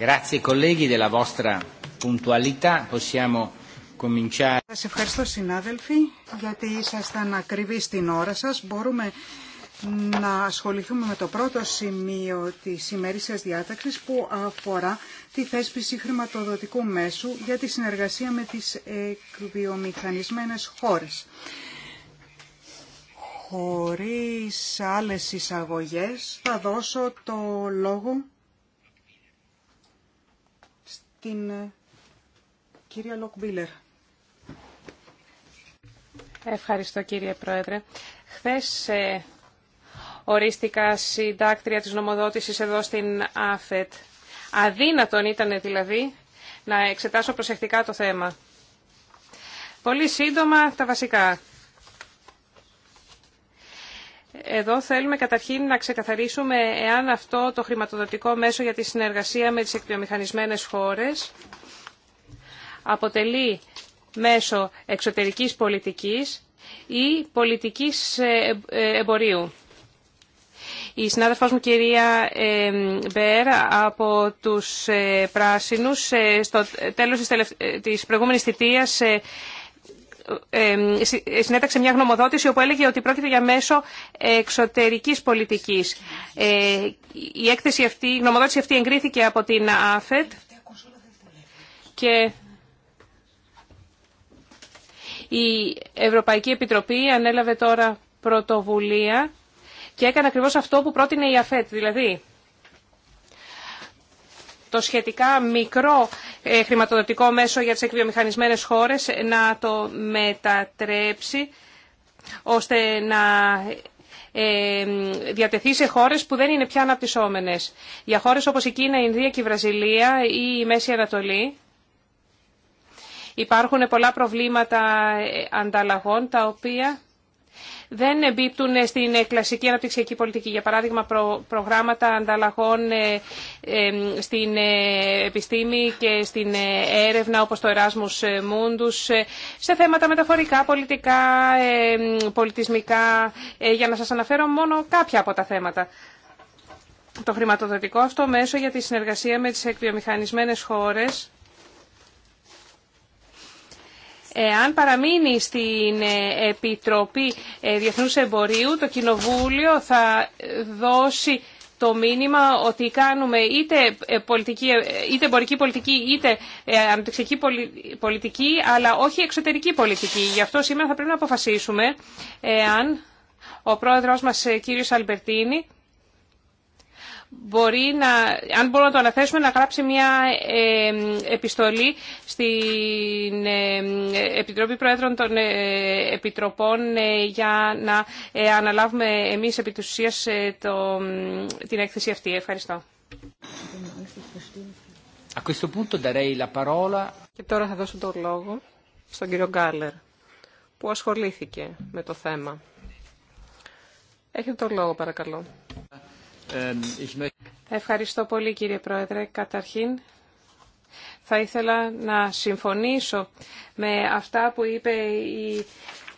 Grazie colleghi della vostra Σας ευχαριστώ συνάδελφοι γιατί ήσασταν ακριβεί στην ώρα σας. Μπορούμε να ασχοληθούμε με το πρώτο σημείο της ημερήσιας διάταξης που αφορά τη θέσπιση χρηματοδοτικού μέσου για τη συνεργασία με τις εκβιομηχανισμένες χώρες. Χωρίς άλλες εισαγωγές θα δώσω το λόγο την ε, κυρία Λοκμπίλερ. Ευχαριστώ κύριε Πρόεδρε. Χθες ε, ορίστηκα συντάκτρια της νομοδότησης εδώ στην ΑΦΕΤ. Αδύνατον ήταν δηλαδή να εξετάσω προσεκτικά το θέμα. Πολύ σύντομα τα βασικά. Εδώ θέλουμε καταρχήν να ξεκαθαρίσουμε εάν αυτό το χρηματοδοτικό μέσο για τη συνεργασία με τις εκπιομηχανισμένες χώρες αποτελεί μέσο εξωτερικής πολιτικής ή πολιτικής ε, ε, εμπορίου. Η συνάδελφός μου κυρία ε, Μπέρ από τους Πράσινους στο τέλος της προηγούμενης θητείας ε, συνέταξε μια γνωμοδότηση όπου έλεγε ότι πρόκειται για μέσο εξωτερικής πολιτικής. Ε, η, έκθεση αυτή, η γνωμοδότηση αυτή εγκρίθηκε από την ΑΦΕΤ και η Ευρωπαϊκή Επιτροπή ανέλαβε τώρα πρωτοβουλία και έκανε ακριβώς αυτό που πρότεινε η ΑΦΕΤ, δηλαδή το σχετικά μικρό ε, χρηματοδοτικό μέσο για τις εκβιομηχανισμένες χώρες να το μετατρέψει ώστε να ε, διατεθεί σε χώρες που δεν είναι πια αναπτυσσόμενες. Για χώρες όπως η Κίνα, η Ινδία και η Βραζιλία ή η Μέση Ανατολή υπάρχουν πολλά προβλήματα ε, ανταλλαγών τα οποία δεν εμπίπτουν στην ε, κλασική αναπτυξιακή πολιτική. Για παράδειγμα, προγράμματα ανταλλαγών ε, ε, στην επιστήμη και στην έρευνα, όπως το Erasmus Mundus, σε θέματα μεταφορικά, πολιτικά, πολιτισμικά, για να σας αναφέρω μόνο κάποια από τα θέματα. Το χρηματοδοτικό αυτό μέσο για τη συνεργασία με τις εκβιομηχανισμένες χώρες αν παραμείνει στην ε, Επιτροπή ε, Διεθνούς Εμπορίου, το Κοινοβούλιο θα δώσει το μήνυμα ότι κάνουμε είτε, ε, πολιτική, είτε εμπορική πολιτική είτε αναπτυξιακή πολιτική, αλλά όχι εξωτερική πολιτική. Γι' αυτό σήμερα θα πρέπει να αποφασίσουμε εάν ο πρόεδρος μας, κύριος Αλμπερτίνη, μπορεί να, αν μπορούμε να το αναθέσουμε, να γράψει μια ε, επιστολή στην ε, Επιτροπή Προέδρων των ε, Επιτροπών για να αναλάβουμε εμείς επί την έκθεση αυτή. Ευχαριστώ. Και τώρα θα δώσω τον λόγο στον κύριο Γκάλερ, που ασχολήθηκε με το θέμα. Έχετε τον λόγο, παρακαλώ. Ευχαριστώ πολύ κύριε Πρόεδρε. Καταρχήν θα ήθελα να συμφωνήσω με αυτά που είπε η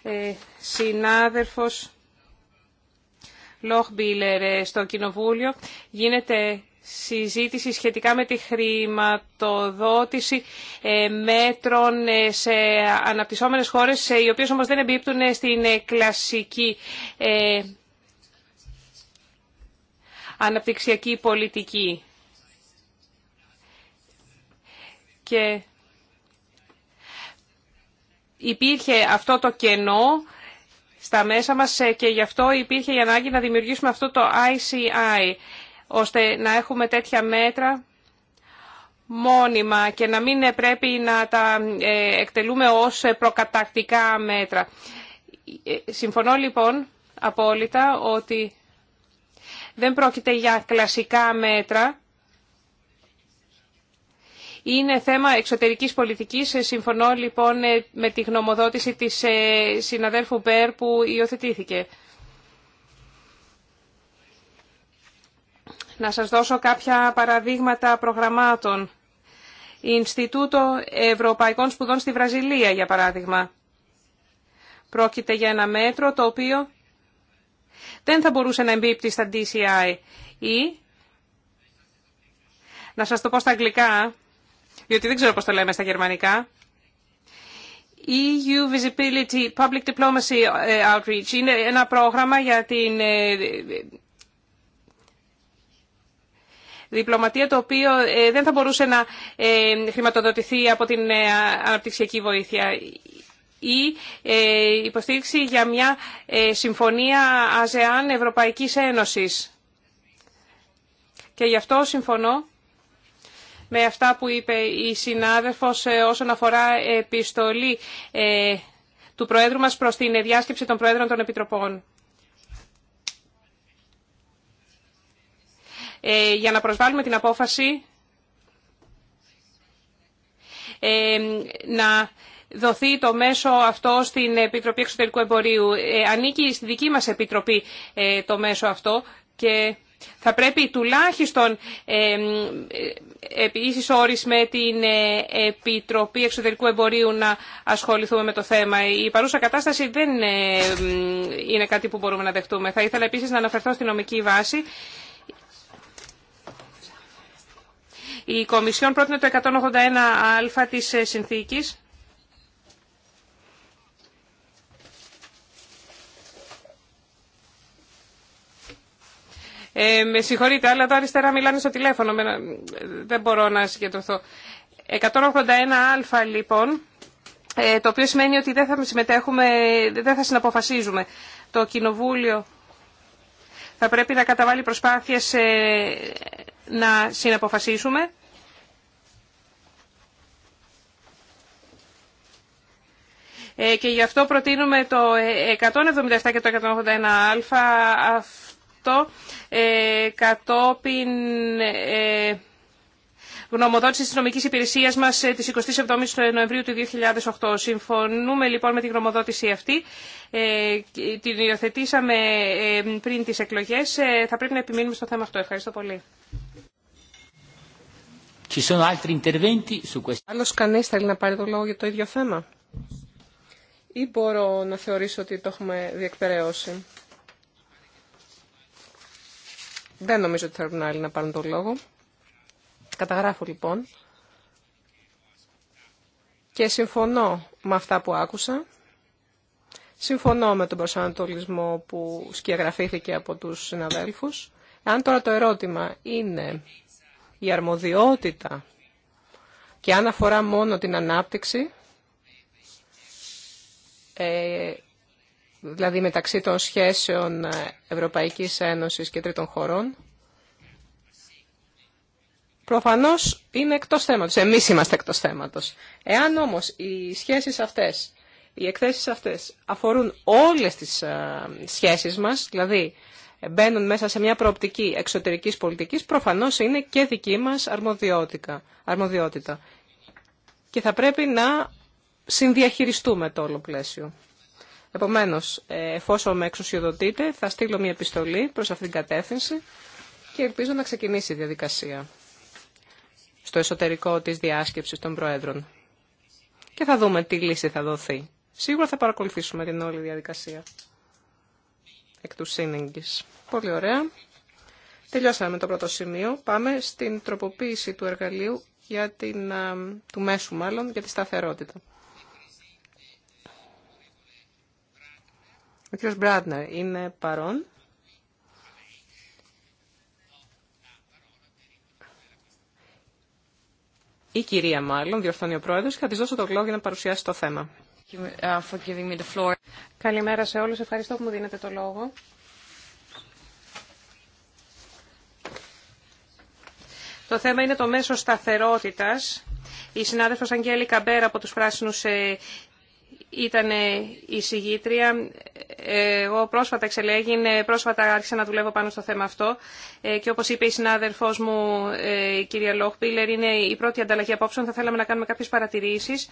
ε, συνάδελφος Λόχμπίλερ ε, στο Κοινοβούλιο. Γίνεται συζήτηση σχετικά με τη χρηματοδότηση ε, μέτρων σε αναπτυσσόμενες χώρες, οι οποίες όμως δεν εμπίπτουν στην κλασική αναπτυξιακή πολιτική. Και υπήρχε αυτό το κενό στα μέσα μας ε, και γι' αυτό υπήρχε η ανάγκη να δημιουργήσουμε αυτό το ICI, ώστε να έχουμε τέτοια μέτρα μόνιμα και να μην πρέπει να τα ε, εκτελούμε ως προκατακτικά μέτρα. Ε, συμφωνώ λοιπόν απόλυτα ότι δεν πρόκειται για κλασικά μέτρα. Είναι θέμα εξωτερικής πολιτικής. Συμφωνώ λοιπόν με τη γνωμοδότηση της ε, συναδέλφου Μπέρ που υιοθετήθηκε. Να σας δώσω κάποια παραδείγματα προγραμμάτων. Ινστιτούτο Ευρωπαϊκών Σπουδών στη Βραζιλία, για παράδειγμα. Πρόκειται για ένα μέτρο το οποίο δεν θα μπορούσε να εμπίπτει στα DCI ή, να σας το πω στα αγγλικά, διότι δεν ξέρω πώς το λέμε στα γερμανικά, EU Visibility Public Diplomacy ε, Outreach είναι ένα πρόγραμμα για την ε, διπλωματία το οποίο ε, δεν θα μπορούσε να χρηματοδοτηθεί από την αναπτυξιακή βοήθεια ή ε, υποστήριξη για μια ε, συμφωνία ΑΖΕΑΝ Ευρωπαϊκής Ένωσης. Και γι' αυτό συμφωνώ με αυτά που είπε η συνάδελφος ε, όσον αφορά επιστολή του Προέδρου μας προς την διάσκεψη των Προέδρων των Επιτροπών. για να προσβάλλουμε την απόφαση να δοθεί το μέσο αυτό στην Επιτροπή Εξωτερικού Εμπορίου. Ε, ανήκει στη δική μας Επιτροπή ε, το μέσο αυτό και θα πρέπει τουλάχιστον ε, επίσης όρις με την Επιτροπή Εξωτερικού Εμπορίου να ασχοληθούμε με το θέμα. Η παρούσα κατάσταση δεν είναι κάτι που μπορούμε να δεχτούμε. Θα ήθελα επίσης να αναφερθώ στη νομική βάση. Η Κομισιόν πρότεινε το 181α της συνθήκης Ε, με συγχωρείτε, αλλά τα αριστερά μιλάνε στο τηλέφωνο. Ε, δεν μπορώ να συγκεντρωθώ. 181α λοιπόν, ε, το οποίο σημαίνει ότι δεν θα συμμετέχουμε, δεν θα συναποφασίζουμε. Το Κοινοβούλιο θα πρέπει να καταβάλει προσπάθειες ε, να συναποφασίσουμε. και γι' αυτό προτείνουμε το 177 και το 181α ε, κατόπιν ε, γνωμοδότηση τη νομική υπηρεσία μα ε, τη 27η Νοεμβρίου του 2008. Συμφωνούμε λοιπόν με τη γνωμοδότηση αυτή. την υιοθετήσαμε πριν τι εκλογέ. θα πρέπει να επιμείνουμε στο θέμα αυτό. Ευχαριστώ πολύ. Άλλο κανεί θέλει να πάρει το λόγο για το ίδιο θέμα. Ή μπορώ να θεωρήσω ότι το έχουμε διεκπαιρεώσει. Δεν νομίζω ότι θέλουν άλλοι να πάρουν τον λόγο. Καταγράφω λοιπόν και συμφωνώ με αυτά που άκουσα. Συμφωνώ με τον προσανατολισμό που σκιαγραφήθηκε από τους συναδέλφους. Αν τώρα το ερώτημα είναι η αρμοδιότητα και αν αφορά μόνο την ανάπτυξη, ε, δηλαδή μεταξύ των σχέσεων Ευρωπαϊκής Ένωσης και τρίτων χωρών, προφανώς είναι εκτός θέματος. Εμείς είμαστε εκτός θέματος. Εάν όμως οι σχέσεις αυτές, οι εκθέσεις αυτές αφορούν όλες τις ε, σχέσεις μας, δηλαδή μπαίνουν μέσα σε μια προοπτική εξωτερικής πολιτικής, προφανώς είναι και δική μας αρμοδιότητα. Και θα πρέπει να συνδιαχειριστούμε το όλο πλαίσιο. Επομένως, ε, εφόσον με εξουσιοδοτείτε, θα στείλω μια επιστολή προς αυτήν την κατεύθυνση και ελπίζω να ξεκινήσει η διαδικασία στο εσωτερικό της διάσκεψης των Προέδρων. Και θα δούμε τι λύση θα δοθεί. Σίγουρα θα παρακολουθήσουμε την όλη διαδικασία εκ του σύνεγγης. Πολύ ωραία. Τελειώσαμε το πρώτο σημείο. Πάμε στην τροποποίηση του εργαλείου για την, του μέσου μάλλον για τη σταθερότητα. Ο κύριος Μπράτνερ είναι παρόν. Η κυρία μάλλον, διορθώνει ο πρόεδρος, θα της δώσω το λόγο για να παρουσιάσει το θέμα. Καλημέρα σε όλους. Ευχαριστώ που μου δίνετε το λόγο. Το θέμα είναι το μέσο σταθερότητας. Η συνάδελφος Αγγέλη Καμπέρα από τους Πράσινους ε, ήταν η συγγήτρια. Εγώ πρόσφατα εξελέγην, πρόσφατα άρχισα να δουλεύω πάνω στο θέμα αυτό ε, και όπως είπε η συνάδελφός μου ε, η κυρία Λόχπιλερ είναι η πρώτη ανταλλαγή απόψεων. Θα θέλαμε να κάνουμε κάποιες παρατηρήσεις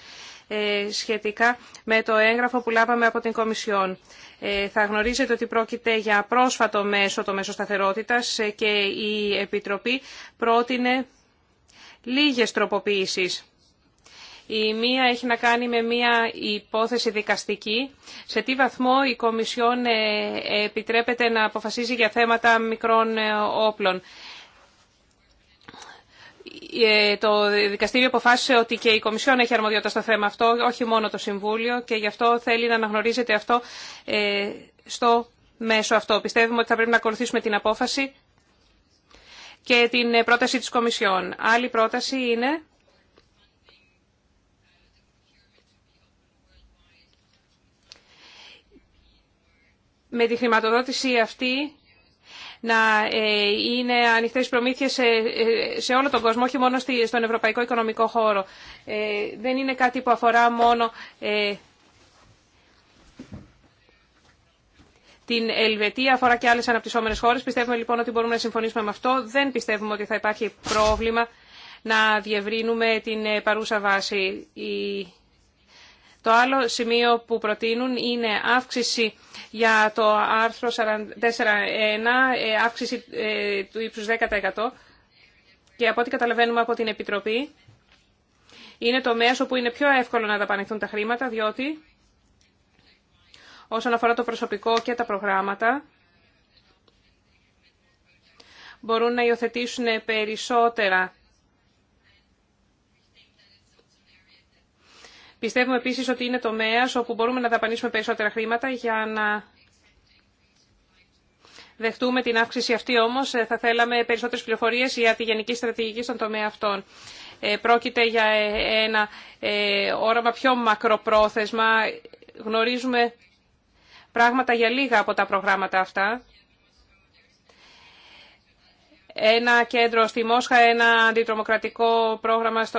ε, σχετικά με το έγγραφο που λάβαμε από την Κομισιόν. Θα γνωρίζετε ότι πρόκειται για πρόσφατο μέσο, το μέσο σταθερότητας και η Επιτροπή πρότεινε λίγες τροποποιήσεις η μία έχει να κάνει με μία υπόθεση δικαστική. Σε τι βαθμό η Κομισιόν ε, επιτρέπεται να αποφασίζει για θέματα μικρών ε, όπλων. Ε, το δικαστήριο αποφάσισε ότι και η Κομισιόν έχει αρμοδιότητα στο θέμα αυτό, όχι μόνο το Συμβούλιο και γι' αυτό θέλει να αναγνωρίζεται αυτό στο μέσο αυτό. Πιστεύουμε ότι θα πρέπει να ακολουθήσουμε την απόφαση και την πρόταση της Κομισιόν. Άλλη πρόταση είναι με τη χρηματοδότηση αυτή να ε, είναι ανοιχτές προμήθειες ε, σε όλο τον κόσμο, όχι μόνο στον ευρωπαϊκό οικονομικό χώρο. Ε, δεν είναι κάτι που αφορά μόνο την Ελβετία, αφορά και άλλες αναπτυσσόμενες χώρες. Πιστεύουμε λοιπόν ότι μπορούμε να συμφωνήσουμε με αυτό. Δεν πιστεύουμε ότι θα υπάρχει πρόβλημα να διευρύνουμε την παρούσα βάση. Η το άλλο σημείο που προτείνουν είναι αύξηση για το άρθρο 4.1, ε, αύξηση ε, του ύψους 10% και από ό,τι καταλαβαίνουμε από την Επιτροπή, είναι το μέσο που είναι πιο εύκολο να δαπανηθούν τα χρήματα, διότι όσον αφορά το προσωπικό και τα προγράμματα, μπορούν να υιοθετήσουν περισσότερα Πιστεύουμε επίσης ότι είναι τομέας όπου μπορούμε να δαπανίσουμε περισσότερα χρήματα για να δεχτούμε την αύξηση αυτή όμως ε, θα θέλαμε περισσότερες πληροφορίες για τη γενική στρατηγική στον τομέα αυτών. Ε, πρόκειται για ε, ένα όραμα πιο μακροπρόθεσμα. Γνωρίζουμε πράγματα για λίγα από τα προγράμματα αυτά ένα κέντρο στη Μόσχα, ένα αντιτρομοκρατικό πρόγραμμα στο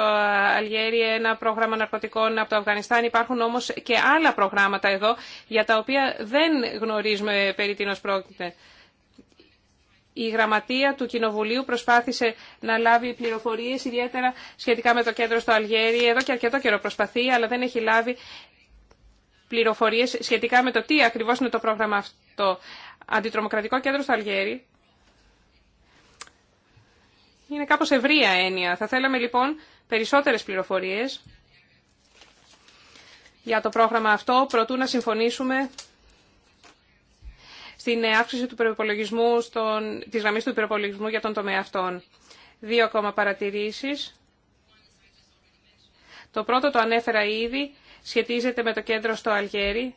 Αλγέρι, ένα πρόγραμμα ναρκωτικών από το Αφγανιστάν. Υπάρχουν όμως και άλλα προγράμματα εδώ, για τα οποία δεν γνωρίζουμε περί τίνος πρόκειται. Η γραμματεία του Κοινοβουλίου προσπάθησε να λάβει πληροφορίες, ιδιαίτερα σχετικά με το κέντρο στο Αλγέρι. Εδώ και αρκετό καιρό προσπαθεί, αλλά δεν έχει λάβει πληροφορίες σχετικά με το τι ακριβώς είναι το πρόγραμμα αυτό. Αντιτρομοκρατικό κέντρο στο Αλγέρι είναι κάπως ευρία έννοια. Θα θέλαμε λοιπόν περισσότερες πληροφορίες για το πρόγραμμα αυτό, προτού να συμφωνήσουμε στην αύξηση του προπολογισμού, στον, της γραμμής του προπολογισμού για τον τομέα αυτών. Δύο ακόμα παρατηρήσεις. Το πρώτο το ανέφερα ήδη, σχετίζεται με το κέντρο στο Αλγέρι.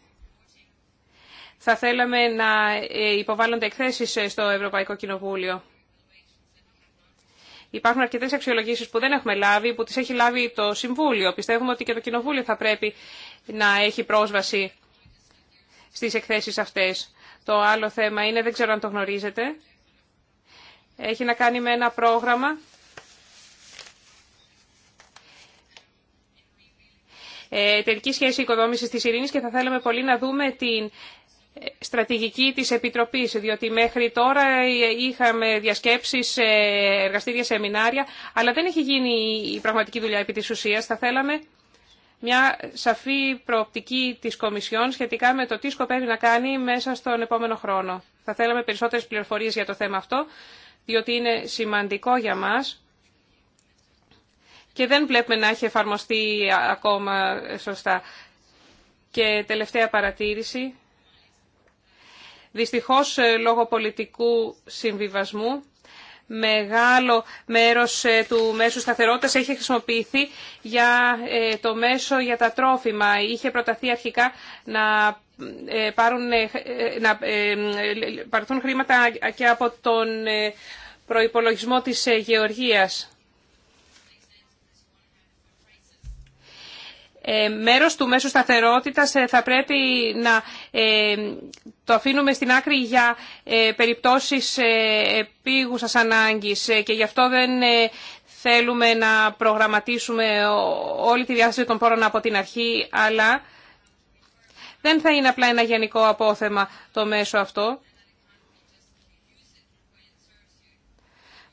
Θα θέλαμε να ε, υποβάλλονται εκθέσεις ε, στο Ευρωπαϊκό Κοινοβούλιο. Υπάρχουν αρκετέ αξιολογήσει που δεν έχουμε λάβει, που τι έχει λάβει το Συμβούλιο. Πιστεύουμε ότι και το Κοινοβούλιο θα πρέπει να έχει πρόσβαση στι εκθέσει αυτέ. Το άλλο θέμα είναι, δεν ξέρω αν το γνωρίζετε, έχει να κάνει με ένα πρόγραμμα ε, τελική σχέση οικοδόμησης της ειρήνης και θα θέλαμε πολύ να δούμε την στρατηγική της Επιτροπής, διότι μέχρι τώρα είχαμε διασκέψεις, εργαστήρια, σεμινάρια, αλλά δεν έχει γίνει η πραγματική δουλειά επί της ουσίας. Θα θέλαμε μια σαφή προοπτική της Κομισιόν σχετικά με το τι σκοπεύει να κάνει μέσα στον επόμενο χρόνο. Θα θέλαμε περισσότερες πληροφορίες για το θέμα αυτό, διότι είναι σημαντικό για μας και δεν βλέπουμε να έχει εφαρμοστεί ακόμα σωστά. Και τελευταία παρατήρηση, Δυστυχώς, ε, λόγω πολιτικού συμβιβασμού, μεγάλο μέρος ε, του μέσου σταθερότητας έχει χρησιμοποιηθεί για ε, το μέσο για τα τρόφιμα. Είχε προταθεί αρχικά να πάρουν, να παρθούν χρήματα και από τον προϋπολογισμό της Γεωργίας. Ε, μέρος του μέσου σταθερότητας ε, θα πρέπει να ε, το αφήνουμε στην άκρη για περιπτώσεις επίγουσας ανάγκης και γι' αυτό δεν θέλουμε να προγραμματίσουμε όλη τη διάσταση των πόρων από την αρχή, αλλά δεν θα είναι απλά ένα γενικό απόθεμα το μέσο αυτό.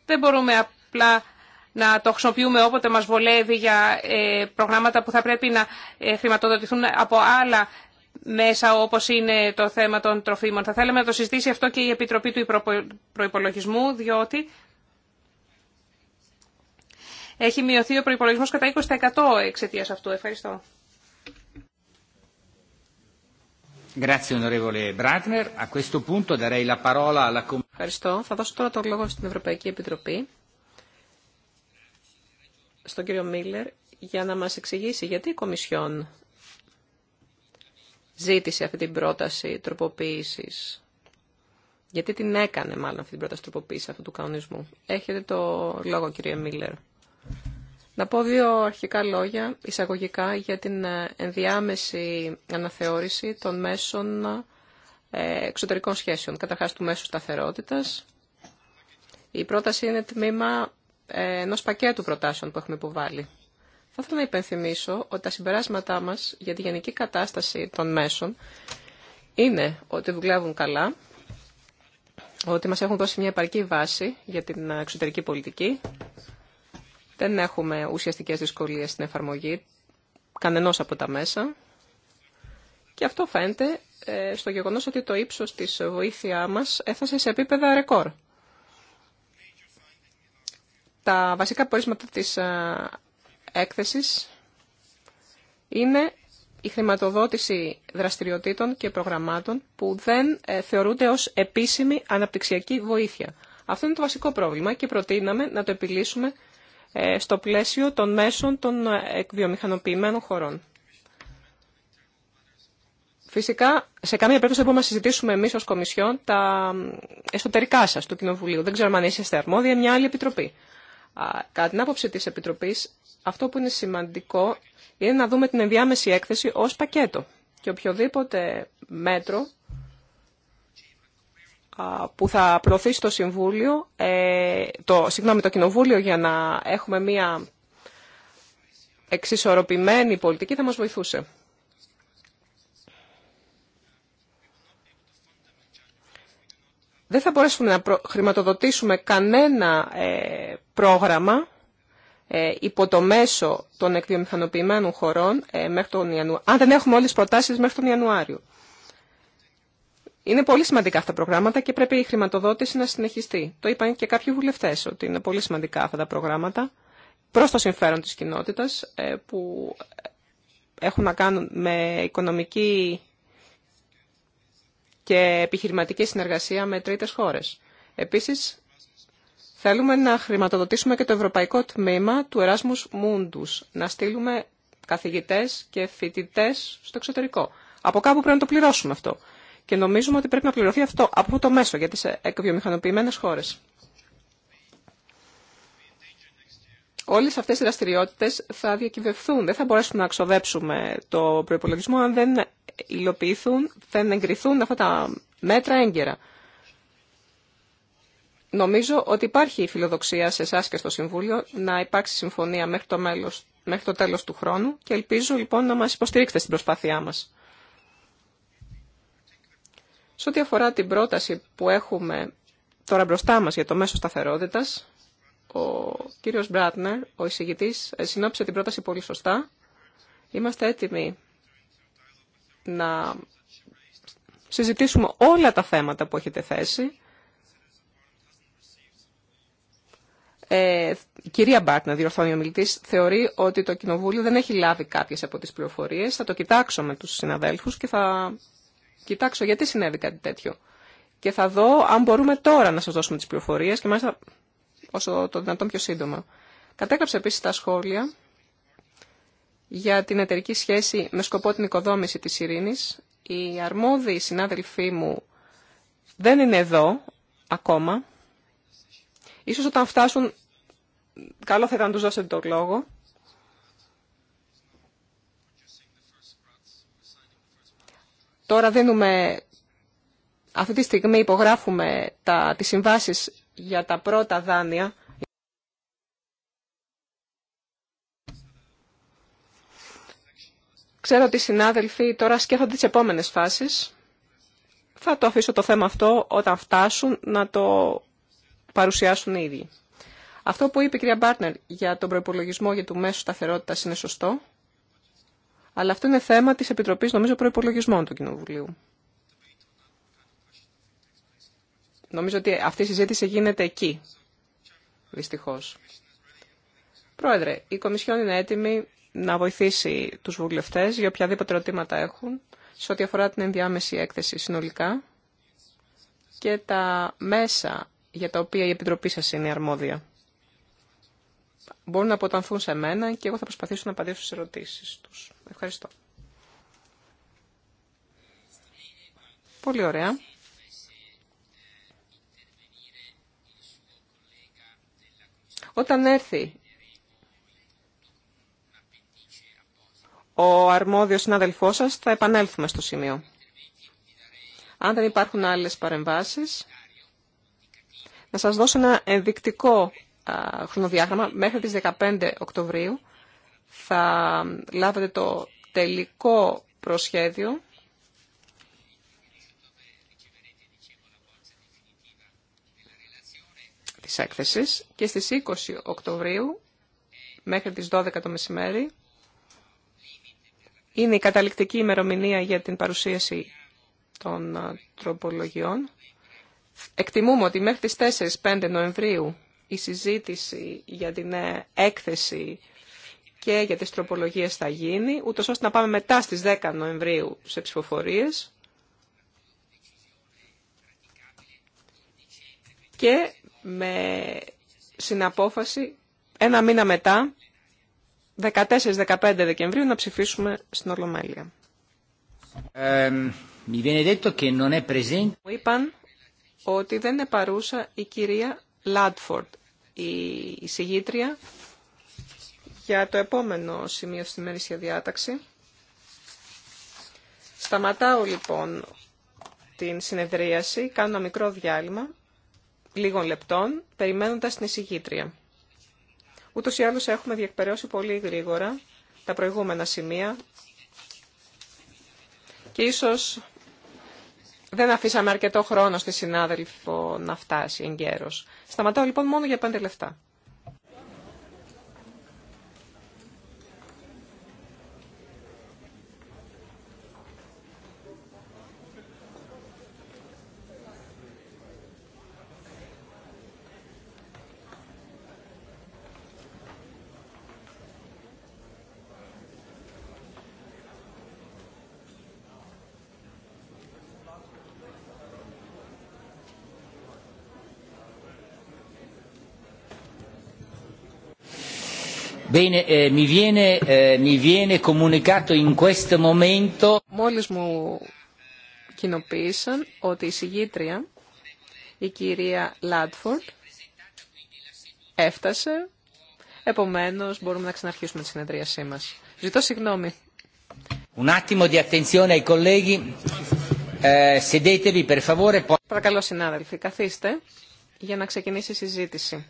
Δεν μπορούμε απλά να το χρησιμοποιούμε όποτε μας βολεύει για ε, προγράμματα που θα πρέπει να ε, χρηματοδοτηθούν από άλλα μέσα όπως είναι το θέμα των τροφίμων. Θα θέλαμε να το συζητήσει αυτό και η Επιτροπή του Προϋπολογισμού, διότι έχει μειωθεί ο προϋπολογισμός κατά 20% εξαιτίας αυτού. Ευχαριστώ. Ευχαριστώ. Θα δώσω τώρα το λόγο στην Ευρωπαϊκή Επιτροπή στον κύριο Μίλλερ για να μας εξηγήσει γιατί η Κομισιόν ζήτησε αυτή την πρόταση τροποποίησης. Γιατί την έκανε μάλλον αυτή την πρόταση τροποποίηση αυτού του κανονισμού. Έχετε το λόγο κύριε Μίλλερ. Να πω δύο αρχικά λόγια εισαγωγικά για την ενδιάμεση αναθεώρηση των μέσων ε, εξωτερικών σχέσεων. Καταρχάς του μέσου σταθερότητας. Η πρόταση είναι τμήμα ε, ενό πακέτου προτάσεων που έχουμε υποβάλει. Θα ήθελα να υπενθυμίσω ότι τα συμπεράσματά μας για τη γενική κατάσταση των μέσων είναι ότι δουλεύουν καλά, ότι μας έχουν δώσει μια επαρκή βάση για την εξωτερική πολιτική. Δεν έχουμε ουσιαστικέ δυσκολίε στην εφαρμογή κανενός από τα μέσα. Και αυτό φαίνεται ε, στο γεγονός ότι το ύψος της βοήθειά μας έφτασε σε επίπεδα ρεκόρ. Τα βασικά πορίσματα της ε, έκθεσης είναι η χρηματοδότηση δραστηριοτήτων και προγραμμάτων που δεν ε, θεωρούνται ως επίσημη αναπτυξιακή βοήθεια. Αυτό είναι το βασικό πρόβλημα και προτείναμε να το επιλύσουμε ε, στο πλαίσιο των μέσων των εκβιομηχανοποιημένων χωρών. Φυσικά, σε καμία περίπτωση δεν μπορούμε να συζητήσουμε εμεί ω Κομισιόν τα εσωτερικά σας του Κοινοβουλίου. Δεν ξέρω αν είσαστε αρμόδια, μια άλλη επιτροπή. Κατά την άποψη της Επιτροπής, αυτό που είναι σημαντικό είναι να δούμε την ενδιάμεση έκθεση ως πακέτο και οποιοδήποτε μέτρο που θα προωθήσει το Συμβούλιο, ε, το, συγγνώμη, το Κοινοβούλιο για να έχουμε μία εξισορροπημένη πολιτική θα μας βοηθούσε. δεν θα μπορέσουμε να χρηματοδοτήσουμε κανένα ε, πρόγραμμα ε, υπό το μέσο των εκβιομηχανοποιημένων χωρών ε, μέχρι τον Ιανουάριο, αν δεν έχουμε όλες τις προτάσεις μέχρι τον Ιανουάριο. Είναι πολύ σημαντικά αυτά τα προγράμματα και πρέπει η χρηματοδότηση να συνεχιστεί. Το είπαν και κάποιοι βουλευτές ότι είναι πολύ σημαντικά αυτά τα προγράμματα προς το συμφέρον τη κοινότητα που έχουν να κάνουν με οικονομική και επιχειρηματική συνεργασία με τρίτες χώρες. Επίσης, θέλουμε να χρηματοδοτήσουμε και το ευρωπαϊκό τμήμα του Erasmus Mundus, να στείλουμε καθηγητές και φοιτητές στο εξωτερικό. Από κάπου πρέπει να το πληρώσουμε αυτό. Και νομίζουμε ότι πρέπει να πληρωθεί αυτό από το μέσο για τις εκβιομηχανοποιημένες χώρες. Όλες αυτές οι δραστηριότητες θα διακυβευθούν. Δεν θα μπορέσουμε να ξοδέψουμε το προϋπολογισμό αν δεν υλοποιηθούν, θα εγκριθούν αυτά τα μέτρα έγκαιρα. Νομίζω ότι υπάρχει η φιλοδοξία σε εσά και στο Συμβούλιο να υπάρξει συμφωνία μέχρι το, μέλος, μέχρι το τέλος του χρόνου και ελπίζω λοιπόν να μας υποστηρίξετε στην προσπάθειά μας. Σε ό,τι αφορά την πρόταση που έχουμε τώρα μπροστά μας για το μέσο σταθερότητας, ο κύριος Μπράτνερ, ο εισηγητής, ε, συνόψε την πρόταση πολύ σωστά. Είμαστε έτοιμοι να συζητήσουμε όλα τα θέματα που έχετε θέσει. Ε, η κυρία Μπάρτνα, διορθώνει ο μιλητή, θεωρεί ότι το Κοινοβούλιο δεν έχει λάβει κάποιε από τι πληροφορίε. Θα το κοιτάξω με του συναδέλφου και θα κοιτάξω γιατί συνέβη κάτι τέτοιο. Και θα δω αν μπορούμε τώρα να σα δώσουμε τι πληροφορίε και μάλιστα όσο το δυνατόν πιο σύντομα. Κατέγραψε επίση τα σχόλια για την εταιρική σχέση με σκοπό την οικοδόμηση της ειρήνης. Οι αρμόδιοι συνάδελφοί μου δεν είναι εδώ ακόμα. Ίσως όταν φτάσουν, καλό θα ήταν να τους δώσετε τον λόγο. Τώρα δίνουμε, αυτή τη στιγμή υπογράφουμε τα, τις συμβάσεις για τα πρώτα δάνεια Ξέρω ότι οι συνάδελφοι τώρα σκέφτονται τις επόμενες φάσεις. Θα το αφήσω το θέμα αυτό όταν φτάσουν να το παρουσιάσουν οι ίδιοι. Αυτό που είπε η κυρία Μπάρτνερ για τον προϋπολογισμό για του μέσου σταθερότητα είναι σωστό. Αλλά αυτό είναι θέμα της Επιτροπής, νομίζω, προπολογισμών του Κοινοβουλίου. Νομίζω ότι αυτή η συζήτηση γίνεται εκεί, δυστυχώς. Πρόεδρε, η Κομισιόν είναι έτοιμη να βοηθήσει τους βουλευτές για οποιαδήποτε ερωτήματα έχουν σε ό,τι αφορά την ενδιάμεση έκθεση συνολικά και τα μέσα για τα οποία η Επιτροπή σας είναι αρμόδια. Μπορούν να αποτανθούν σε μένα και εγώ θα προσπαθήσω να απαντήσω στις ερωτήσεις τους. Ευχαριστώ. Πολύ ωραία. Όταν έρθει ο αρμόδιος συνάδελφός σας θα επανέλθουμε στο σημείο. Αν δεν υπάρχουν άλλες παρεμβάσεις, να σας δώσω ένα ενδεικτικό χρονοδιάγραμμα. Μέχρι τις 15 Οκτωβρίου θα λάβετε το τελικό προσχέδιο της έκθεσης και στις 20 Οκτωβρίου μέχρι τις 12 το μεσημέρι είναι η καταληκτική ημερομηνία για την παρουσίαση των ε, τροπολογιών. Εκτιμούμε ότι μέχρι τις 4-5 Νοεμβρίου η συζήτηση για την ε, έκθεση και για τις τροπολογίες θα γίνει, ούτως ώστε να πάμε μετά στις 10 Νοεμβρίου σε ψηφοφορίες. Και με συναπόφαση ένα μήνα μετά 14-15 Δεκεμβρίου να ψηφίσουμε στην Ολομέλεια. μου είπαν ότι δεν είναι παρούσα η κυρία Λάτφορντ, η συγγήτρια για το επόμενο σημείο στη μερίσια διάταξη. Σταματάω λοιπόν την συνεδρίαση, κάνω ένα μικρό διάλειμμα λίγων λεπτών, περιμένοντας την συγγήτρια. Ούτως ή άλλως έχουμε διεκπαιρεώσει πολύ γρήγορα τα προηγούμενα σημεία και ίσως δεν αφήσαμε αρκετό χρόνο στη συνάδελφο να φτάσει εγκαίρως. Σταματάω λοιπόν μόνο για πέντε λεφτά. Bene, eh, mi viene, eh, mi viene comunicato in questo momento... Μόλις μου κοινοποίησαν ότι η συγγήτρια, η κυρία Λάτφορντ, έφτασε. Επομένως, μπορούμε να ξαναρχίσουμε τη συνεδρίασή μας. Ζητώ συγγνώμη. Un attimo di attenzione ai colleghi. Eh, sedetevi per favore. Παρακαλώ συνάδελφοι, καθίστε για να ξεκινήσει η συζήτηση.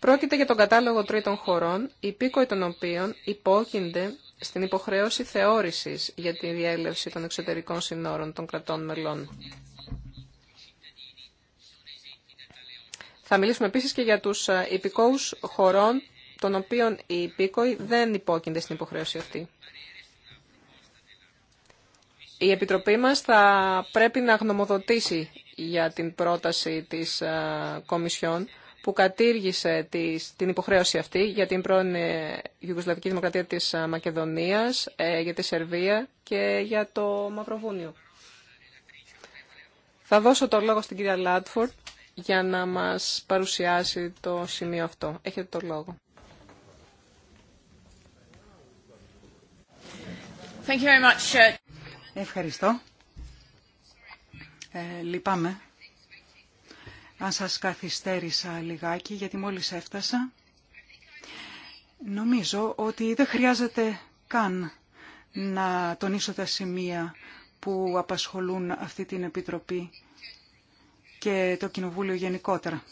Πρόκειται για τον κατάλογο τρίτων χωρών, οι των οποίων υπόκεινται στην υποχρέωση θεώρησης για τη διέλευση των εξωτερικών συνόρων των κρατών μελών. Θα μιλήσουμε επίσης και για τους υπηκόους χωρών, των οποίων οι υπήκοοι δεν υπόκεινται στην υποχρέωση αυτή. Η Επιτροπή μας θα πρέπει να γνωμοδοτήσει για την πρόταση της Κομισιόν που κατήργησε την υποχρέωση αυτή για την πρώην ε, Ιουγκοσλαβική Δημοκρατία της ε, Μακεδονίας, ε, για τη Σερβία και για το Μαυροβούνιο. Θα δώσω το λόγο στην κυρία Λάτφορντ για να μας παρουσιάσει το σημείο αυτό. Έχετε το λόγο. Thank you very much. Ευχαριστώ. Ε, λυπάμαι αν σας καθυστέρησα λιγάκι γιατί μόλις έφτασα. Νομίζω ότι δεν χρειάζεται καν να τονίσω τα σημεία που απασχολούν αυτή την Επιτροπή και το Κοινοβούλιο γενικότερα.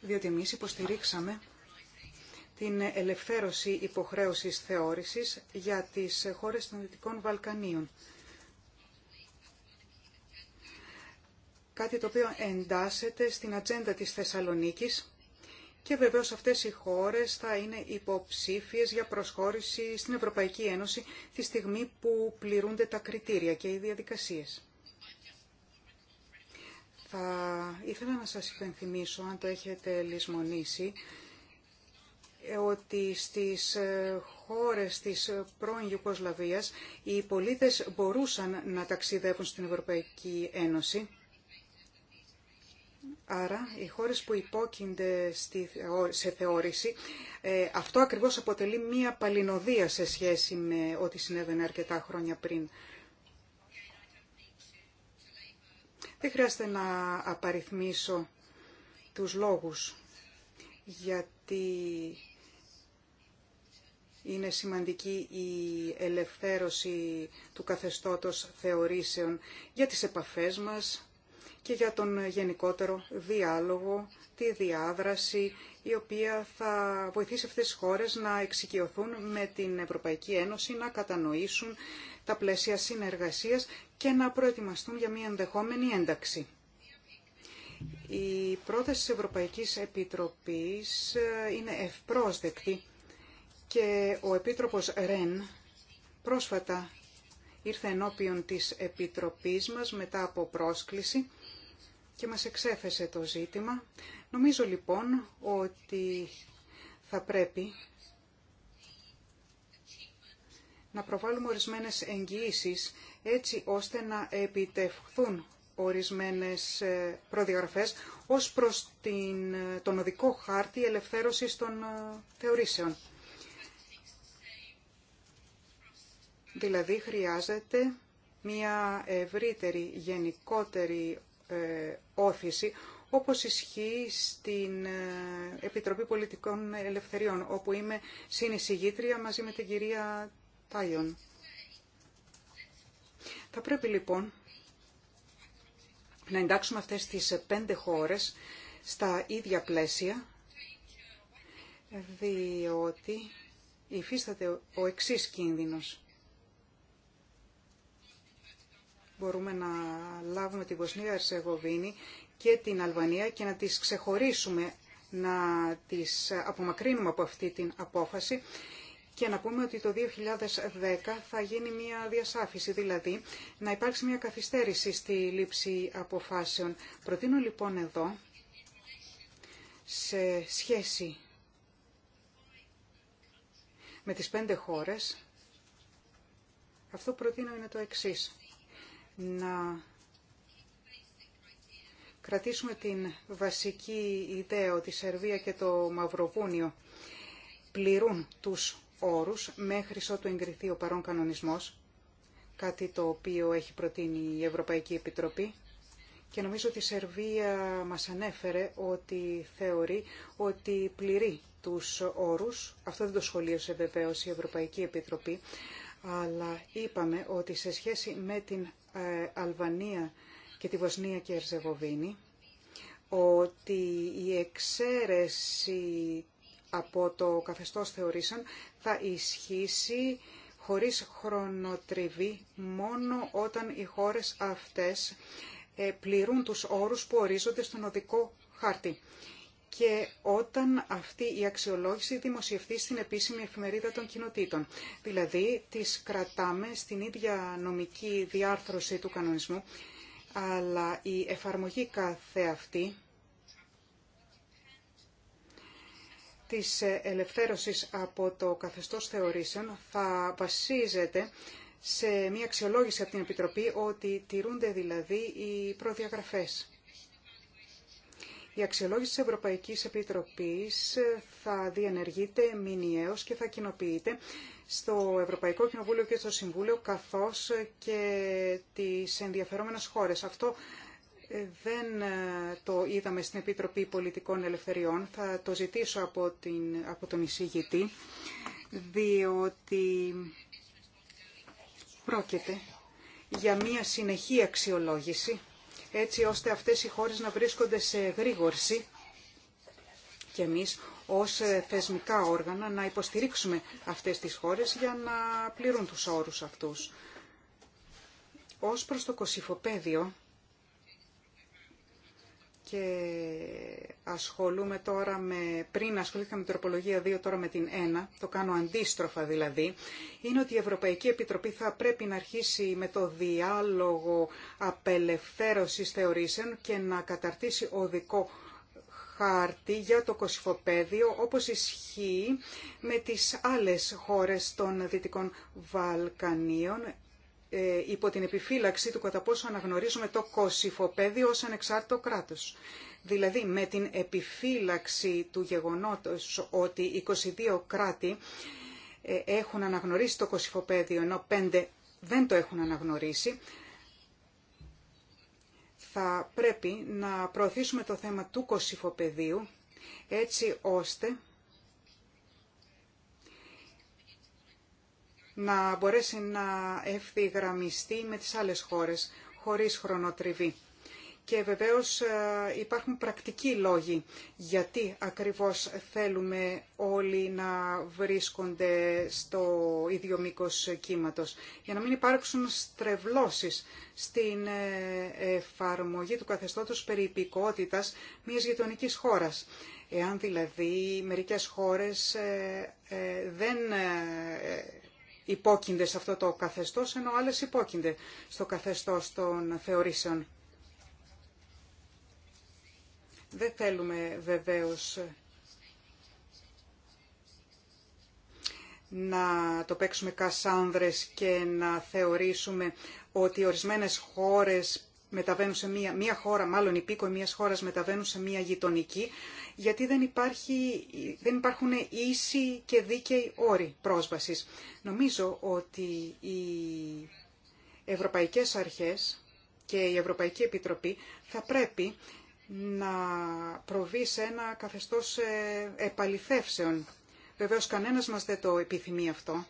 Διότι εμείς υποστηρίξαμε την ελευθέρωση υποχρέωσης θεώρησης για τις χώρες των Δυτικών Βαλκανίων κάτι το οποίο εντάσσεται στην ατζέντα της Θεσσαλονίκης και βεβαίως αυτές οι χώρες θα είναι υποψήφιες για προσχώρηση στην Ευρωπαϊκή Ένωση τη στιγμή που πληρούνται τα κριτήρια και οι διαδικασίες. Θα ήθελα να σας υπενθυμίσω, αν το έχετε λησμονήσει, ότι στις ε, χώρες της πρώην Ιουκοσλαβίας οι πολίτες μπορούσαν να ταξιδεύουν στην Ευρωπαϊκή Ένωση Άρα, οι χώρες που υπόκεινται σε θεώρηση, ε, αυτό ακριβώς αποτελεί μία παλινοδία σε σχέση με ό,τι συνέβαινε αρκετά χρόνια πριν. Δεν χρειάζεται να απαριθμίσω τους λόγους, γιατί είναι σημαντική η ελευθέρωση του καθεστώτος θεωρήσεων για τις επαφές μας, και για τον γενικότερο διάλογο, τη διάδραση, η οποία θα βοηθήσει αυτές τις χώρες να εξοικειωθούν με την Ευρωπαϊκή Ένωση, να κατανοήσουν τα πλαίσια συνεργασίας και να προετοιμαστούν για μια ενδεχόμενη ένταξη. Η πρόταση της Ευρωπαϊκής Επιτροπής ε, είναι ευπρόσδεκτη και ο Επίτροπος Ρεν πρόσφατα ήρθε ενώπιον της Επιτροπής μας μετά από πρόσκληση και μας εξέφεσε το ζήτημα. Νομίζω λοιπόν ότι θα πρέπει να προβάλλουμε ορισμένες εγγυήσεις έτσι ώστε να επιτευχθούν ορισμένες ε, προδιαγραφές ως προς την, ε, τον οδικό χάρτη ελευθέρωσης των ε, θεωρήσεων. Δηλαδή χρειάζεται μια ευρύτερη, γενικότερη ε, όθηση, όπως ισχύει στην ε, Επιτροπή Πολιτικών Ελευθεριών, όπου είμαι συνεισηγήτρια μαζί με την κυρία Τάιον. Θα πρέπει λοιπόν να εντάξουμε αυτές τις πέντε χώρες στα ίδια πλαίσια, διότι υφίσταται ο εξής κίνδυνος. Μπορούμε να λάβουμε τη Βοσνία Ερσεγοβίνη και την Αλβανία και να τις ξεχωρίσουμε, να τις απομακρύνουμε από αυτή την απόφαση και να πούμε ότι το 2010 θα γίνει μια διασάφηση, δηλαδή να υπάρξει μια καθυστέρηση στη λήψη αποφάσεων. Προτείνω λοιπόν εδώ, σε σχέση με τις πέντε χώρες, αυτό προτείνω είναι το εξής να κρατήσουμε την βασική ιδέα ότι η Σερβία και το Μαυροβούνιο πληρούν τους όρους μέχρι ότου εγκριθεί ο παρόν κανονισμός, κάτι το οποίο έχει προτείνει η Ευρωπαϊκή Επιτροπή. Και νομίζω ότι η Σερβία μας ανέφερε ότι θεωρεί ότι πληρεί τους όρους, αυτό δεν το σχολίασε βεβαίως η Ευρωπαϊκή Επιτροπή, αλλά είπαμε ότι σε σχέση με την ε, Αλβανία και τη Βοσνία και Ερζεγοβίνη, ότι η εξαίρεση από το καθεστώς θεωρήσαν θα ισχύσει χωρίς χρονοτριβή μόνο όταν οι χώρες αυτές ε, πληρούν τους όρους που ορίζονται στον οδικό χάρτη και όταν αυτή η αξιολόγηση δημοσιευτεί στην επίσημη εφημερίδα των κοινοτήτων. Δηλαδή, τις κρατάμε στην ίδια νομική διάρθρωση του κανονισμού, αλλά η εφαρμογή κάθε αυτή της ελευθέρωσης από το καθεστώς θεωρήσεων θα βασίζεται σε μια αξιολόγηση από την Επιτροπή ότι τηρούνται δηλαδή οι προδιαγραφές. Η αξιολόγηση της Ευρωπαϊκής Επιτροπής θα διενεργείται μηνιαίως και θα κοινοποιείται στο Ευρωπαϊκό Κοινοβούλιο και στο Συμβούλιο καθώς και τις ενδιαφερόμενες χώρες. Αυτό ε, δεν ε, το είδαμε στην Επιτροπή Πολιτικών Ελευθεριών. Θα το ζητήσω από, την, από τον εισηγητή, διότι πρόκειται για μια συνεχή αξιολόγηση έτσι ώστε αυτές οι χώρες να βρίσκονται σε γρήγορση και εμείς ως ε, θεσμικά όργανα να υποστηρίξουμε αυτές τις χώρες για να πληρούν τους όρους αυτούς. Ως προς το κοσυφοπέδιο, και ασχολούμαι τώρα με, πριν ασχολήθηκα με τροπολογία 2, τώρα με την 1, το κάνω αντίστροφα δηλαδή, είναι ότι η Ευρωπαϊκή Επιτροπή θα πρέπει να αρχίσει με το διάλογο απελευθέρωσης θεωρήσεων και να καταρτήσει οδικό χάρτη για το κοσφοπέδιο, όπως ισχύει με τις άλλες χώρες των Δυτικών Βαλκανίων, ε, υπό την επιφύλαξη του κατά πόσο αναγνωρίζουμε το κοσυφοπέδιο ως ανεξάρτητο κράτος. Δηλαδή με την επιφύλαξη του γεγονότος ότι 22 κράτη ε, έχουν αναγνωρίσει το κοσυφοπέδιο ενώ 5 δεν το έχουν αναγνωρίσει, θα πρέπει να προωθήσουμε το θέμα του κοσυφοπεδίου έτσι ώστε να μπορέσει να ευθυγραμμιστεί με τις άλλες χώρες χωρίς χρονοτριβή. Και βεβαίως ε, υπάρχουν πρακτικοί λόγοι γιατί ακριβώς θέλουμε όλοι να βρίσκονται στο ίδιο μήκος κύματος. Για να μην υπάρξουν στρεβλώσεις στην ε, εφαρμογή του καθεστώτος περί υπηκότητας μιας γειτονικής χώρας. Εάν δηλαδή μερικές χώρες ε, δεν υπόκεινται σε αυτό το καθεστώς, ενώ άλλες υπόκεινται στο καθεστώς των θεωρήσεων. Δεν θέλουμε βεβαίως να το παίξουμε κασάνδρες και να θεωρήσουμε ότι ορισμένες χώρες μεταβαίνουν σε μία, μία χώρα, μάλλον υπήκοοι μίας χώρας μεταβαίνουν σε μία γειτονική, γιατί δεν, υπάρχει, δεν υπάρχουν ίσοι και δίκαιοι όροι πρόσβασης. Νομίζω ότι οι ευρωπαϊκές αρχές και η Ευρωπαϊκή Επιτροπή θα πρέπει να προβεί σε ένα καθεστώς ε, επαληθεύσεων. Βεβαίως κανένας μας δεν το επιθυμεί αυτό.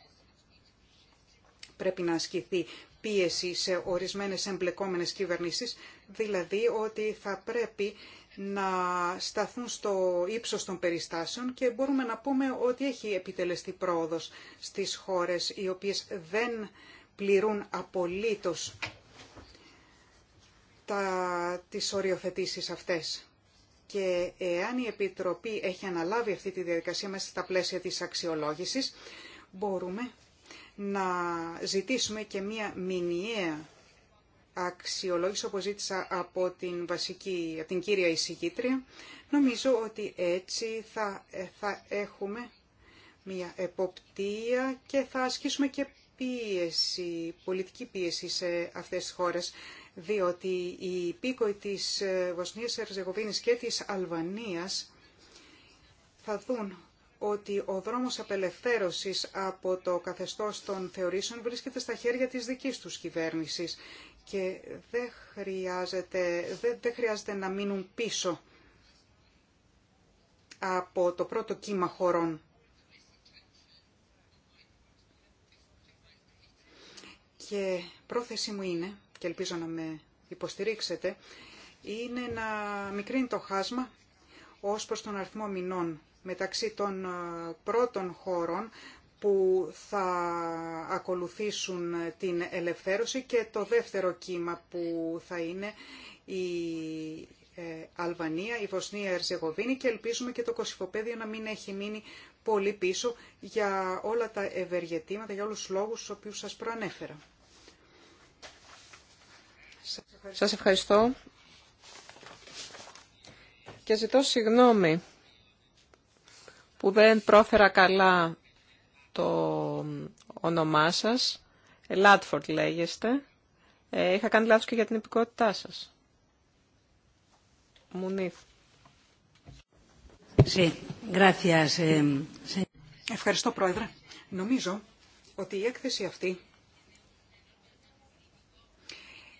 Πρέπει να ασκηθεί πίεση σε ορισμένες εμπλεκόμενες κυβερνήσεις, δηλαδή ότι θα πρέπει να σταθούν στο ύψος των περιστάσεων και μπορούμε να πούμε ότι έχει επιτελεστεί πρόοδος στις χώρες οι οποίες δεν πληρούν απολύτως τα, τις οριοθετήσεις αυτές. Και εάν η Επιτροπή έχει αναλάβει αυτή τη διαδικασία μέσα στα πλαίσια της αξιολόγησης, μπορούμε να ζητήσουμε και μία μηνιαία αξιολόγηση όπως ζήτησα από την, βασική, από την κύρια εισηγήτρια, νομίζω ότι έτσι θα, ε, θα έχουμε μια εποπτεία και θα ασκήσουμε και πίεση, πολιτική πίεση σε αυτές τις χώρες, διότι οι υπήκοοι της ε, Βοσνίας Ερζεγοβίνης και της Αλβανίας θα δουν ότι ο δρόμος απελευθέρωσης από το καθεστώς των θεωρήσεων βρίσκεται στα χέρια της δικής τους κυβέρνησης και δεν χρειάζεται, δεν, δεν χρειάζεται να μείνουν πίσω από το πρώτο κύμα χωρών. Και πρόθεση μου είναι, και ελπίζω να με υποστηρίξετε, είναι να μικρύνει το χάσμα ως προς τον αριθμό μηνών μεταξύ των πρώτων χώρων που θα ακολουθήσουν την ελευθέρωση και το δεύτερο κύμα που θα είναι η ε, Αλβανία, η Βοσνία, η Ερζεγοβίνη και ελπίζουμε και το Κωσυφοπέδιο να μην έχει μείνει πολύ πίσω για όλα τα ευεργετήματα, για όλους τους λόγους τους οποίους σας προανέφερα. Σας ευχαριστώ και ζητώ συγγνώμη που δεν πρόφερα καλά το όνομά σας. Λάτφορτ λέγεστε. Ε, είχα κάνει λάθος και για την υπηκότητά σας. Μουνίθ. Eh, Ευχαριστώ, Πρόεδρε. Νομίζω ότι η έκθεση αυτή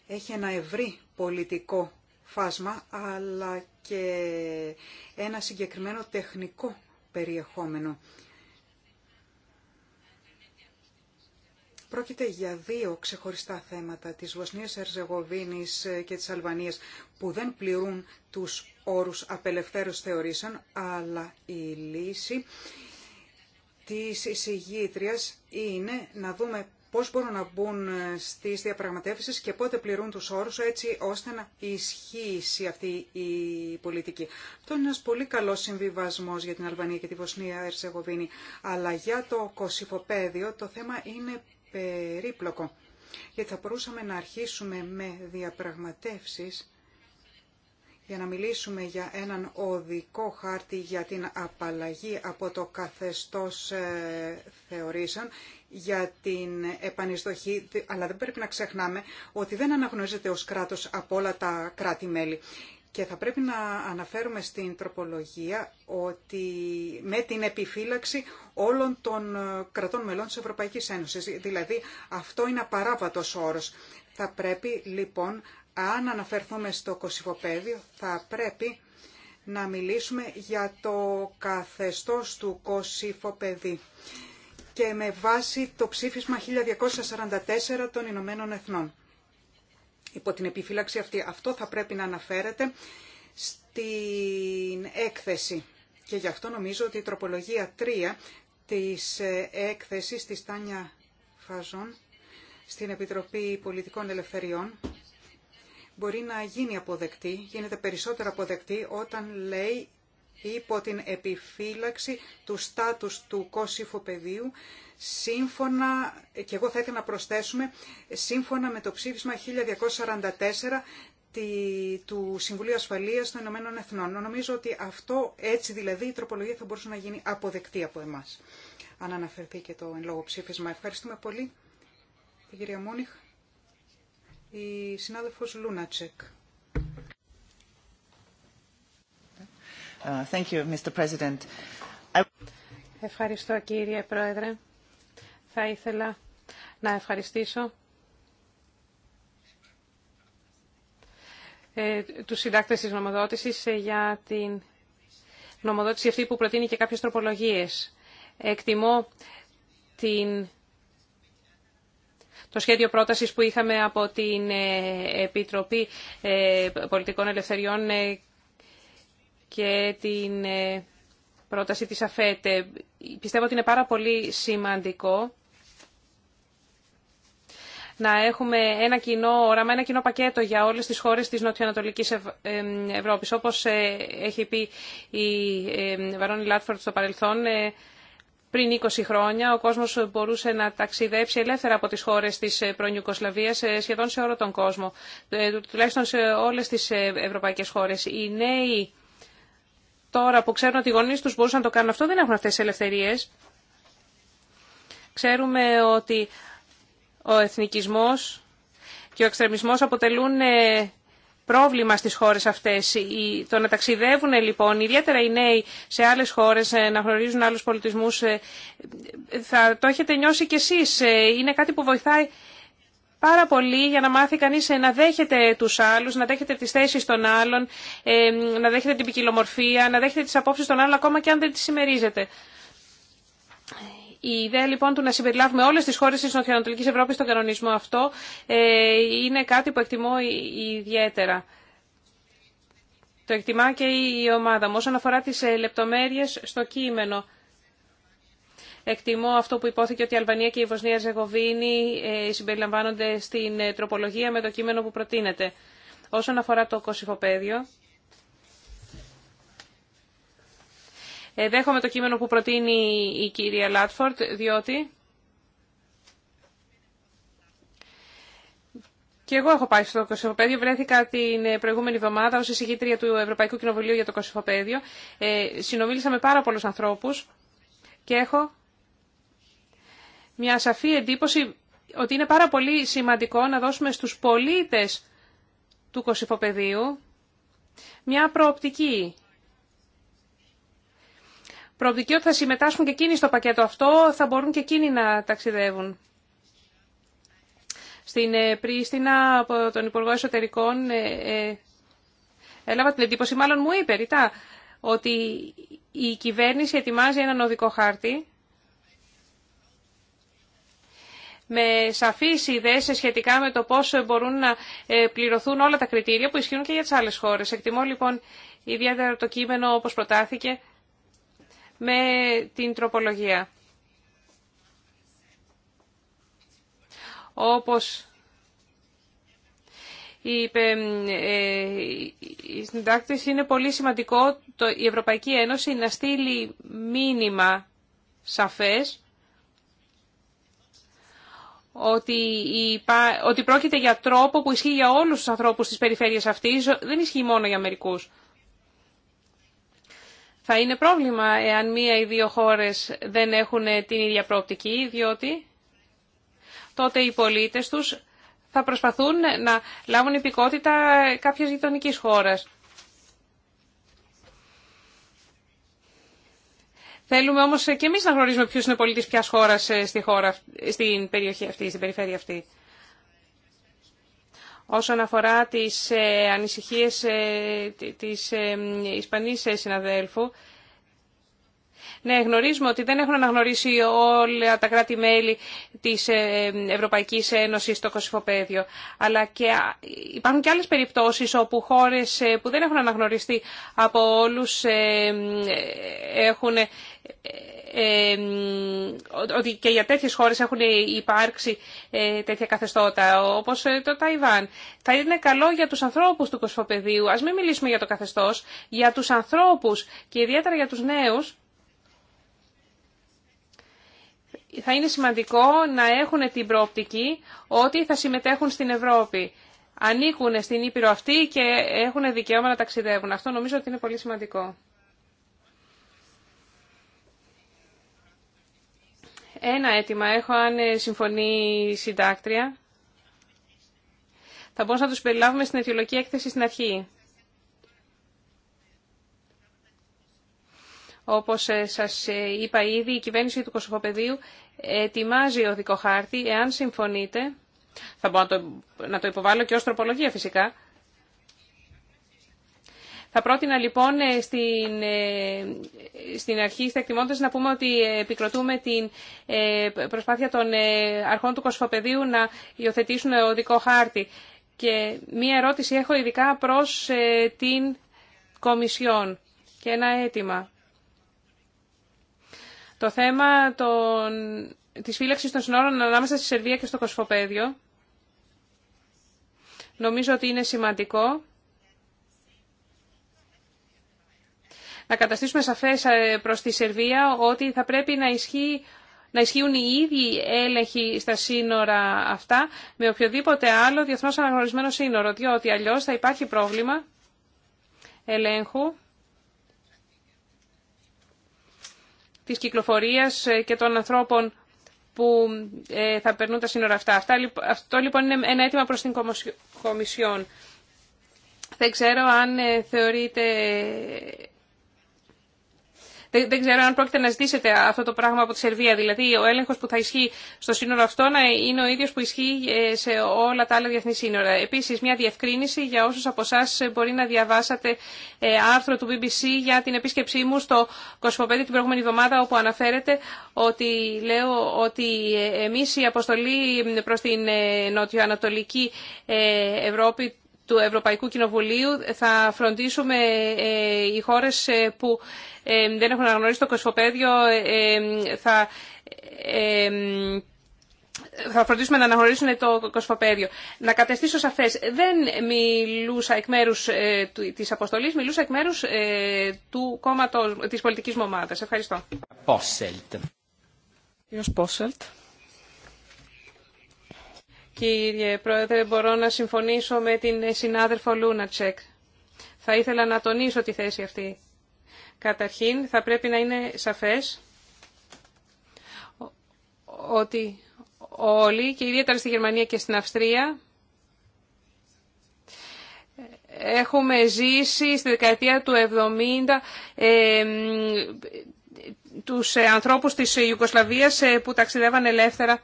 έχει ένα ευρύ πολιτικό φάσμα, αλλά και ένα συγκεκριμένο τεχνικό περιεχόμενο. Πρόκειται για δύο ξεχωριστά θέματα της Βοσνίας Ερζεγοβίνης και της Αλβανίας που δεν πληρούν τους όρους απελευθέρωσης θεωρήσεων, αλλά η λύση της εισηγήτριας είναι να δούμε πώς μπορούν να μπουν στις διαπραγματεύσεις και πότε πληρούν τους όρους έτσι ώστε να ισχύσει αυτή η πολιτική. Αυτό είναι ένας πολύ καλός συμβιβασμός για την Αλβανία και τη Βοσνία Ερσεγοβίνη. Αλλά για το κοσυφοπαίδιο το θέμα είναι περίπλοκο, γιατί θα μπορούσαμε να αρχίσουμε με διαπραγματεύσεις για να μιλήσουμε για έναν οδικό χάρτη για την απαλλαγή από το καθεστώς ε, θεωρήσεων, για την επανειστοχή, αλλά δεν πρέπει να ξεχνάμε ότι δεν αναγνωρίζεται ως κράτος από όλα τα κράτη-μέλη. Και θα πρέπει να αναφέρουμε στην τροπολογία ότι με την επιφύλαξη όλων των ε, κρατών μελών της Ευρωπαϊκής Ένωσης. Δηλαδή αυτό είναι απαράβατος όρος. Θα πρέπει λοιπόν, αν αναφερθούμε στο κοσυφοπέδιο, θα πρέπει να μιλήσουμε για το καθεστώς του κοσυφοπεδί και με βάση το ψήφισμα 1244 των Ηνωμένων Εθνών υπό την επιφύλαξη αυτή. Αυτό θα πρέπει να αναφέρεται στην έκθεση. Και γι' αυτό νομίζω ότι η τροπολογία 3 της ε, έκθεσης της Τάνια Φαζών στην Επιτροπή Πολιτικών Ελευθεριών μπορεί να γίνει αποδεκτή, γίνεται περισσότερο αποδεκτή όταν λέει υπό την επιφύλαξη του στάτους του Κωσίφου πεδίου, σύμφωνα, και εγώ θα ήθελα να προσθέσουμε, σύμφωνα με το ψήφισμα 1244 του Συμβουλίου Ασφαλείας των Ηνωμένων Εθνών. Νομίζω ότι αυτό έτσι δηλαδή η τροπολογία θα μπορούσε να γίνει αποδεκτή από εμάς. Αν αναφερθεί και το εν λόγω ψήφισμα. Ευχαριστούμε πολύ. Η κυρία Μόνιχ, η συνάδελφος Λούνατσεκ. Uh, Ευχαριστώ κύριε Πρόεδρε. Θα ήθελα να ευχαριστήσω ε, τους συντάκτες της νομοδότησης ε, για την νομοδότηση αυτή που προτείνει και κάποιες τροπολογίες. Εκτιμώ την... το σχέδιο πρότασης που είχαμε από την ε, Επιτροπή Πολιτικών Ελευθεριών και την ε, πρόταση της ΑΦΕΤΕ. Πιστεύω ότι είναι πάρα πολύ σημαντικό να έχουμε ένα κοινό όραμα, ένα κοινό πακέτο για όλες τις χώρες της Νοτιοανατολικής Ευ... Ευρώπης. Όπως ε, έχει πει η Βαρόνι Λάτφορντ στο παρελθόν, ε, πριν 20 χρόνια ο κόσμος μπορούσε να ταξιδέψει ελεύθερα από τις χώρες της πρώην Ιουκοσλαβίας σχεδόν σε όλο τον κόσμο, τουλάχιστον σε όλες τις ευρωπαϊκές χώρες. Οι νέοι τώρα που ξέρουν ότι οι γονείς τους μπορούσαν να το κάνουν αυτό, δεν έχουν αυτές τις ελευθερίες. Ξέρουμε ότι ο εθνικισμός και ο εξτρεμισμός αποτελούν ε, πρόβλημα στις χώρες αυτές. Το να ταξιδεύουν λοιπόν, ιδιαίτερα οι νέοι σε άλλες χώρες, ε, να γνωρίζουν άλλους πολιτισμούς, ε, θα το έχετε νιώσει κι εσείς. Είναι κάτι που βοηθάει πάρα πολύ για να μάθει κανείς ε, να δέχεται τους άλλους, να δέχεται τις θέσεις των άλλων, ε, να δέχεται την ποικιλομορφία, να δέχεται τις απόψεις των άλλων ακόμα και αν δεν τις συμμερίζεται. Η ιδέα λοιπόν του να συμπεριλάβουμε όλες τις χώρες της Νοτιοανατολικής Ευρώπης στον κανονισμό αυτό ε, είναι κάτι που εκτιμώ ιδιαίτερα. Το εκτιμά και η ομάδα μου όσον αφορά τις λεπτομέρειες στο κείμενο. Εκτιμώ αυτό που υπόθηκε ότι η Αλβανία και η Βοσνία Ζεγοβίνη ε, συμπεριλαμβάνονται στην ε, τροπολογία με το κείμενο που προτείνεται. Όσον αφορά το κοσυφοπαίδιο, ε, δέχομαι το κείμενο που προτείνει η κυρία Λάτφορτ, διότι και εγώ έχω πάει στο Κωσυφοπαίδιο. Βρέθηκα την προηγούμενη εβδομάδα ως εισηγήτρια του Ευρωπαϊκού Κοινοβουλίου για το Κωσυφοπαίδιο. Ε, συνομίλησα με πάρα πολλού ανθρώπου και έχω μια σαφή εντύπωση ότι είναι πάρα πολύ σημαντικό να δώσουμε στους πολίτες του Κωσυφοπεδίου μια προοπτική. Προοπτική ότι θα συμμετάσχουν και εκείνοι στο πακέτο αυτό, θα μπορούν και εκείνοι να ταξιδεύουν. Στην ε, Πρίστινα από τον Υπουργό Εσωτερικών ε, ε, έλαβα την εντύπωση, μάλλον μου είπε ρητά, ότι η κυβέρνηση ετοιμάζει έναν οδικό χάρτη με σαφείς ιδέες σχετικά με το πόσο μπορούν να ε, πληρωθούν όλα τα κριτήρια που ισχύουν και για τις άλλες χώρες. Εκτιμώ λοιπόν ιδιαίτερα το κείμενο όπως προτάθηκε με την τροπολογία. Όπως είπε ε, η συντάκτη, είναι πολύ σημαντικό η Ευρωπαϊκή Ένωση να στείλει μήνυμα σαφές ότι, ότι πρόκειται για τρόπο που ισχύει για όλους τους ανθρώπους της περιφέρειας αυτής, δεν ισχύει μόνο για μερικούς. Θα είναι πρόβλημα εάν μία ή δύο χώρες δεν έχουν την ίδια προοπτική, διότι τότε οι πολίτες τους θα προσπαθούν να λάβουν υπηκότητα κάποιας γειτονικής χώρας. Θέλουμε όμως και εμείς να γνωρίζουμε ποιο είναι ο πολίτης ποιας χώρας ε, στη χώρα, στην περιοχή αυτή, στην περιφέρεια αυτή. Όσον αφορά τις ε, ανησυχίες ε, της Ισπανής συναδέλφου, ναι, γνωρίζουμε ότι δεν έχουν αναγνωρίσει όλα τα κράτη-μέλη της Ευρωπαϊκής Ένωσης στο Κωσυφοπαίδιο. Αλλά και υπάρχουν και άλλες περιπτώσεις όπου χώρες που δεν έχουν αναγνωριστεί από όλους έχουν ότι και για τέτοιες χώρες έχουν υπάρξει ε, τέτοια καθεστώτα, όπως ε, το Ταϊβάν. Θα είναι καλό για τους ανθρώπους του κοσφοπεδίου, ας μην μιλήσουμε για το καθεστώς, για τους ανθρώπους και ιδιαίτερα για τους νέους, θα είναι σημαντικό να έχουν την προοπτική ότι θα συμμετέχουν στην Ευρώπη. Ανήκουν στην Ήπειρο αυτή και έχουν δικαίωμα να ταξιδεύουν. Αυτό νομίζω ότι είναι πολύ σημαντικό. Ένα αίτημα έχω αν ε, συμφωνεί η συντάκτρια. Θα μπορούσα να τους περιλάβουμε στην αιτιολογική έκθεση στην αρχή. Όπως ε, σας ε, είπα ήδη, η κυβέρνηση του Κωσοφοπεδίου ετοιμάζει ο χάρτη. Εάν συμφωνείτε, θα μπορώ να το, να το υποβάλω και ως τροπολογία φυσικά, θα πρότεινα λοιπόν ε, στην, ε, στην αρχή, στα να πούμε ότι ε, επικροτούμε την προσπάθεια των αρχών του Κοσφοπεδίου να υιοθετήσουν οδικό χάρτη. Και μία ερώτηση έχω ειδικά προς την Κομισιόν και ένα αίτημα. Το θέμα των... της φύλαξης των συνόρων ανάμεσα στη Σερβία και στο Κοσφοπέδιο νομίζω ότι είναι σημαντικό να καταστήσουμε σαφές ε, προς τη Σερβία ότι θα πρέπει να ισχύει να ισχύουν οι ίδιοι έλεγχοι στα σύνορα αυτά με οποιοδήποτε άλλο διεθνώ αναγνωρισμένο σύνορο, διότι αλλιώς θα υπάρχει πρόβλημα ελέγχου της κυκλοφορία ε, και των ανθρώπων που ε, θα περνούν τα σύνορα αυτά. Αυτό λοιπόν είναι ένα αίτημα προς την Κομισιόν. Δεν ξέρω αν θεωρείτε δεν, δεν ξέρω αν πρόκειται να ζητήσετε αυτό το πράγμα από τη Σερβία. Δηλαδή, ο έλεγχο που θα ισχύει στο σύνορο αυτό να είναι ο ίδιο που ισχύει ε, σε όλα τα άλλα διεθνή σύνορα. Επίση, μια διευκρίνηση για όσου από εσά μπορεί να διαβάσατε ε, άρθρο του BBC για την επίσκεψή μου στο Κοσμοπέδι την προηγούμενη εβδομάδα, όπου αναφέρεται ότι λέω ότι ε, εμεί η αποστολή προ την νοτιοανατολική Ευρώπη του Ευρωπαϊκού Κοινοβουλίου θα φροντίσουμε ε, οι χώρες ε, που ε, δεν έχουν αναγνωρίσει το κοσφοπέδιο θα θα φροντίσουμε να αναγνωρίσουν το κοσφοπέδιο. Να κατεστήσω σαφέ. Δεν μιλούσα εκ μέρου ε, τη αποστολή, μιλούσα εκ μέρου του κόμματος, τη πολιτική μου Ευχαριστώ. Κύριε Πρόεδρε, μπορώ να συμφωνήσω με την συνάδελφο Λούνατσεκ. Θα ήθελα να τονίσω τη θέση αυτή. Καταρχήν, θα πρέπει να είναι σαφές ότι όλοι, και ιδιαίτερα στη Γερμανία και στην Αυστρία, έχουμε ζήσει στη δεκαετία του 70 ε, τους ανθρώπους της Ιουγκοσλαβίας ε, που ταξιδεύαν ελεύθερα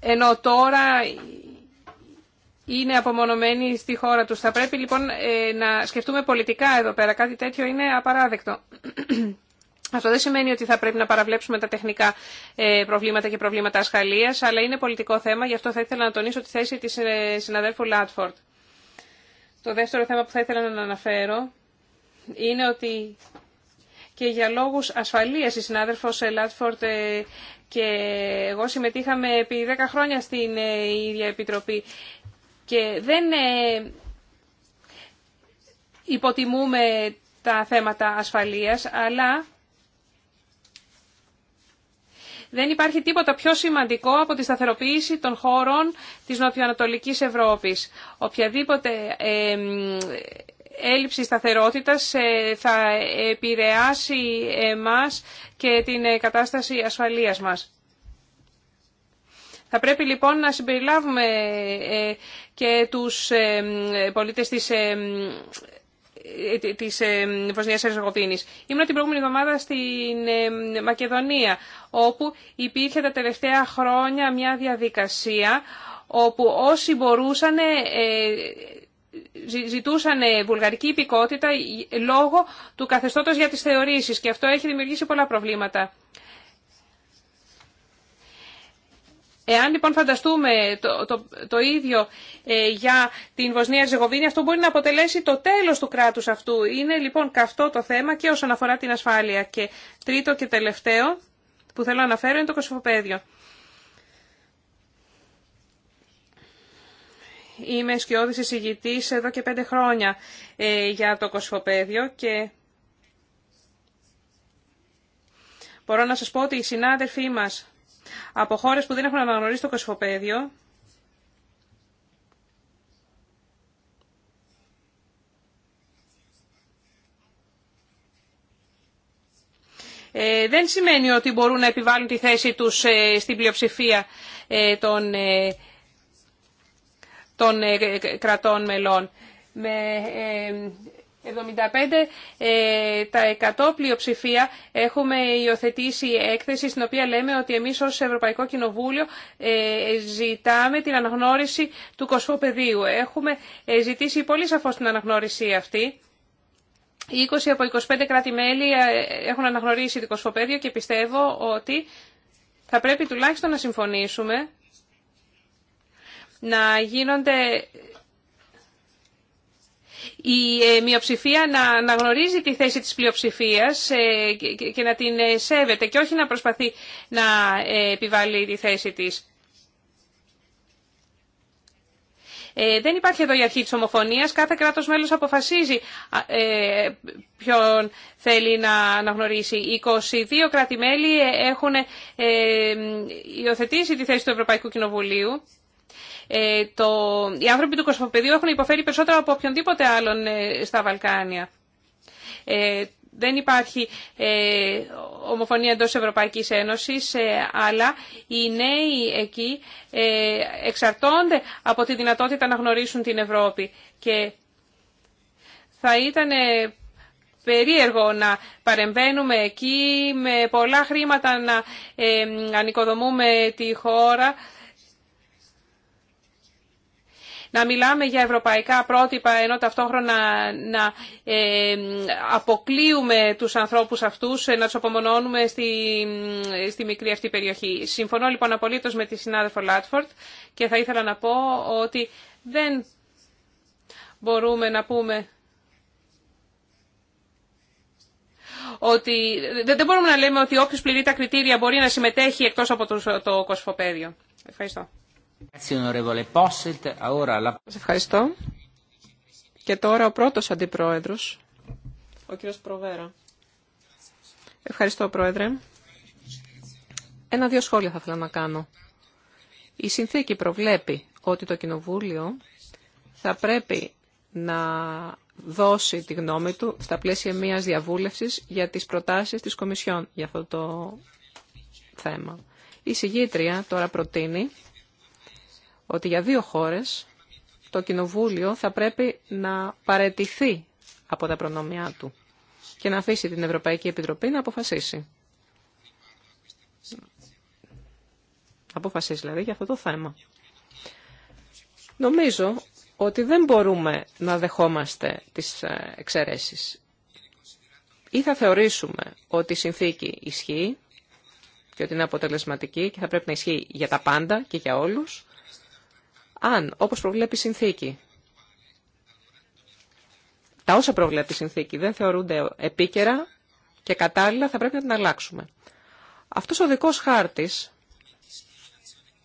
ενώ τώρα είναι απομονωμένοι στη χώρα τους. Θα πρέπει λοιπόν ε, να σκεφτούμε πολιτικά εδώ πέρα. Κάτι τέτοιο είναι απαράδεκτο. Αυτό δεν σημαίνει ότι θα πρέπει να παραβλέψουμε τα τεχνικά ε, προβλήματα και προβλήματα ασφαλείας, αλλά είναι πολιτικό θέμα, γι' αυτό θα ήθελα να τονίσω τη θέση της ε, συναδέλφου Λάτφορντ. Το δεύτερο θέμα που θα ήθελα να αναφέρω είναι ότι και για λόγους ασφαλείας η συνάδελφος Λάτφορτ ε, και εγώ συμμετείχαμε επί 10 χρόνια στην ε, ίδια επιτροπή και δεν ε, υποτιμούμε τα θέματα ασφαλείας, αλλά δεν υπάρχει τίποτα πιο σημαντικό από τη σταθεροποίηση των χώρων της νοτιοανατολικής Ευρώπης. Οποιαδήποτε ε, έλλειψη σταθερότητας ε, θα επηρεάσει εμάς και την ε, κατάσταση ασφαλείας μας. Θα πρέπει λοιπόν να συμπεριλάβουμε ε, και τους πολίτες της της Βοσνίας Ερζεγοβίνης. Ήμουν την προηγούμενη εβδομάδα στην Μακεδονία, όπου υπήρχε τα τελευταία χρόνια μια διαδικασία όπου όσοι μπορούσαν ζητούσαν βουλγαρική υπηκότητα λόγω του καθεστώτος για τις θεωρήσεις και αυτό έχει δημιουργήσει πολλά προβλήματα. Εάν λοιπόν φανταστούμε το, ίδιο ε, για την Βοσνία-Ζεγοβίνη, αυτό μπορεί να αποτελέσει το τέλος του κράτους αυτού. Είναι λοιπόν καυτό το θέμα και όσον αφορά την ασφάλεια. Και τρίτο και τελευταίο που θέλω να αναφέρω είναι το κοσμοπέδιο. είμαι σκιώδης εισηγητής εδώ και πέντε χρόνια ε, για το κοσφοπέδιο και μπορώ να σας πω ότι οι συνάδελφοί μας από χώρες που δεν έχουν αναγνωρίσει το κοσφοπέδιο Ε, δεν σημαίνει ότι μπορούν να επιβάλλουν τη θέση τους ε, στην πλειοψηφία ε, των ε, των ε, ε, κρατών μελών. Με 75% ε, τα 100 πλειοψηφία έχουμε υιοθετήσει έκθεση στην οποία λέμε ότι εμείς ως Ευρωπαϊκό Κοινοβούλιο ζητάμε την αναγνώριση του κοσμοπεδίου. Έχουμε ζητήσει πολύ σαφώς την αναγνώριση αυτή. 20 από 25 κράτη-μέλη έχουν αναγνωρίσει το κοσμοπέδιο και πιστεύω ότι θα πρέπει τουλάχιστον να συμφωνήσουμε να γίνονται η ε, μειοψηφία να, να γνωρίζει τη θέση της πλειοψηφίας ε, και να την ε, σέβεται και όχι να προσπαθεί να επιβάλλει τη θέση της. Ε, δεν υπάρχει εδώ η αρχή της ομοφωνίας. Κάθε κράτος μέλος αποφασίζει ποιον θέλει να γνωρίσει. 22 κράτη-μέλη έχουν ε, υιοθετήσει τη θέση του Ευρωπαϊκού Κοινοβουλίου ε, το, οι άνθρωποι του κοσμοπεδίου έχουν υποφέρει περισσότερο από οποιονδήποτε άλλον ε, στα Βαλκάνια. Ε, δεν υπάρχει ομοφωνία εντός Ευρωπαϊκής Ένωσης, αλλά οι νέοι εκεί εξαρτώνται από τη δυνατότητα να γνωρίσουν την Ευρώπη. Και θα ήταν περίεργο να παρεμβαίνουμε εκεί με πολλά χρήματα να ανοικοδομούμε τη χώρα να μιλάμε για ευρωπαϊκά πρότυπα ενώ ταυτόχρονα να ε, αποκλείουμε τους ανθρώπους αυτούς, ε, να τους απομονώνουμε ε, στη, μικρή αυτή περιοχή. Συμφωνώ λοιπόν απολύτως με τη συνάδελφο Λάτφορντ και θα ήθελα να πω ότι δεν μπορούμε να πούμε ότι δεν μπορούμε να λέμε ότι όποιος πληρεί τα κριτήρια μπορεί να συμμετέχει εκτός από το κοσφοπέδιο. Ευχαριστώ. Σας ευχαριστώ. Και τώρα ο πρώτος αντιπρόεδρος, ο κύριος Προβέρα. Ευχαριστώ, Πρόεδρε. Ένα-δύο σχόλια θα ήθελα να κάνω. Η συνθήκη προβλέπει ότι το Κοινοβούλιο θα πρέπει να δώσει τη γνώμη του στα πλαίσια μιας διαβούλευσης για τις προτάσεις της Κομισιόν για αυτό το θέμα. Η συγγήτρια τώρα προτείνει ότι για δύο χώρες το Κοινοβούλιο θα πρέπει να παρετηθεί από τα προνόμια του και να αφήσει την Ευρωπαϊκή Επιτροπή να αποφασίσει. Αποφασίσει δηλαδή για αυτό το θέμα. Νομίζω ότι δεν μπορούμε να δεχόμαστε τις ε, εξαιρέσεις. Ή θα θεωρήσουμε ότι η συνθήκη ισχύει και ότι είναι αποτελεσματική και θα πρέπει να ισχύει για τα πάντα και για όλους αν, όπως προβλέπει η συνθήκη, τα όσα προβλέπει η συνθήκη δεν θεωρούνται επίκαιρα και κατάλληλα, θα πρέπει να την αλλάξουμε. Αυτός ο δικός χάρτης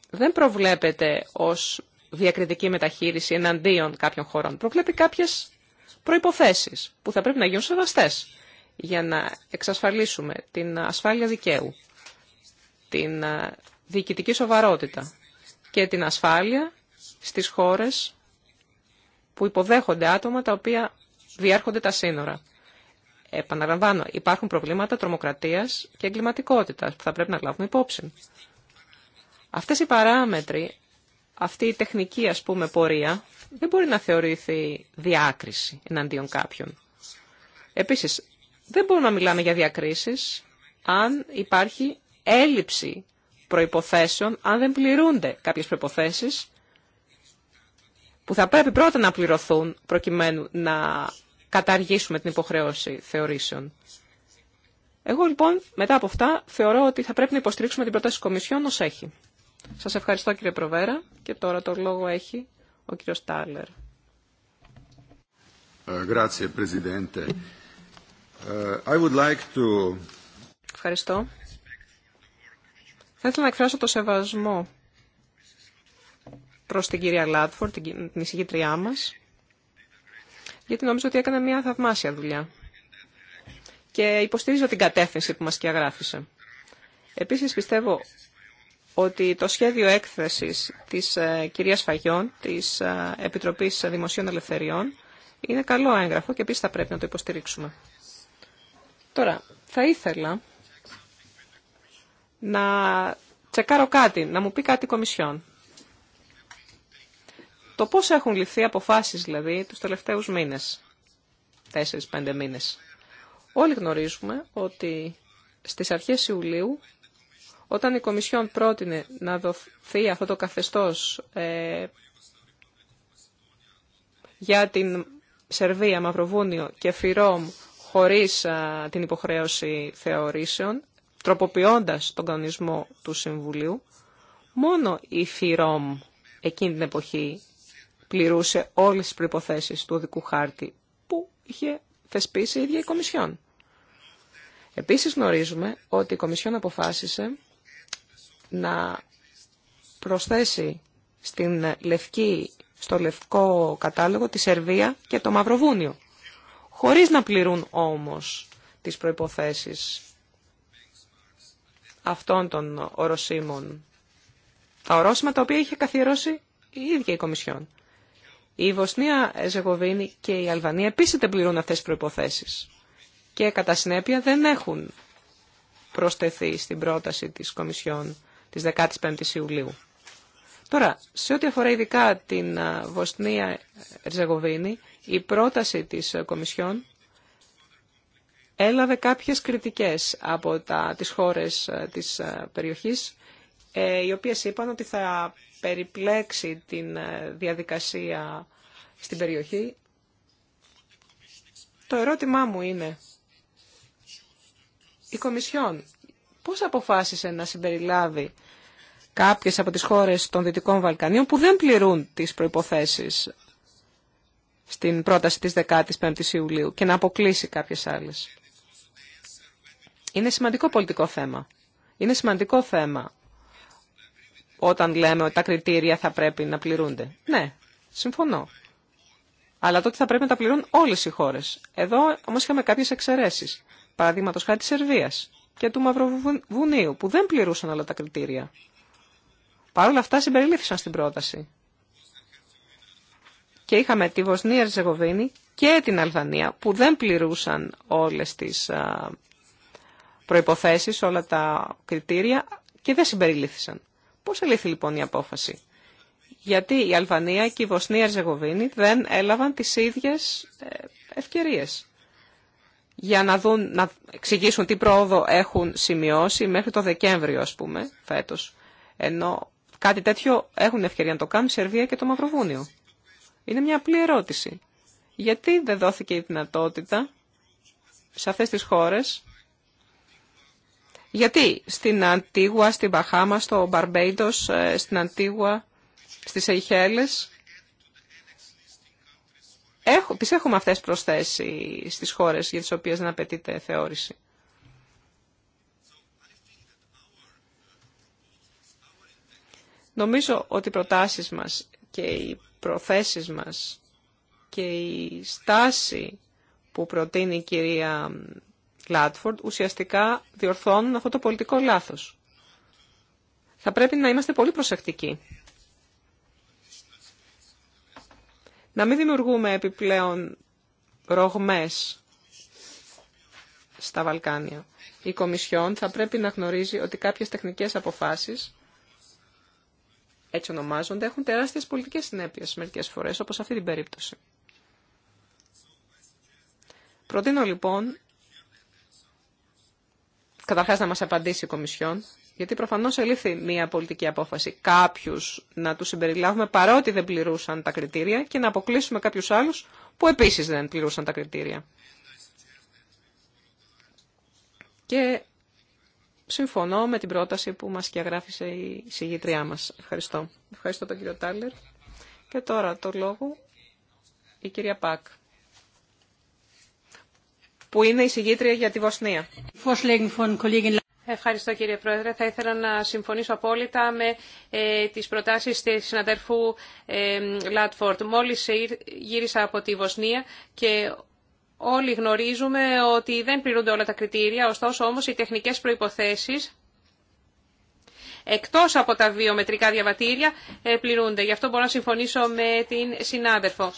δεν προβλέπεται ως διακριτική μεταχείριση εναντίον κάποιων χωρών. Προβλέπει κάποιες προϋποθέσεις που θα πρέπει να γίνουν σεβαστές για να εξασφαλίσουμε την ασφάλεια δικαίου, την ε, διοικητική σοβαρότητα και την ασφάλεια στις χώρες που υποδέχονται άτομα τα οποία διέρχονται τα σύνορα. Επαναλαμβάνω, υπάρχουν προβλήματα τρομοκρατίας και εγκληματικότητας που θα πρέπει να λάβουμε υπόψη. Αυτές οι παράμετροι, αυτή η τεχνική ας πούμε πορεία, δεν μπορεί να θεωρηθεί διάκριση εναντίον κάποιων. Επίσης, δεν μπορούμε να μιλάμε για διακρίσεις αν υπάρχει έλλειψη προϋποθέσεων, αν δεν πληρούνται κάποιες προϋποθέσεις που θα πρέπει πρώτα να πληρωθούν προκειμένου να καταργήσουμε την υποχρέωση θεωρήσεων. Εγώ λοιπόν μετά από αυτά θεωρώ ότι θα πρέπει να υποστηρίξουμε την πρόταση της Κομισιόν ως έχει. Σας ευχαριστώ κύριε Προβέρα και τώρα το λόγο έχει ο κύριος Τάλερ. Ε, ε, ευχαριστώ. Θα ήθελα να εκφράσω το σεβασμό προς την κυρία Λάτφορ, την εισηγήτριά μας, γιατί νομίζω ότι έκανε μια θαυμάσια δουλειά και υποστηρίζω την κατεύθυνση που μας και αγράφησε. Επίσης πιστεύω ότι το σχέδιο έκθεσης της ε, κυρίας Φαγιών, της ε, Επιτροπής Δημοσίων Ελευθεριών, είναι καλό έγγραφο και επίσης θα πρέπει να το υποστηρίξουμε. Τώρα, θα ήθελα να τσεκάρω κάτι, να μου πει κάτι η Κομισιόν. Το πώς έχουν ληφθεί αποφάσεις δηλαδή τους τελευταίους μήνες, τέσσερις-πέντε μήνες. Όλοι γνωρίζουμε ότι στις αρχές Ιουλίου, όταν η Κομισιόν πρότεινε να δοθεί αυτό το καθεστώς ε, για την Σερβία, Μαυροβούνιο και Φιρόμ χωρίς την υποχρέωση θεωρήσεων, τροποποιώντας τον κανονισμό του Συμβουλίου, μόνο η Φιρόμ εκείνη την εποχή πληρούσε όλες τις προϋποθέσεις του οδικού χάρτη που είχε θεσπίσει η ίδια η Κομισιόν. Επίσης γνωρίζουμε ότι η Κομισιόν αποφάσισε να προσθέσει στην λευκή, στο λευκό κατάλογο τη Σερβία και το Μαυροβούνιο, χωρίς να πληρούν όμως τις προϋποθέσεις αυτών των οροσίμων, τα ορόσημα τα οποία είχε καθιερώσει η ίδια η Κομισιόν. Η Βοσνία, Ζεγοβίνη και η Αλβανία επίσης δεν πληρούν αυτές τις προϋποθέσεις και κατά συνέπεια δεν έχουν προσθεθεί στην πρόταση της Κομισιόν της 15ης Ιουλίου. Τώρα, σε ό,τι αφορά ειδικά την Βοσνία Ερζεγοβίνη, η πρόταση της Κομισιόν έλαβε κάποιες κριτικές από τα, τις χώρες της περιοχής, ε, οι οποίες είπαν ότι θα περιπλέξει την ε, διαδικασία στην περιοχή. Το ερώτημά μου είναι, η Κομισιόν πώς αποφάσισε να συμπεριλάβει κάποιες από τις χώρες των Δυτικών Βαλκανίων που δεν πληρούν τις προϋποθέσεις στην πρόταση της 15ης Ιουλίου και να αποκλείσει κάποιες άλλες. Είναι σημαντικό πολιτικό θέμα. Είναι σημαντικό θέμα όταν λέμε ότι τα κριτήρια θα πρέπει να πληρούνται. Ναι, συμφωνώ. Αλλά τότε θα πρέπει να τα πληρούν όλες οι χώρες. Εδώ όμως είχαμε κάποιες εξαιρέσεις. Παραδείγματος χάρη της Σερβίας και του Μαυροβουνίου που δεν πληρούσαν όλα τα κριτήρια. Παρ' όλα αυτά συμπεριλήφθησαν στην πρόταση. Και είχαμε τη Βοσνία και την Αλβανία που δεν πληρούσαν όλες τις προϋποθέσεις, όλα τα κριτήρια και δεν συμπεριλήφθησαν. Πώς ελήφθη λοιπόν η απόφαση. Γιατί η Αλβανία και η Βοσνία Ζεγοβίνη δεν έλαβαν τις ίδιες ε, ευκαιρίες για να, δουν, να εξηγήσουν τι πρόοδο έχουν σημειώσει μέχρι το Δεκέμβριο, ας πούμε, φέτος. Ενώ κάτι τέτοιο έχουν ευκαιρία να το κάνουν η Σερβία και το Μαυροβούνιο. Είναι μια απλή ερώτηση. Γιατί δεν δόθηκε η δυνατότητα σε αυτές τις χώρες γιατί στην Αντίγουα, στην Παχάμα, στο Μπαρμπέιντος, ε, στην Αντίγουα, στις Αιχέλες, Έχω, τις έχουμε αυτές προσθέσει στις χώρες για τις οποίες δεν απαιτείται θεώρηση. Νομίζω ότι οι προτάσεις μας και οι προθέσεις μας και η στάση που προτείνει η κυρία Λάτφορντ ουσιαστικά διορθώνουν αυτό το πολιτικό λάθος. Θα πρέπει να είμαστε πολύ προσεκτικοί. Να μην δημιουργούμε επιπλέον ρογμές στα Βαλκάνια. Η Κομισιόν θα πρέπει να γνωρίζει ότι κάποιες τεχνικές αποφάσεις, έτσι ονομάζονται, έχουν τεράστιες πολιτικές συνέπειες μερικές φορές, όπως αυτή την περίπτωση. Προτείνω λοιπόν καταρχάς να μας απαντήσει η Κομισιόν, γιατί προφανώς ελήφθη μια πολιτική απόφαση Κάποιου να τους συμπεριλάβουμε παρότι δεν πληρούσαν τα κριτήρια και να αποκλείσουμε κάποιου άλλους που επίσης δεν πληρούσαν τα κριτήρια. Και συμφωνώ με την πρόταση που μας και αγράφησε η συγγήτριά μας. Ευχαριστώ. Ευχαριστώ τον κύριο Τάλερ. Και τώρα το λόγο η κυρία Πακ που είναι η συγγήτρια για τη Βοσνία. Ευχαριστώ κύριε Πρόεδρε. Θα ήθελα να συμφωνήσω απόλυτα με ε, τις προτάσεις της συναδερφού ε, Λάτφορτ. Μόλις γύρισα από τη Βοσνία και όλοι γνωρίζουμε ότι δεν πληρούνται όλα τα κριτήρια, ωστόσο όμως οι τεχνικές προϋποθέσεις εκτός από τα βιομετρικά διαβατήρια ε, πληρούνται. Γι' αυτό μπορώ να συμφωνήσω με την συνάδελφο.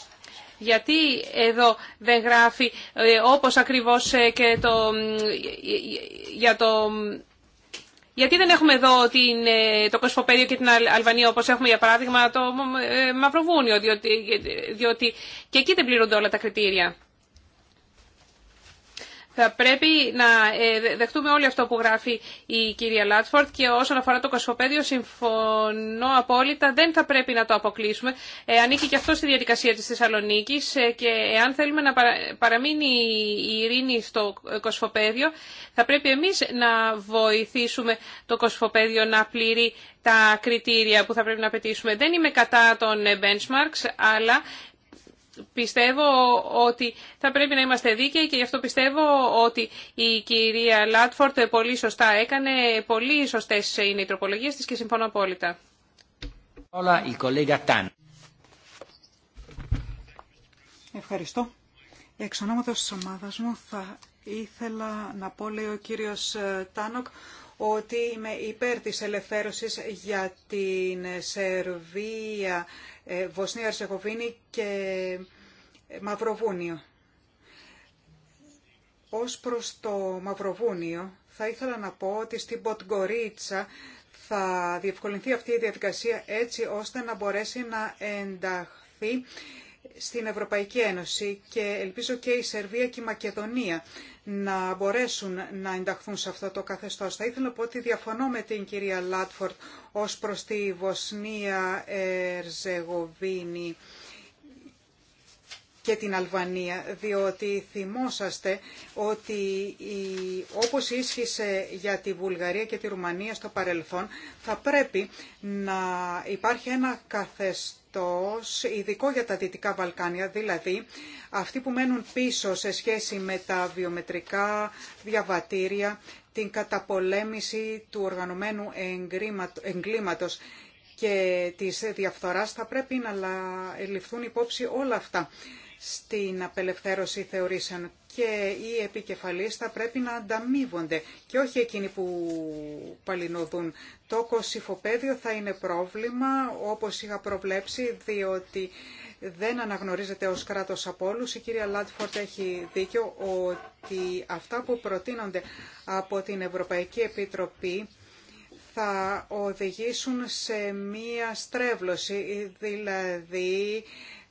Γιατί εδώ δεν γράφει ε, όπως ακριβώς ε, και το, ε, για το... Γιατί δεν έχουμε εδώ το Κοσμοπέδιο και την Αλβανία όπως έχουμε για παράδειγμα το Μαυροβούνιο, διότι, διότι και εκεί δεν πληρούνται όλα τα κριτήρια. Θα πρέπει να ε, δεχτούμε όλοι αυτό που γράφει η κυρία Λάτσφορτ και όσον αφορά το κοσμοπέδιο συμφωνώ απόλυτα, δεν θα πρέπει να το αποκλείσουμε. Ε, ανήκει και αυτό στη διαδικασία της Θεσσαλονίκη ε, και εάν θέλουμε να παραμείνει η ειρήνη στο κοσμοπέδιο θα πρέπει εμείς να βοηθήσουμε το κοσμοπέδιο να πληρεί τα κριτήρια που θα πρέπει να πετύσουμε. Δεν είμαι κατά των benchmarks, αλλά Πιστεύω ότι θα πρέπει να είμαστε δίκαιοι και γι' αυτό πιστεύω ότι η κυρία Λάτφορτ πολύ σωστά έκανε, πολύ σωστές είναι οι τροπολογίες της και συμφωνώ απόλυτα. Όλα η κολέγα Τάν. Ευχαριστώ. Εξ ονόματος της ομάδας μου θα ήθελα να πω, λέει ο κύριος ε, Τάνοκ, ότι είμαι υπέρ της ελευθέρωσης για την Σερβία ε, Βοσνία Ερσεχοβίνη και ε, Μαυροβούνιο. Ως προς το Μαυροβούνιο θα ήθελα να πω ότι στην Ποτγκορίτσα θα διευκολυνθεί αυτή η διαδικασία έτσι ώστε να μπορέσει να ενταχθεί στην Ευρωπαϊκή Ένωση και ελπίζω και η Σερβία και η Μακεδονία να μπορέσουν να ενταχθούν σε αυτό το καθεστώς. Θα ήθελα να ότι διαφωνώ με την κυρία Λάτφορτ ως προς τη Βοσνία Ερζεγοβίνη και την Αλβανία, διότι θυμόσαστε ότι η, όπως ίσχυσε για τη Βουλγαρία και τη Ρουμανία στο παρελθόν, θα πρέπει να υπάρχει ένα καθεστώς ειδικό για τα Δυτικά Βαλκάνια, δηλαδή αυτοί που μένουν πίσω σε σχέση με τα βιομετρικά διαβατήρια, την καταπολέμηση του οργανωμένου εγκλήματος και της διαφθοράς, θα πρέπει να ληφθούν υπόψη όλα αυτά στην απελευθέρωση θεωρήσεων και οι επικεφαλείς θα πρέπει να ανταμείβονται και όχι εκείνοι που παλινοδούν. Το κοσυφοπέδιο θα είναι πρόβλημα όπως είχα προβλέψει διότι δεν αναγνωρίζεται ως κράτος από όλους. Η κυρία Λάτφορτ έχει δίκιο ότι αυτά που προτείνονται από την Ευρωπαϊκή Επιτροπή θα οδηγήσουν σε μία στρέβλωση, δηλαδή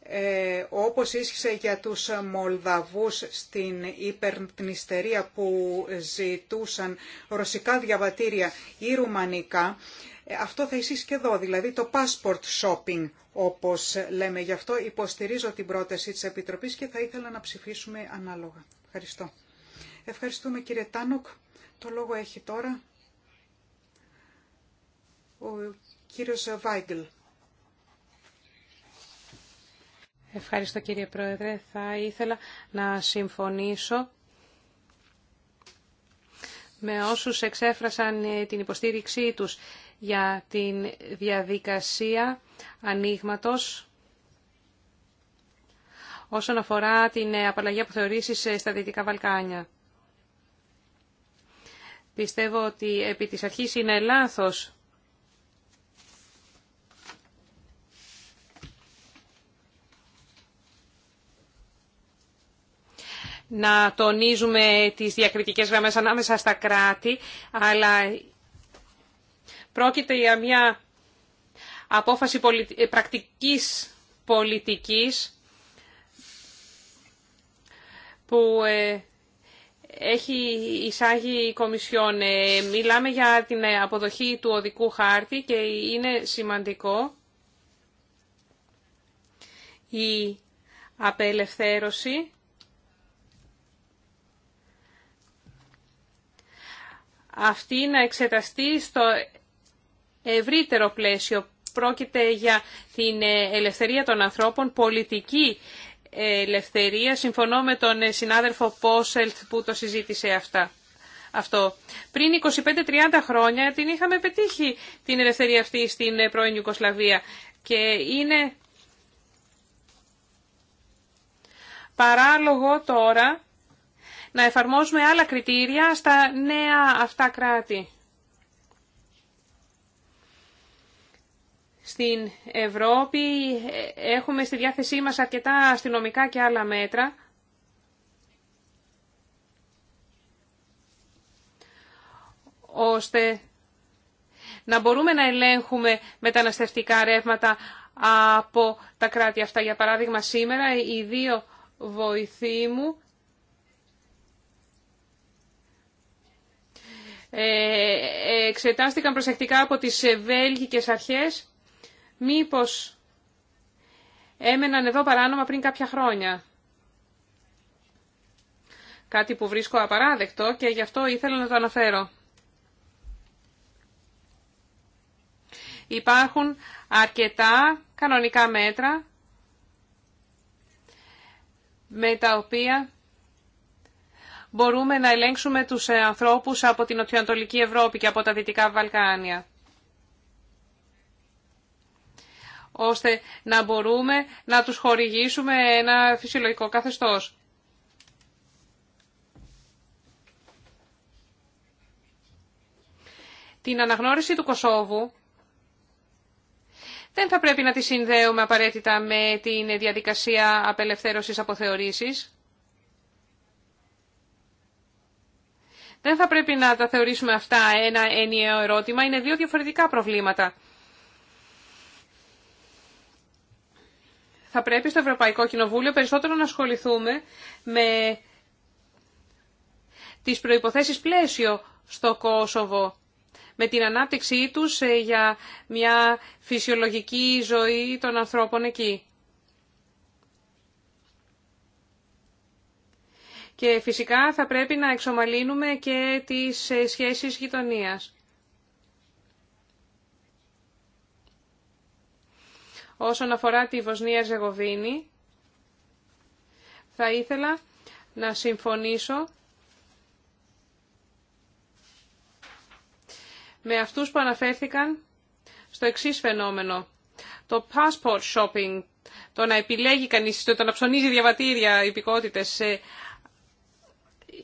ε, όπως ίσχυσε για τους Μολδαβούς στην υπερπνηστερία που ζητούσαν ρωσικά διαβατήρια ή ρουμανικά, ε, αυτό θα ισχύσει και εδώ, δηλαδή το passport shopping, όπως λέμε. Γι' αυτό υποστηρίζω την πρόταση της Επιτροπής και θα ήθελα να ψηφίσουμε ανάλογα. Ευχαριστώ. Ευχαριστούμε κύριε Τάνοκ. Το λόγο έχει τώρα ο κύριος Βάιγκλ Ευχαριστώ κύριε Πρόεδρε. Θα ήθελα να συμφωνήσω με όσους εξέφρασαν ε, την υποστήριξή τους για την διαδικασία ανοίγματο όσον αφορά την ε, απαλλαγή από θεωρήσεις ε, στα Δυτικά Βαλκάνια. Πιστεύω ότι επί της αρχής είναι λάθος να τονίζουμε τις διακριτικές γραμμές ανάμεσα στα κράτη, αλλά πρόκειται για μια απόφαση πολιτι... Ε, πρακτικής πολιτικής που ε, έχει εισάγει η Κομισιόν. Ε, μιλάμε για την αποδοχή του οδικού χάρτη και είναι σημαντικό η απελευθέρωση αυτή να εξεταστεί στο ευρύτερο πλαίσιο. Πρόκειται για την ελευθερία των ανθρώπων, πολιτική ελευθερία. Συμφωνώ με τον συνάδελφο Πόσελτ που το συζήτησε αυτά. Αυτό. Πριν 25-30 χρόνια την είχαμε πετύχει την ελευθερία αυτή στην πρώην Ιουκοσλαβία και είναι παράλογο τώρα να εφαρμόζουμε άλλα κριτήρια στα νέα αυτά κράτη. Στην Ευρώπη ε, έχουμε στη διάθεσή μας αρκετά αστυνομικά και άλλα μέτρα. ώστε να μπορούμε να ελέγχουμε μεταναστευτικά ρεύματα από τα κράτη αυτά. Για παράδειγμα, σήμερα οι δύο βοηθοί μου Ε, εξετάστηκαν προσεκτικά από τις βέλγικες αρχές, μήπως έμεναν εδώ παράνομα πριν κάποια χρόνια. Κάτι που βρίσκω απαράδεκτο και γι' αυτό ήθελα να το αναφέρω. Υπάρχουν αρκετά κανονικά μέτρα με τα οποία μπορούμε να ελέγξουμε τους ε, ανθρώπους από την Νοτιοανατολική Ευρώπη και από τα Δυτικά Βαλκάνια ώστε να μπορούμε να τους χορηγήσουμε ένα φυσιολογικό καθεστώς. Την αναγνώριση του Κωσόβου δεν θα πρέπει να τη συνδέουμε απαραίτητα με την διαδικασία απελευθέρωσης αποθεωρήσεις. Δεν θα πρέπει να τα θεωρήσουμε αυτά ένα ενιαίο ερώτημα. Είναι δύο διαφορετικά προβλήματα. Θα πρέπει στο Ευρωπαϊκό Κοινοβούλιο περισσότερο να ασχοληθούμε με τις προϋποθέσεις πλαίσιο στο Κόσοβο με την ανάπτυξή τους ε, για μια φυσιολογική ζωή των ανθρώπων εκεί. Και φυσικά θα πρέπει να εξομαλύνουμε και τις ε, σχέσεις γειτονίας. Όσον αφορά τη Βοσνία Ζεγοβίνη, θα ήθελα να συμφωνήσω με αυτούς που αναφέρθηκαν στο εξής φαινόμενο. Το passport shopping, το να επιλέγει κανείς, το να ψωνίζει διαβατήρια υπηκότητες,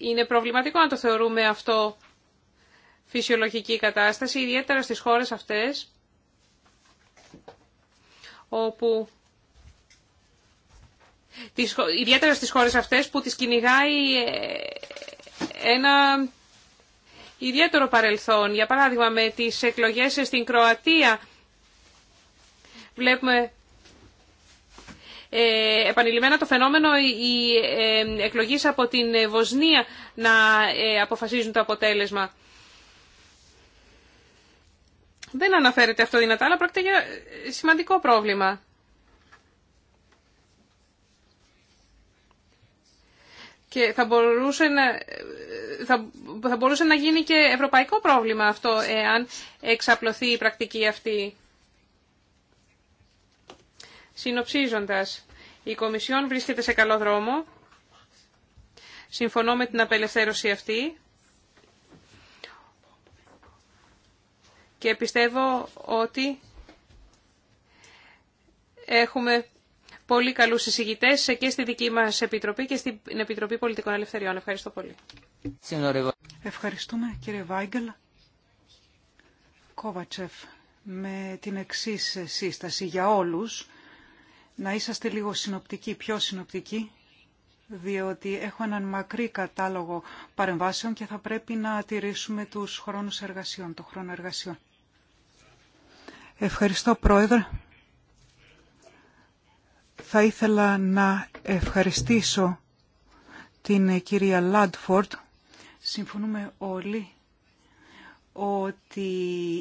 είναι προβληματικό να το θεωρούμε αυτό φυσιολογική κατάσταση, ιδιαίτερα στις χώρες αυτές, όπου ιδιαίτερα στις χώρες αυτές που τις κυνηγάει ε, ένα ιδιαίτερο παρελθόν. Για παράδειγμα, με τις εκλογές στην Κροατία βλέπουμε ε, επανειλημμένα το φαινόμενο η ε, εκλογής από την Βοσνία να ε, αποφασίζουν το αποτέλεσμα. Δεν αναφέρεται αυτό δυνατά, αλλά πρόκειται για σημαντικό πρόβλημα. Και θα μπορούσε, να, θα, θα μπορούσε να γίνει και ευρωπαϊκό πρόβλημα αυτό, εάν εξαπλωθεί η πρακτική αυτή. Συνοψίζοντας, η Κομισιόν βρίσκεται σε καλό δρόμο. Συμφωνώ με την απελευθέρωση αυτή. Και πιστεύω ότι έχουμε πολύ καλούς συζητητές και στη δική μας Επιτροπή και στην Επιτροπή Πολιτικών Ελευθεριών. Ευχαριστώ πολύ. Ευχαριστούμε κύριε Βάγκελ. Κόβατσεφ, με την εξής σύσταση για όλους να είσαστε λίγο συνοπτικοί, πιο συνοπτικοί, διότι έχω έναν μακρύ κατάλογο παρεμβάσεων και θα πρέπει να τηρήσουμε τους χρόνους εργασιών, το χρόνο εργασιών. Ευχαριστώ, Πρόεδρε. Θα ήθελα να ευχαριστήσω την κυρία Λάντφορντ. Συμφωνούμε όλοι ότι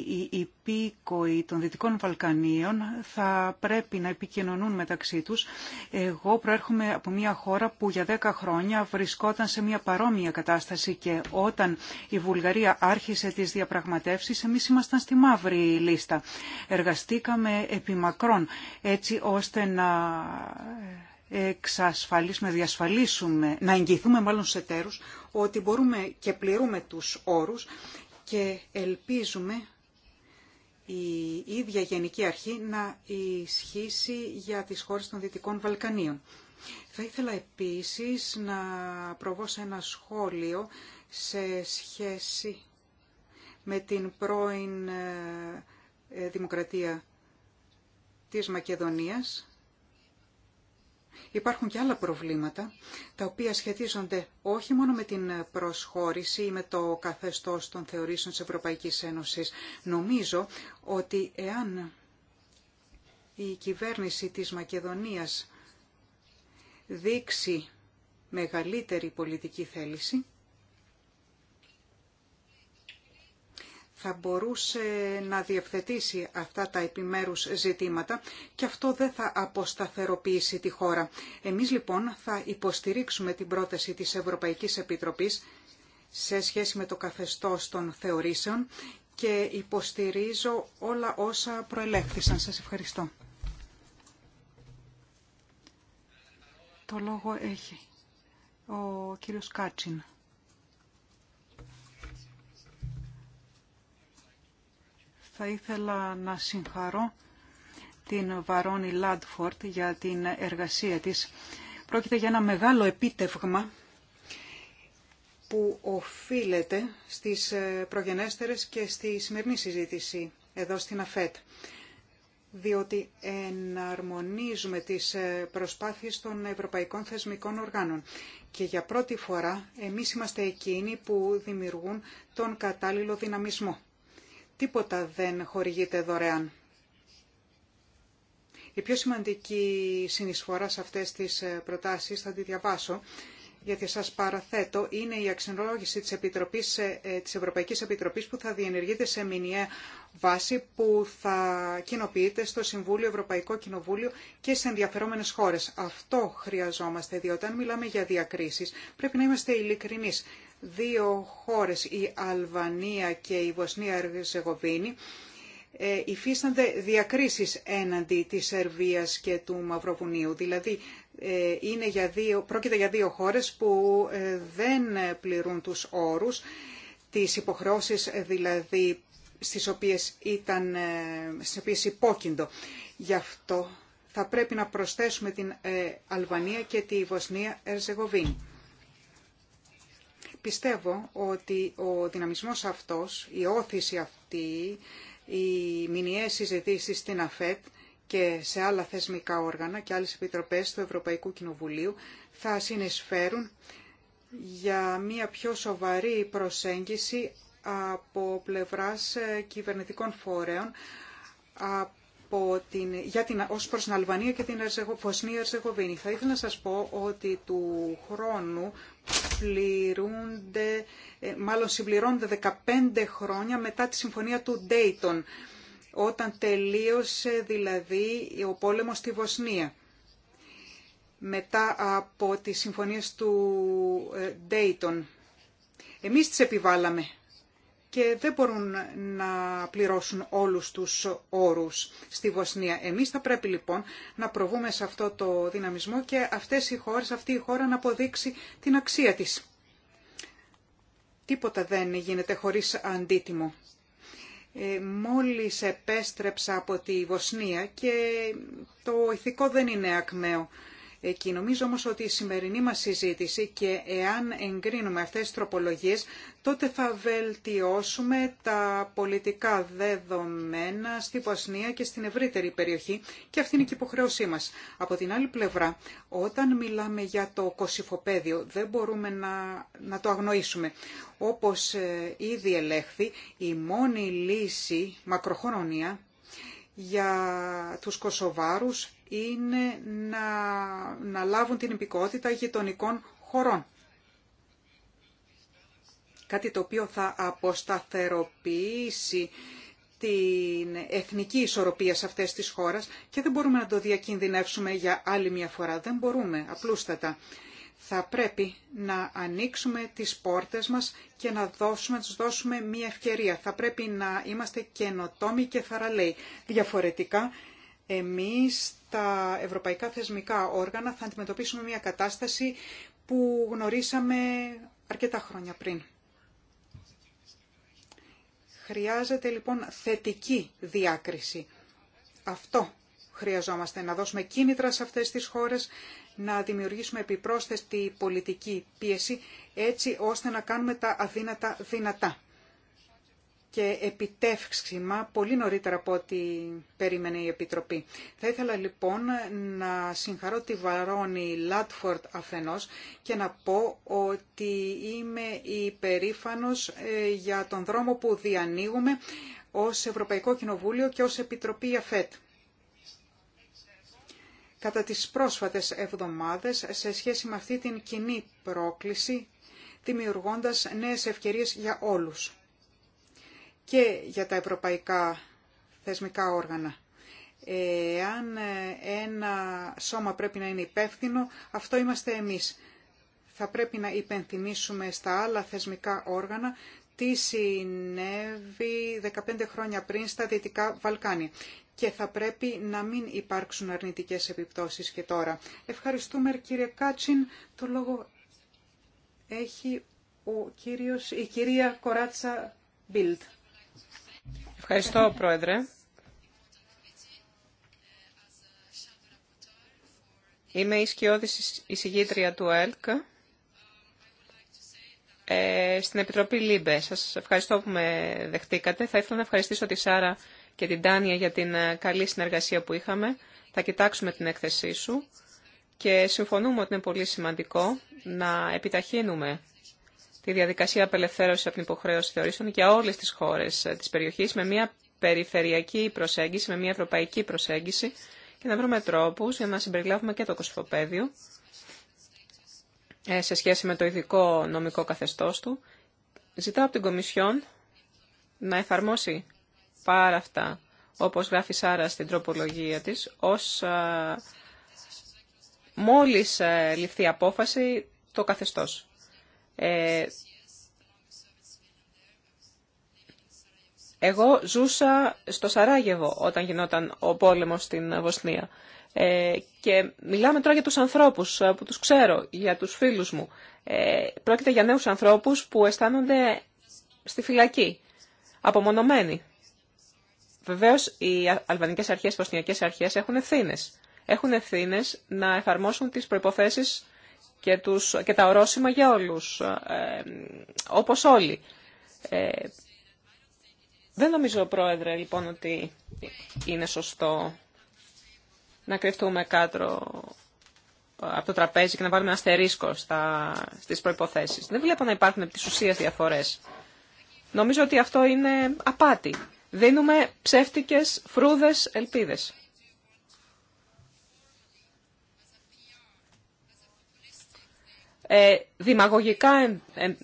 οι υπήκοοι των Δυτικών Βαλκανίων θα πρέπει να επικοινωνούν μεταξύ τους. Εγώ προέρχομαι από μια χώρα που για δέκα χρόνια βρισκόταν σε μια παρόμοια κατάσταση και όταν η Βουλγαρία άρχισε τις διαπραγματεύσεις εμείς ήμασταν στη μαύρη λίστα. Εργαστήκαμε επιμακρών έτσι ώστε να εξασφαλίσουμε, διασφαλίσουμε, να εγγυηθούμε μάλλον σε τέρους ότι μπορούμε και πληρούμε τους όρους και ελπίζουμε η ίδια Γενική Αρχή να ισχύσει για τις χώρες των Δυτικών Βαλκανίων. Θα ήθελα επίσης να προβώ σε ένα σχόλιο σε σχέση με την πρώην ε, ε, Δημοκρατία της Μακεδονίας Υπάρχουν και άλλα προβλήματα, τα οποία σχετίζονται όχι μόνο με την προσχώρηση ή με το καθεστώς των θεωρήσεων της Ευρωπαϊκής Ένωσης. Νομίζω ότι εάν η κυβέρνηση της Μακεδονίας δείξει μεγαλύτερη πολιτική θέληση, θα μπορούσε να διευθετήσει αυτά τα επιμέρους ζητήματα και αυτό δεν θα αποσταθεροποιήσει τη χώρα. Εμείς λοιπόν θα υποστηρίξουμε την πρόταση της Ευρωπαϊκής Επιτροπής σε σχέση με το καθεστώς των θεωρήσεων και υποστηρίζω όλα όσα προελέχθησαν. Σας ευχαριστώ. Το λόγο έχει ο κύριος Κάτσιν. θα ήθελα να συγχαρώ την Βαρόνι Λάντφορτ για την εργασία της. Πρόκειται για ένα μεγάλο επίτευγμα που οφείλεται στις ε, προγενέστερες και στη σημερινή συζήτηση εδώ στην ΑΦΕΤ διότι εναρμονίζουμε τις ε, προσπάθειες των ευρωπαϊκών θεσμικών οργάνων. Και για πρώτη φορά εμείς είμαστε εκείνοι που δημιουργούν τον κατάλληλο δυναμισμό. Τίποτα δεν χορηγείται δωρεάν. Η πιο σημαντική συνεισφορά σε αυτές τις ε, προτάσεις θα τη διαβάσω γιατί σας παραθέτω, είναι η αξιολόγηση της, Επιτροπής, ε, ε, της Ευρωπαϊκής Επιτροπής που θα διενεργείται σε μηνιαία βάση που θα κοινοποιείται στο Συμβούλιο, Ευρωπαϊκό Κοινοβούλιο και σε ενδιαφερόμενες χώρες. Αυτό χρειαζόμαστε, διότι αν μιλάμε για διακρίσεις πρέπει να είμαστε ειλικρινείς δύο χώρες, η Αλβανία και η Βοσνία Ερζεγοβίνη, ε, υφίστανται διακρίσεις έναντι της Σερβίας και του Μαυροβουνίου. Δηλαδή, ε, είναι για δύο, πρόκειται για δύο χώρες που ε, δεν πληρούν τους όρους, τις υποχρεώσεις δηλαδή στις οποίες, ήταν, στις οποίες υπόκειντο. Γι' αυτό θα πρέπει να προσθέσουμε την Αλβανία και τη Βοσνία Ερζεγοβίνη. Πιστεύω ότι ο δυναμισμός αυτός, η όθηση αυτή, οι μηνιαίες συζητήσεις στην ΑΦΕΤ και σε άλλα θεσμικά όργανα και άλλες επιτροπές του Ευρωπαϊκού Κοινοβουλίου θα συνεισφέρουν για μια πιο σοβαρή προσέγγιση από πλευράς ε, κυβερνητικών φορέων από την, για την, ως προς την Αλβανία και την Βοσνία Ερζεγοβίνη. Θα ήθελα να σας πω ότι του χρόνου ε, μάλλον συμπληρώνονται 15 χρόνια μετά τη συμφωνία του Ντέιτον, όταν τελείωσε δηλαδή ο πόλεμος στη Βοσνία. Μετά από τις συμφωνίες του Ντέιτον. Ε, Εμείς τις επιβάλαμε και δεν μπορούν να πληρώσουν όλους τους όρους στη Βοσνία. Εμείς θα πρέπει λοιπόν να προβούμε σε αυτό το δυναμισμό και αυτές οι χώρες, αυτή η χώρα να αποδείξει την αξία της. Τίποτα δεν γίνεται χωρίς αντίτιμο. Ε, μόλις επέστρεψα από τη Βοσνία και το ηθικό δεν είναι ακμαίο εκεί. Νομίζω όμως ότι η σημερινή μας συζήτηση και εάν εγκρίνουμε αυτές τις τροπολογίες, τότε θα βελτιώσουμε τα πολιτικά δεδομένα στη Βοσνία και στην ευρύτερη περιοχή και αυτή είναι και η υποχρέωσή μας. Από την άλλη πλευρά, όταν μιλάμε για το κοσυφοπέδιο, δεν μπορούμε να, να το αγνοήσουμε. Όπως ε, ήδη ελέγχθη, η μόνη λύση μακροχρόνια για τους κοσοβάρους είναι να, να λάβουν την υπηκότητα γειτονικών χωρών. Κάτι το οποίο θα αποσταθεροποιήσει την εθνική ισορροπία σε αυτές τις χώρες και δεν μπορούμε να το διακινδυνεύσουμε για άλλη μια φορά. Δεν μπορούμε, απλούστατα. Θα πρέπει να ανοίξουμε τις πόρτες μας και να, δώσουμε, να τους δώσουμε μια ευκαιρία. Θα πρέπει να είμαστε καινοτόμοι και θαραλέοι. Διαφορετικά εμείς τα ευρωπαϊκά θεσμικά όργανα θα αντιμετωπίσουμε μια κατάσταση που γνωρίσαμε αρκετά χρόνια πριν. Χρειάζεται λοιπόν θετική διάκριση. Αυτό χρειαζόμαστε, να δώσουμε κίνητρα σε αυτές τις χώρες, να δημιουργήσουμε επιπρόσθετη πολιτική πίεση, έτσι ώστε να κάνουμε τα αδύνατα δυνατά και επιτεύξιμα πολύ νωρίτερα από ό,τι περίμενε η Επιτροπή. Θα ήθελα λοιπόν να συγχαρώ τη Βαρόνη Λάτφορντ αφενός και να πω ότι είμαι υπερήφανος ε, για τον δρόμο που διανοίγουμε ως Ευρωπαϊκό Κοινοβούλιο και ως Επιτροπή ΑΦΕΤ. Κατά τις πρόσφατες εβδομάδες, σε σχέση με αυτή την κοινή πρόκληση, δημιουργώντας νέες ευκαιρίες για όλους και για τα ευρωπαϊκά θεσμικά όργανα. Εάν ε, ένα σώμα πρέπει να είναι υπεύθυνο, αυτό είμαστε εμείς. Θα πρέπει να υπενθυμίσουμε στα άλλα θεσμικά όργανα τι συνέβη 15 χρόνια πριν στα Δυτικά Βαλκάνια και θα πρέπει να μην υπάρξουν αρνητικές επιπτώσεις και τώρα. Ευχαριστούμε κύριε Κάτσιν. Το λόγο έχει ο κύριος, η κυρία Κοράτσα Μπίλτ. Ευχαριστώ, Πρόεδρε. Είμαι η σκιώδης εισηγήτρια του ΕΛΚ ε, στην Επιτροπή ΛΥΜΠΕ. Σας ευχαριστώ που με δεχτήκατε. Θα ήθελα να ευχαριστήσω τη Σάρα και την Τάνια για την ε, καλή συνεργασία που είχαμε. Θα κοιτάξουμε την έκθεσή σου και συμφωνούμε ότι είναι πολύ σημαντικό να επιταχύνουμε τη διαδικασία απελευθέρωσης από την υποχρέωση θεωρήσεων για όλες τις χώρες ε, της περιοχής με μια περιφερειακή προσέγγιση, με μια ευρωπαϊκή προσέγγιση και να βρούμε τρόπους για να συμπεριλάβουμε και το κοσφοπέδιο ε, σε σχέση με το ειδικό νομικό καθεστώς του. Ζητάω από την Κομισιόν να εφαρμόσει πάρα αυτά, όπως γράφει Σάρα στην τροπολογία της, ως ε, μόλις ληφθεί απόφαση το καθεστώς. Ε, εγώ ζούσα στο Σαράγεβο όταν γινόταν ο πόλεμος στην Βοσνία. Ε, και μιλάμε τώρα για τους ανθρώπους ε, που τους ξέρω, για τους φίλους μου. Ε, πρόκειται για νέους ανθρώπους που αισθάνονται στη φυλακή, απομονωμένοι. Βεβαίως, οι αλβανικές αρχές, οι βοσνιακές αρχές έχουν ευθύνε. Έχουν ευθύνε να εφαρμόσουν τις προϋποθέσεις και, τους, και τα ορόσημα για όλους, ε, όπως όλοι. Ε, δεν νομίζω, Πρόεδρε, λοιπόν, ότι είναι σωστό να κρυφτούμε κάτω από το τραπέζι και να βάλουμε ένα αστερίσκο στα, στις προϋποθέσεις. Δεν βλέπω να υπάρχουν επί της διαφορές. Νομίζω ότι αυτό είναι απάτη. Δίνουμε ψεύτικες φρούδες ελπίδες. Ε, δημαγωγικά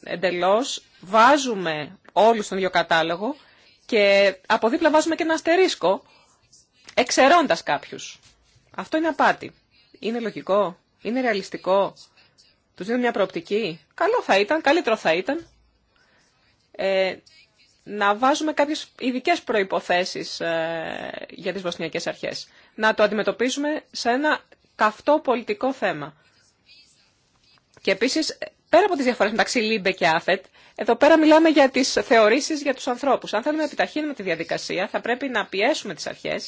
εντελώς βάζουμε όλους στον ίδιο κατάλογο και από δίπλα βάζουμε και ένα αστερίσκο εξαιρώντας κάποιους. Αυτό είναι απάτη. Είναι λογικό, είναι ρεαλιστικό, τους δίνουν μια προοπτική. Καλό θα ήταν, καλύτερο θα ήταν ε, να βάζουμε κάποιες ειδικέ προϋποθέσεις ε, για τις βοσνιακές αρχές. Να το αντιμετωπίσουμε σε ένα καυτό πολιτικό θέμα. Και επίση, πέρα από τι διαφορέ μεταξύ ΛΥΜΠΕ και ΑΦΕΤ, εδώ πέρα μιλάμε για τι θεωρήσει για του ανθρώπου. Αν θέλουμε να επιταχύνουμε τη διαδικασία, θα πρέπει να πιέσουμε τι αρχέ,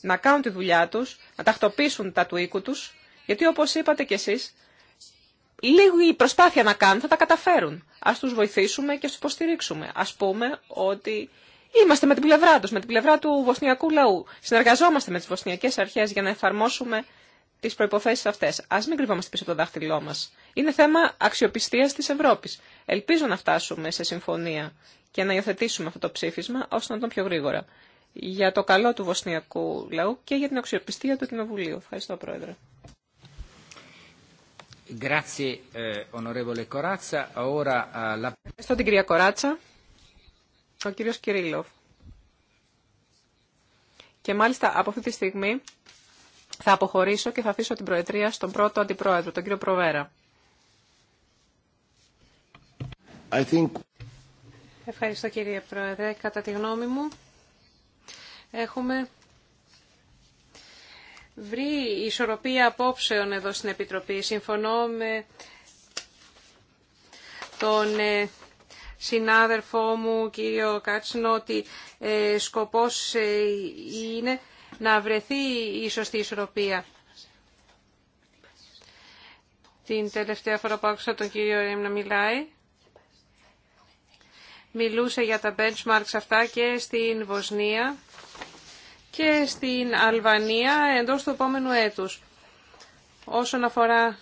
να κάνουν τη δουλειά του, να τακτοποιήσουν τα του οίκου τους, γιατί όπω είπατε κι εσείς, λίγη προσπάθεια να κάνουν θα τα καταφέρουν. α του βοηθήσουμε και α του υποστηρίξουμε. Α πούμε ότι είμαστε με την πλευρά του, με την πλευρά του βοσνιακού λαού. Συνεργαζόμαστε με τι βοσνιακέ αρχέ για να εφαρμόσουμε τι προποθέσει αυτέ. Α μην κρυβόμαστε πίσω από το δάχτυλό μα. Είναι θέμα αξιοπιστία τη Ευρώπη. Ελπίζω να φτάσουμε σε συμφωνία και να υιοθετήσουμε αυτό το ψήφισμα ώστε να τον πιο γρήγορα. Για το καλό του βοσνιακού λαού και για την αξιοπιστία του Κοινοβουλίου. Ευχαριστώ, Πρόεδρε. Ε, ε, Ευχαριστώ την κυρία Κοράτσα. Ο κύριος Κυρίλοφ. Και μάλιστα από αυτή τη στιγμή θα αποχωρήσω και θα αφήσω την Προεδρία στον πρώτο Αντιπρόεδρο, τον κύριο Προβέρα. I think... Ευχαριστώ κύριε Πρόεδρε. Κατά τη γνώμη μου έχουμε βρει ισορροπία απόψεων εδώ στην Επιτροπή. Συμφωνώ με τον ε, συνάδελφό μου κύριο Κάτσινο ότι ε, σκοπός ε, είναι να βρεθεί η σωστή ισορροπία. Την τελευταία φορά που άκουσα τον κύριο Ρέμ να μιλάει, μιλούσε για τα benchmarks αυτά και στην Βοσνία και στην Αλβανία εντός του επόμενου έτους. Όσον αφορά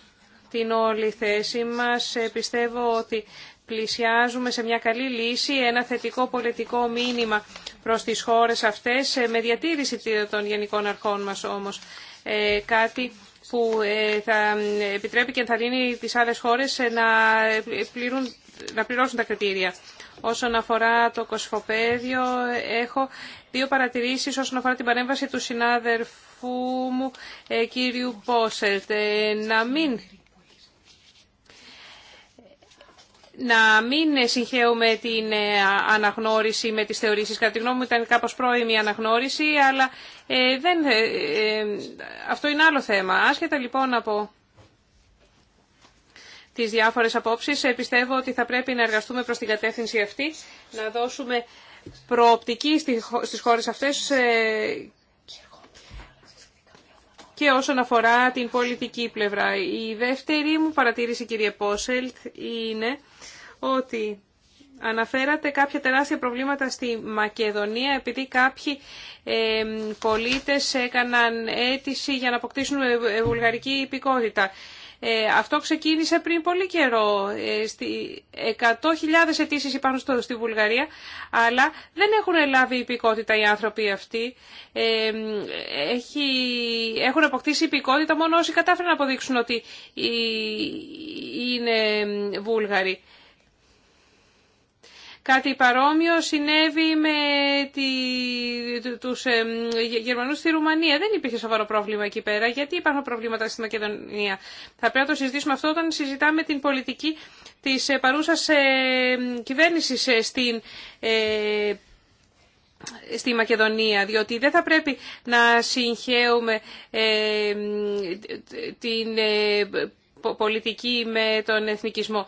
την όλη θέση μας, ε, πιστεύω ότι πλησιάζουμε σε μια καλή λύση, ένα θετικό πολιτικό μήνυμα προς τις χώρες αυτές, ε, με διατήρηση των γενικών αρχών μας όμως. Ε, κάτι που ε, θα επιτρέπει και θα δίνει τις άλλες χώρες να, πληρούν, να πληρώσουν τα κριτήρια. Όσον αφορά το κοσφοπέδιο, έχω δύο παρατηρήσεις όσον αφορά την παρέμβαση του συνάδελφου μου, κύριου Μπόσελτ. Να μην να μην συγχαίουμε την ε, αναγνώριση με τις θεωρήσεις. Κατά τη γνώμη μου ήταν κάπως πρώιμη η αναγνώριση, αλλά ε, δεν, ε, αυτό είναι άλλο θέμα. Άσχετα λοιπόν από τις διάφορες απόψεις, πιστεύω ότι θα πρέπει να εργαστούμε προς την κατεύθυνση αυτή, να δώσουμε προοπτική στις χώρες αυτές και όσον αφορά την πολιτική πλευρά. Η δεύτερη μου παρατήρηση, κύριε Πόσελτ, είναι ότι αναφέρατε κάποια τεράστια προβλήματα στη Μακεδονία επειδή κάποιοι ε, πολίτες έκαναν αίτηση για να αποκτήσουν ε, βουλγαρική υπηκότητα. Ε, αυτό ξεκίνησε πριν πολύ καιρό. Ε, στη 100.000 αιτήσει υπάρχουν στη Βουλγαρία, αλλά δεν έχουν λάβει υπηκότητα οι άνθρωποι αυτοί. Ε, έχει, έχουν αποκτήσει υπηκότητα μόνο όσοι κατάφεραν να αποδείξουν ότι είναι Βούλγαροι. Κάτι παρόμοιο συνέβη με τη, τους Γερμανούς στη Ρουμανία. Δεν υπήρχε σοβαρό πρόβλημα εκεί πέρα. Γιατί υπάρχουν προβλήματα στη Μακεδονία. Θα πρέπει να το συζητήσουμε αυτό όταν συζητάμε την πολιτική της ε, παρούσας ε, κυβέρνησης ε, στην στη Μακεδονία, διότι δεν θα πρέπει να συγχέουμε την πολιτική με τον εθνικισμό.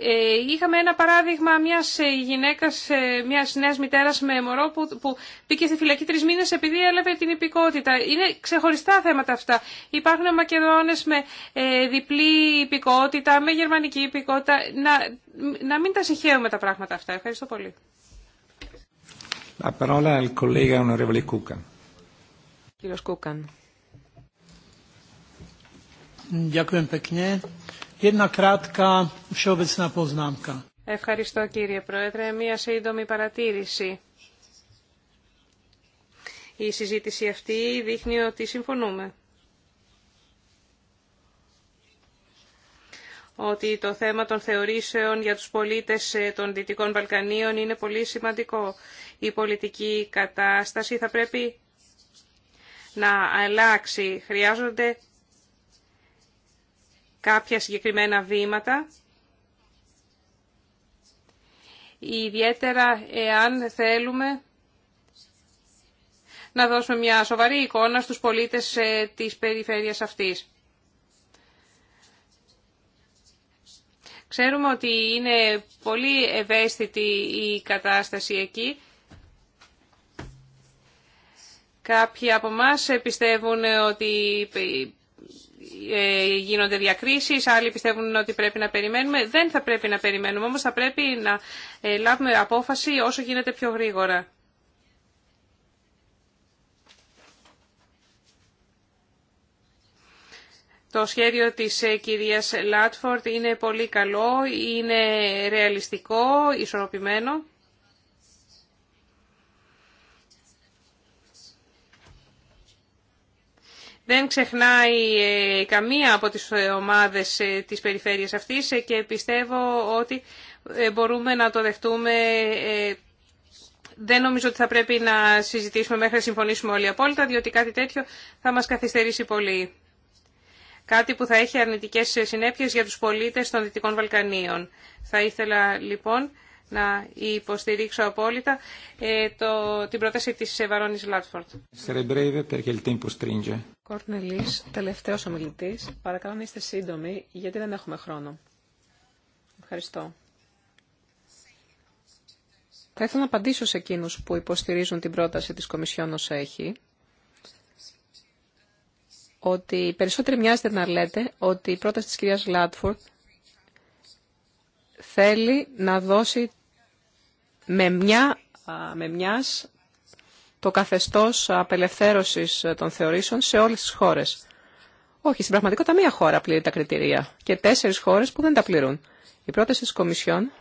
Ε, είχαμε ένα παράδειγμα μιας ε, γυναίκας, ε, μιας νέας μητέρας με μωρό που, που μπήκε στη φυλακή τρεις μήνες επειδή έλαβε την υπηκότητα. Είναι ξεχωριστά θέματα αυτά. Υπάρχουν Μακεδόνες με διπλή υπηκότητα, με γερμανική υπηκότητα. Να, να μην τα συγχαίουμε τα πράγματα αυτά. Ευχαριστώ πολύ. La parola al collega Κύριος Κούκαν. Jedna krátka všeobecná poznámka. Ευχαριστώ κύριε Πρόεδρε. Μία σύντομη παρατήρηση. Η συζήτηση αυτή δείχνει ότι συμφωνούμε. Ότι το θέμα των θεωρήσεων για τους πολίτες ε, των Δυτικών Βαλκανίων είναι πολύ σημαντικό. Η πολιτική κατάσταση θα πρέπει να αλλάξει. Χρειάζονται κάποια συγκεκριμένα βήματα, ιδιαίτερα εάν θέλουμε να δώσουμε μια σοβαρή εικόνα στους πολίτες ε, της περιφέρειας αυτής. Ξέρουμε ότι είναι πολύ ευαίσθητη η κατάσταση εκεί. Κάποιοι από εμά ε, πιστεύουν ότι ε, γίνονται διακρίσεις, άλλοι πιστεύουν ότι πρέπει να περιμένουμε. Δεν θα πρέπει να περιμένουμε, όμως θα πρέπει να ε, λάβουμε απόφαση όσο γίνεται πιο γρήγορα. Το σχέδιο της ε, κυρίας Λάτφορτ είναι πολύ καλό, είναι ρεαλιστικό, ισορροπημένο. δεν ξεχνάει ε, καμία από τις ε, ομάδες ε, της περιφέρειας αυτής και πιστεύω ότι μπορούμε να το δεχτούμε. Δεν νομίζω ότι θα πρέπει να συζητήσουμε μέχρι να συμφωνήσουμε όλοι απόλυτα, διότι κάτι τέτοιο θα μας καθυστερήσει πολύ. Κάτι που θα έχει αρνητικές συνέπειες για τους πολίτες των Δυτικών Βαλκανίων. Θα ήθελα λοιπόν να υποστηρίξω απόλυτα το, την πρόταση της Βαρόνης Λάτφορντ. Κορνελής, τελευταίος ομιλητής. Παρακαλώ να είστε σύντομοι, γιατί δεν έχουμε χρόνο. Ευχαριστώ. Θα ήθελα να απαντήσω σε εκείνους που υποστηρίζουν την πρόταση της Κομισιόν ως έχει, ότι περισσότεροι μοιάζεται να λέτε ότι η πρόταση της κυρίας Λάτφορντ θέλει να δώσει με μια με το καθεστώς απελευθέρωσης των θεωρήσεων σε όλες τις χώρες. Όχι, στην πραγματικότητα μία χώρα πληρεί τα κριτηρία και τέσσερις χώρες που δεν τα πληρούν. Η πρόταση της Κομισιόν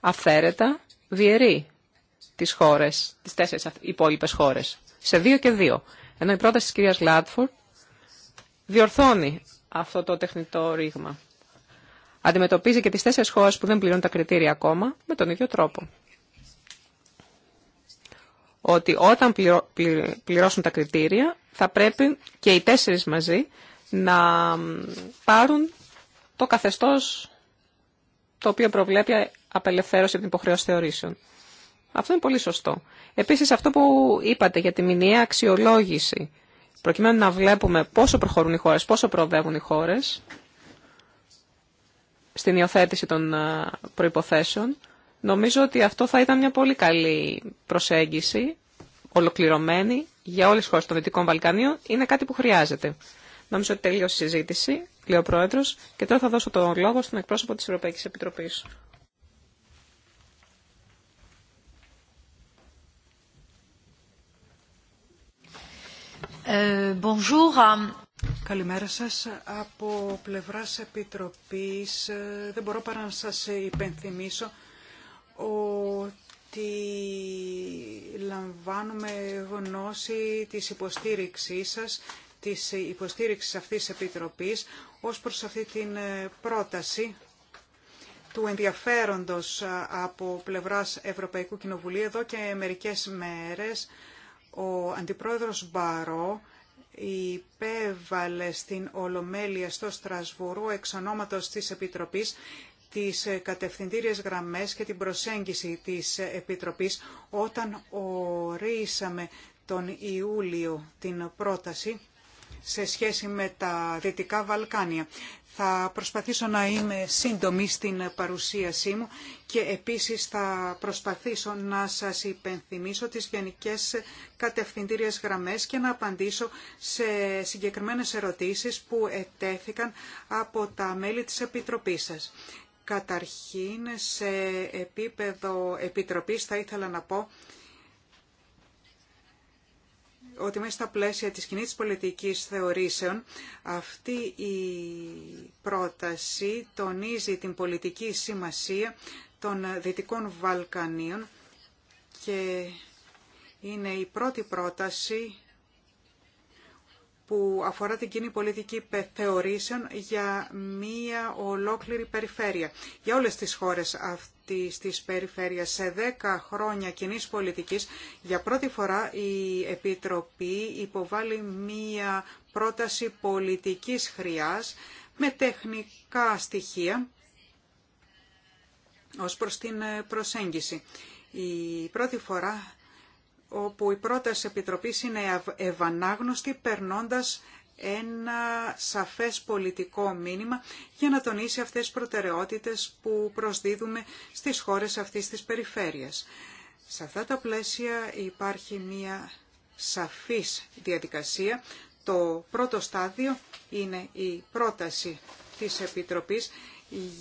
αφαίρετα διαιρεί τις χώρες, τις τέσσερις υπόλοιπες χώρες, σε δύο και δύο. Ενώ η πρόταση της κυρίας Λάτφορντ διορθώνει αυτό το τεχνητό ρήγμα. Αντιμετωπίζει και τις τέσσερις χώρες που δεν πληρούν τα κριτήρια ακόμα με τον ίδιο τρόπο ότι όταν πληρώσουν τα κριτήρια θα πρέπει και οι τέσσερις μαζί να πάρουν το καθεστώς το οποίο προβλέπει απελευθέρωση από την υποχρέωση θεωρήσεων. Αυτό είναι πολύ σωστό. Επίσης αυτό που είπατε για τη μηνιαία αξιολόγηση, προκειμένου να βλέπουμε πόσο προχωρούν οι χώρες, πόσο προοδεύουν οι χώρες στην υιοθέτηση των ε, προϋποθέσεων, Νομίζω ότι αυτό θα ήταν μια πολύ καλή προσέγγιση, ολοκληρωμένη, για όλες τις χώρες των Δυτικών Βαλκανίων. Είναι κάτι που χρειάζεται. Νομίζω ότι τελείωσε η συζήτηση, λέει ο Πρόεδρος, και τώρα θα δώσω τον λόγο στον εκπρόσωπο της Ευρωπαϊκής Επιτροπής. Ε, bonjour. Καλημέρα σας. Από πλευράς Επιτροπής ε, δεν μπορώ παρά να σας υπενθυμίσω ότι λαμβάνουμε γνώση της υποστήριξής σας, της υποστήριξης αυτής της Επιτροπής ως προς αυτή την ε, πρόταση του ενδιαφέροντος ε, από πλευράς Ευρωπαϊκού Κοινοβουλίου εδώ και μερικές μέρες ο Αντιπρόεδρος Μπαρό υπέβαλε στην Ολομέλεια στο Στρασβουρού εξ ονόματος της Επιτροπής τις ε, κατευθυντήριες γραμμές και την προσέγγιση της ε, Επιτροπής όταν ορίσαμε τον Ιούλιο την πρόταση σε σχέση με τα Δυτικά Βαλκάνια. Θα προσπαθήσω να είμαι σύντομη στην παρουσίασή μου και επίσης θα προσπαθήσω να σας υπενθυμίσω τις γενικές κατευθυντήριες γραμμές και να απαντήσω σε συγκεκριμένες ερωτήσεις που ετέθηκαν από τα μέλη της Επιτροπής σας. Καταρχήν, σε επίπεδο επιτροπής θα ήθελα να πω ότι μέσα στα πλαίσια της κοινή πολιτικής θεωρήσεων αυτή η πρόταση τονίζει την πολιτική σημασία των Δυτικών Βαλκανίων και είναι η πρώτη πρόταση που αφορά την κοινή πολιτική θεωρήσεων για μία ολόκληρη περιφέρεια. Για όλες τις χώρες αυτής της περιφέρειας σε 10 χρόνια κοινής πολιτικής για πρώτη φορά η Επιτροπή υποβάλλει μία πρόταση πολιτικής χρειάς με τεχνικά στοιχεία ως προς την προσέγγιση. Η πρώτη φορά όπου η πρόταση Επιτροπής είναι ευανάγνωστη περνώντας ένα σαφές πολιτικό μήνυμα για να τονίσει αυτές τις προτεραιότητες που προσδίδουμε στις χώρες αυτής της περιφέρειας. Σε αυτά τα πλαίσια υπάρχει μία σαφής διαδικασία. Το πρώτο στάδιο είναι η πρόταση της Επιτροπής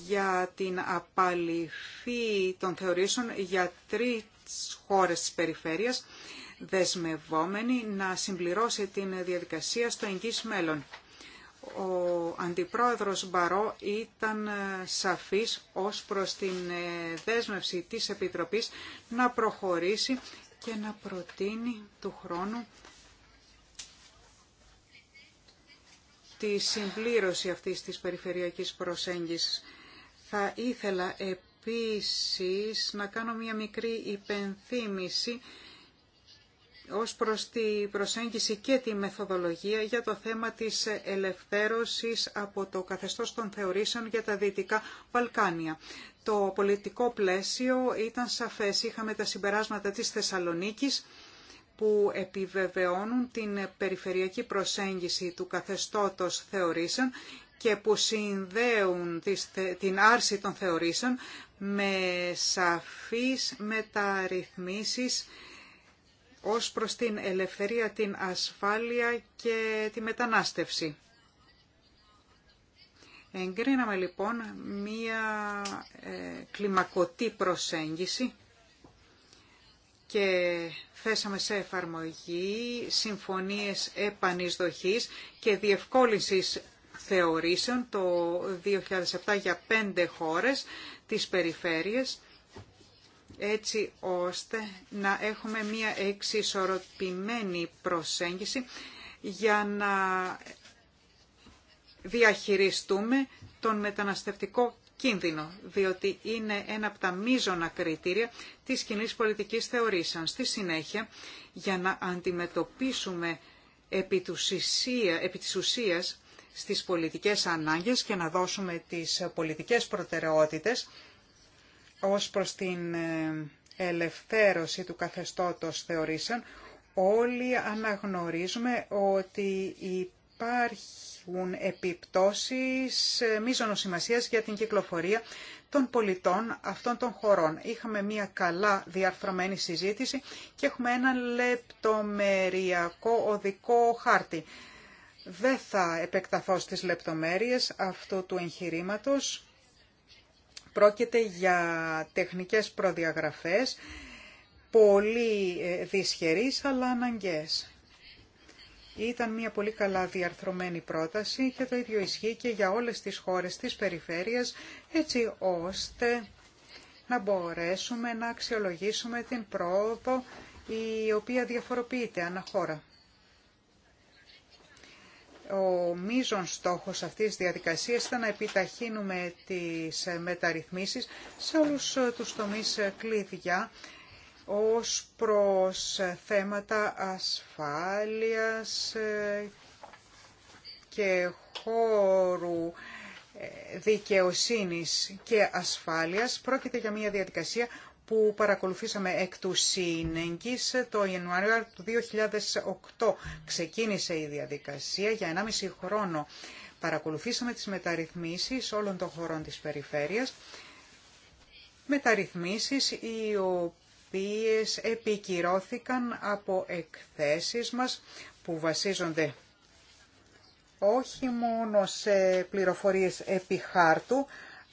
για την απαλυφή των θεωρήσεων για, τρίτη χώρες της περιφέρειας δεσμευόμενη να συμπληρώσει την διαδικασία στο εγγύς μέλλον. Ο Αντιπρόεδρος Μπαρό ήταν ε, σαφής ως προς την ε, δέσμευση της Επιτροπής να προχωρήσει και να προτείνει του χρόνου τη συμπλήρωση αυτής της περιφερειακής προσέγγισης. Θα ήθελα επίσης να κάνω μια μικρή υπενθύμηση ως προς τη προσέγγιση και τη μεθοδολογία για το θέμα της ελευθέρωσης από το καθεστώς των θεωρήσεων για τα Δυτικά Βαλκάνια. Το πολιτικό πλαίσιο ήταν σαφές. Είχαμε τα συμπεράσματα της Θεσσαλονίκης που επιβεβαιώνουν την περιφερειακή προσέγγιση του καθεστώτος θεωρήσεων και που συνδέουν την άρση των θεωρήσεων με σαφείς μεταρρυθμίσεις ως προς την ελευθερία, την ασφάλεια και τη μετανάστευση. Εγκρίναμε λοιπόν μία ε, κλιμακωτή προσέγγιση και θέσαμε σε εφαρμογή συμφωνίες επανεισδοχής και διευκόλυνσης θεωρήσεων το 2007 για πέντε χώρες της περιφέρειες έτσι ώστε να έχουμε μία εξισορροπημένη προσέγγιση για να διαχειριστούμε τον μεταναστευτικό κίνδυνο, διότι είναι ένα από τα μείζωνα κριτήρια της κοινή πολιτικής θεωρήσεων. Στη συνέχεια, για να αντιμετωπίσουμε επί, του επί της στις πολιτικές ανάγκες και να δώσουμε τις πολιτικές προτεραιότητες ως προς την ε, ελευθέρωση του καθεστώτος θεωρήσεων, όλοι αναγνωρίζουμε ότι υπάρχουν επιπτώσεις ε, μίζωνος σημασίας για την κυκλοφορία των πολιτών αυτών των χωρών. Είχαμε μια καλά διαρθρωμένη συζήτηση και έχουμε ένα λεπτομεριακό οδικό χάρτη δεν θα επεκταθώ στις λεπτομέρειες αυτού του εγχειρήματος. Πρόκειται για τεχνικές προδιαγραφές, πολύ ε, δυσχερείς αλλά αναγκαίες. Ήταν μια πολύ καλά διαρθρωμένη πρόταση και το ίδιο ισχύει και για όλες τις χώρες της περιφέρειας, έτσι ώστε να μπορέσουμε να αξιολογήσουμε την πρόοδο η οποία διαφοροποιείται ανά χώρα. Ο μείζον στόχος αυτής της διαδικασίας ήταν να επιταχύνουμε τις μεταρρυθμίσεις σε όλους ε, τους τομείς ε, κλειδιά ως προς ε, θέματα ασφάλειας και χώρου δικαιοσύνης και ασφάλειας. Πρόκειται για μια διαδικασία που παρακολουθήσαμε εκ του ΣΥΝΕΝΚΙΣ το Ιανουάριο του 2008. Ξεκίνησε η διαδικασία για 1,5 χρόνο. Παρακολουθήσαμε τις μεταρρυθμίσεις όλων των χωρών της περιφέρειας. Μεταρρυθμίσεις οι οποίες επικυρώθηκαν από εκθέσεις μας που βασίζονται όχι μόνο σε πληροφορίες επί χάρτου,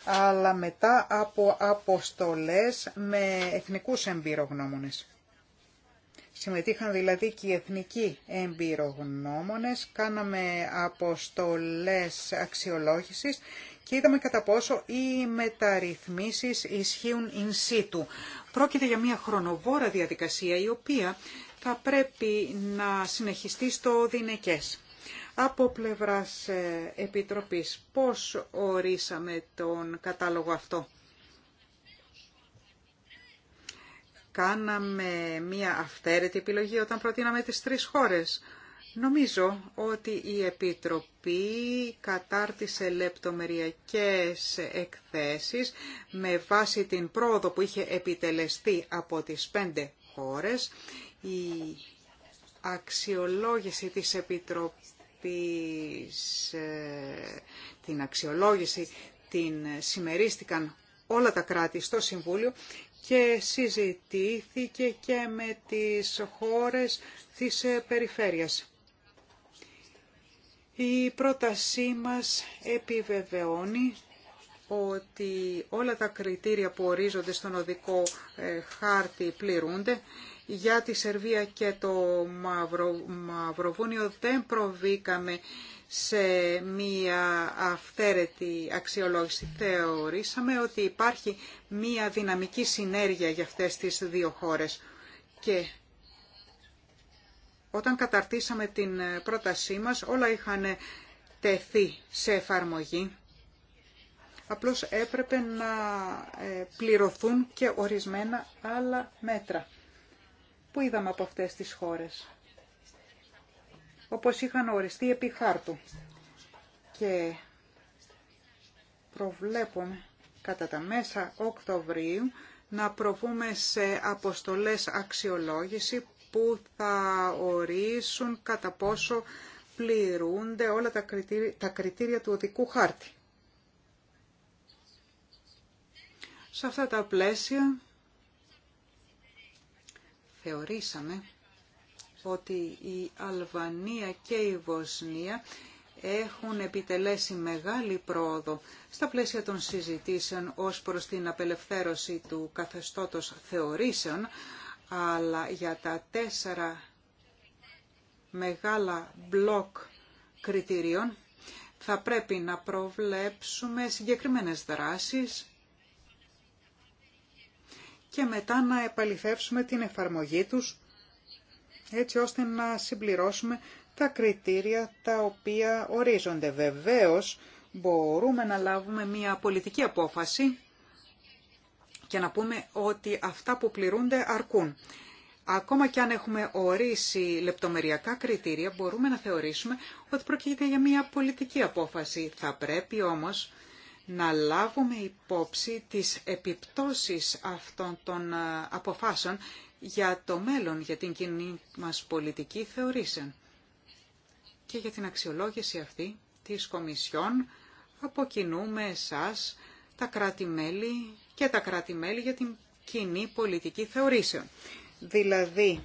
αλλά μετά από αποστολές με εθνικούς εμπειρογνώμονες. Συμμετείχαν δηλαδή και οι εθνικοί εμπειρογνώμονες, κάναμε αποστολές αξιολόγησης και είδαμε κατά πόσο οι μεταρρυθμίσεις ισχύουν in situ. Πρόκειται για μια χρονοβόρα διαδικασία η οποία θα πρέπει να συνεχιστεί στο Δινεκές από πλευράς ε, Επιτροπής. Πώς ορίσαμε τον κατάλογο αυτό. Κάναμε μία αυθαίρετη επιλογή όταν προτείναμε τις τρεις χώρες. Νομίζω ότι η Επιτροπή κατάρτισε λεπτομεριακές εκθέσεις με βάση την πρόοδο που είχε επιτελεστεί από τις πέντε χώρες. Η αξιολόγηση της Επιτροπής ε, την αξιολόγηση την συμμερίστηκαν όλα τα κράτη στο Συμβούλιο και συζητήθηκε και με τις χώρες της ε, περιφέρειας. Η πρότασή μας επιβεβαιώνει ότι όλα τα κριτήρια που ορίζονται στον οδικό ε, χάρτη πληρούνται για τη Σερβία και το Μαυρο... Μαυροβούνιο δεν προβήκαμε σε μία αυθαίρετη αξιολόγηση. Θεωρήσαμε ότι υπάρχει μία δυναμική συνέργεια για αυτές τις δύο χώρες. Και όταν καταρτήσαμε την πρότασή μας, όλα είχαν τεθεί σε εφαρμογή. Απλώς έπρεπε να ε, πληρωθούν και ορισμένα άλλα μέτρα που είδαμε από αυτές τις χώρες, όπως είχαν οριστεί επί χάρτου. Και προβλέπουμε κατά τα μέσα Οκτωβρίου να προβούμε σε αποστολές αξιολόγηση που θα ορίσουν κατά πόσο πληρούνται όλα τα κριτήρια, τα κριτήρια του οδικού χάρτη. Σε αυτά τα πλαίσια θεωρήσαμε ότι η Αλβανία και η Βοσνία έχουν επιτελέσει μεγάλη πρόοδο στα πλαίσια των συζητήσεων ως προς την απελευθέρωση του καθεστώτος θεωρήσεων, αλλά για τα τέσσερα μεγάλα μπλοκ κριτηρίων θα πρέπει να προβλέψουμε συγκεκριμένες δράσεις και μετά να επαληθεύσουμε την εφαρμογή τους έτσι ώστε να συμπληρώσουμε τα κριτήρια τα οποία ορίζονται. Βεβαίως μπορούμε να λάβουμε μια πολιτική απόφαση και να πούμε ότι αυτά που πληρούνται αρκούν. Ακόμα και αν έχουμε ορίσει λεπτομεριακά κριτήρια, μπορούμε να θεωρήσουμε ότι πρόκειται για μια πολιτική απόφαση. Θα πρέπει όμως να λάβουμε υπόψη τις επιπτώσεις αυτών των ε, αποφάσεων για το μέλλον, για την κοινή μας πολιτική θεωρήσεων και για την αξιολόγηση αυτή της Κομισιόν αποκοινούμε εσάς, τα κράτη-μέλη και τα κράτη-μέλη για την κοινή πολιτική θεωρήσεων. Δηλαδή,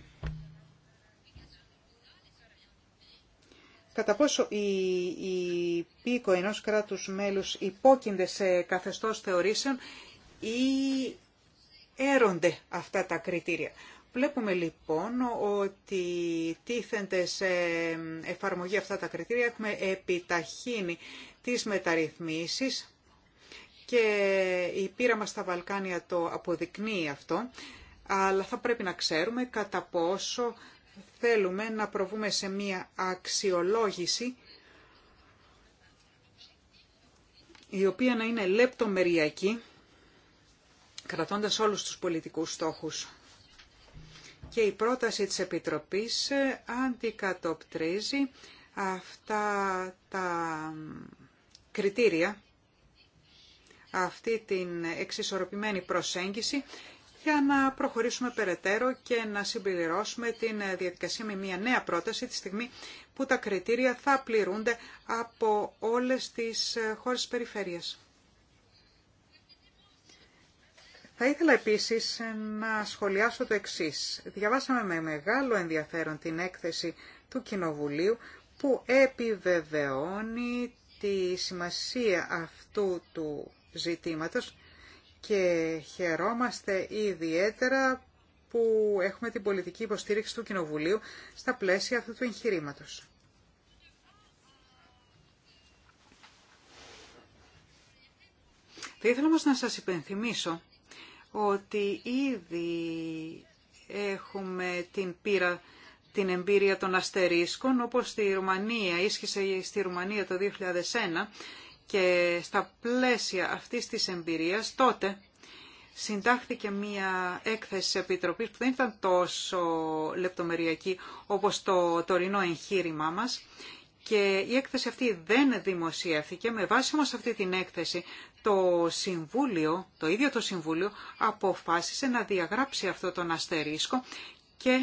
κατά πόσο η πίκο ενός κράτους μέλους υπόκεινται σε καθεστώς θεωρήσεων ή έρονται αυτά τα κριτήρια. Βλέπουμε λοιπόν ότι τίθενται σε εφαρμογή αυτά τα κριτήρια, έχουμε επιταχύνει τις μεταρρυθμίσεις και η πείρα μας στα Βαλκάνια το αποδεικνύει αυτό, αλλά θα πρέπει να ξέρουμε κατά πόσο θέλουμε να προβούμε σε μία αξιολόγηση η οποία να είναι λεπτομεριακή, κρατώντας όλους τους πολιτικούς στόχους. Και η πρόταση της Επιτροπής αντικατοπτρίζει αυτά τα κριτήρια, αυτή την εξισορροπημένη προσέγγιση για να προχωρήσουμε περαιτέρω και να συμπληρώσουμε την ε, διαδικασία με μια νέα πρόταση τη στιγμή που τα κριτήρια θα πληρούνται από όλες τις ε, χώρες της περιφέρειας. Θα ήθελα επίσης ε, να σχολιάσω το εξής. Διαβάσαμε με μεγάλο ενδιαφέρον την έκθεση του Κοινοβουλίου που επιβεβαιώνει τη σημασία αυτού του ζητήματος και χαιρόμαστε ιδιαίτερα που έχουμε την πολιτική υποστήριξη του Κοινοβουλίου στα πλαίσια αυτού του εγχειρήματο. Θα ήθελα όμως να σας υπενθυμίσω ότι ήδη έχουμε την πείρα την εμπειρία των αστερίσκων, όπως στη Ρουμανία, ίσχυσε στη Ρουμανία το 2001 και στα πλαίσια αυτής της εμπειρίας τότε συντάχθηκε μία έκθεση Επιτροπής που δεν ήταν τόσο λεπτομεριακή όπως το τωρινό εγχείρημά μας και η έκθεση αυτή δεν δημοσιεύθηκε. Με βάση όμως αυτή την έκθεση το Συμβούλιο, το ίδιο το Συμβούλιο αποφάσισε να διαγράψει αυτό τον αστερίσκο και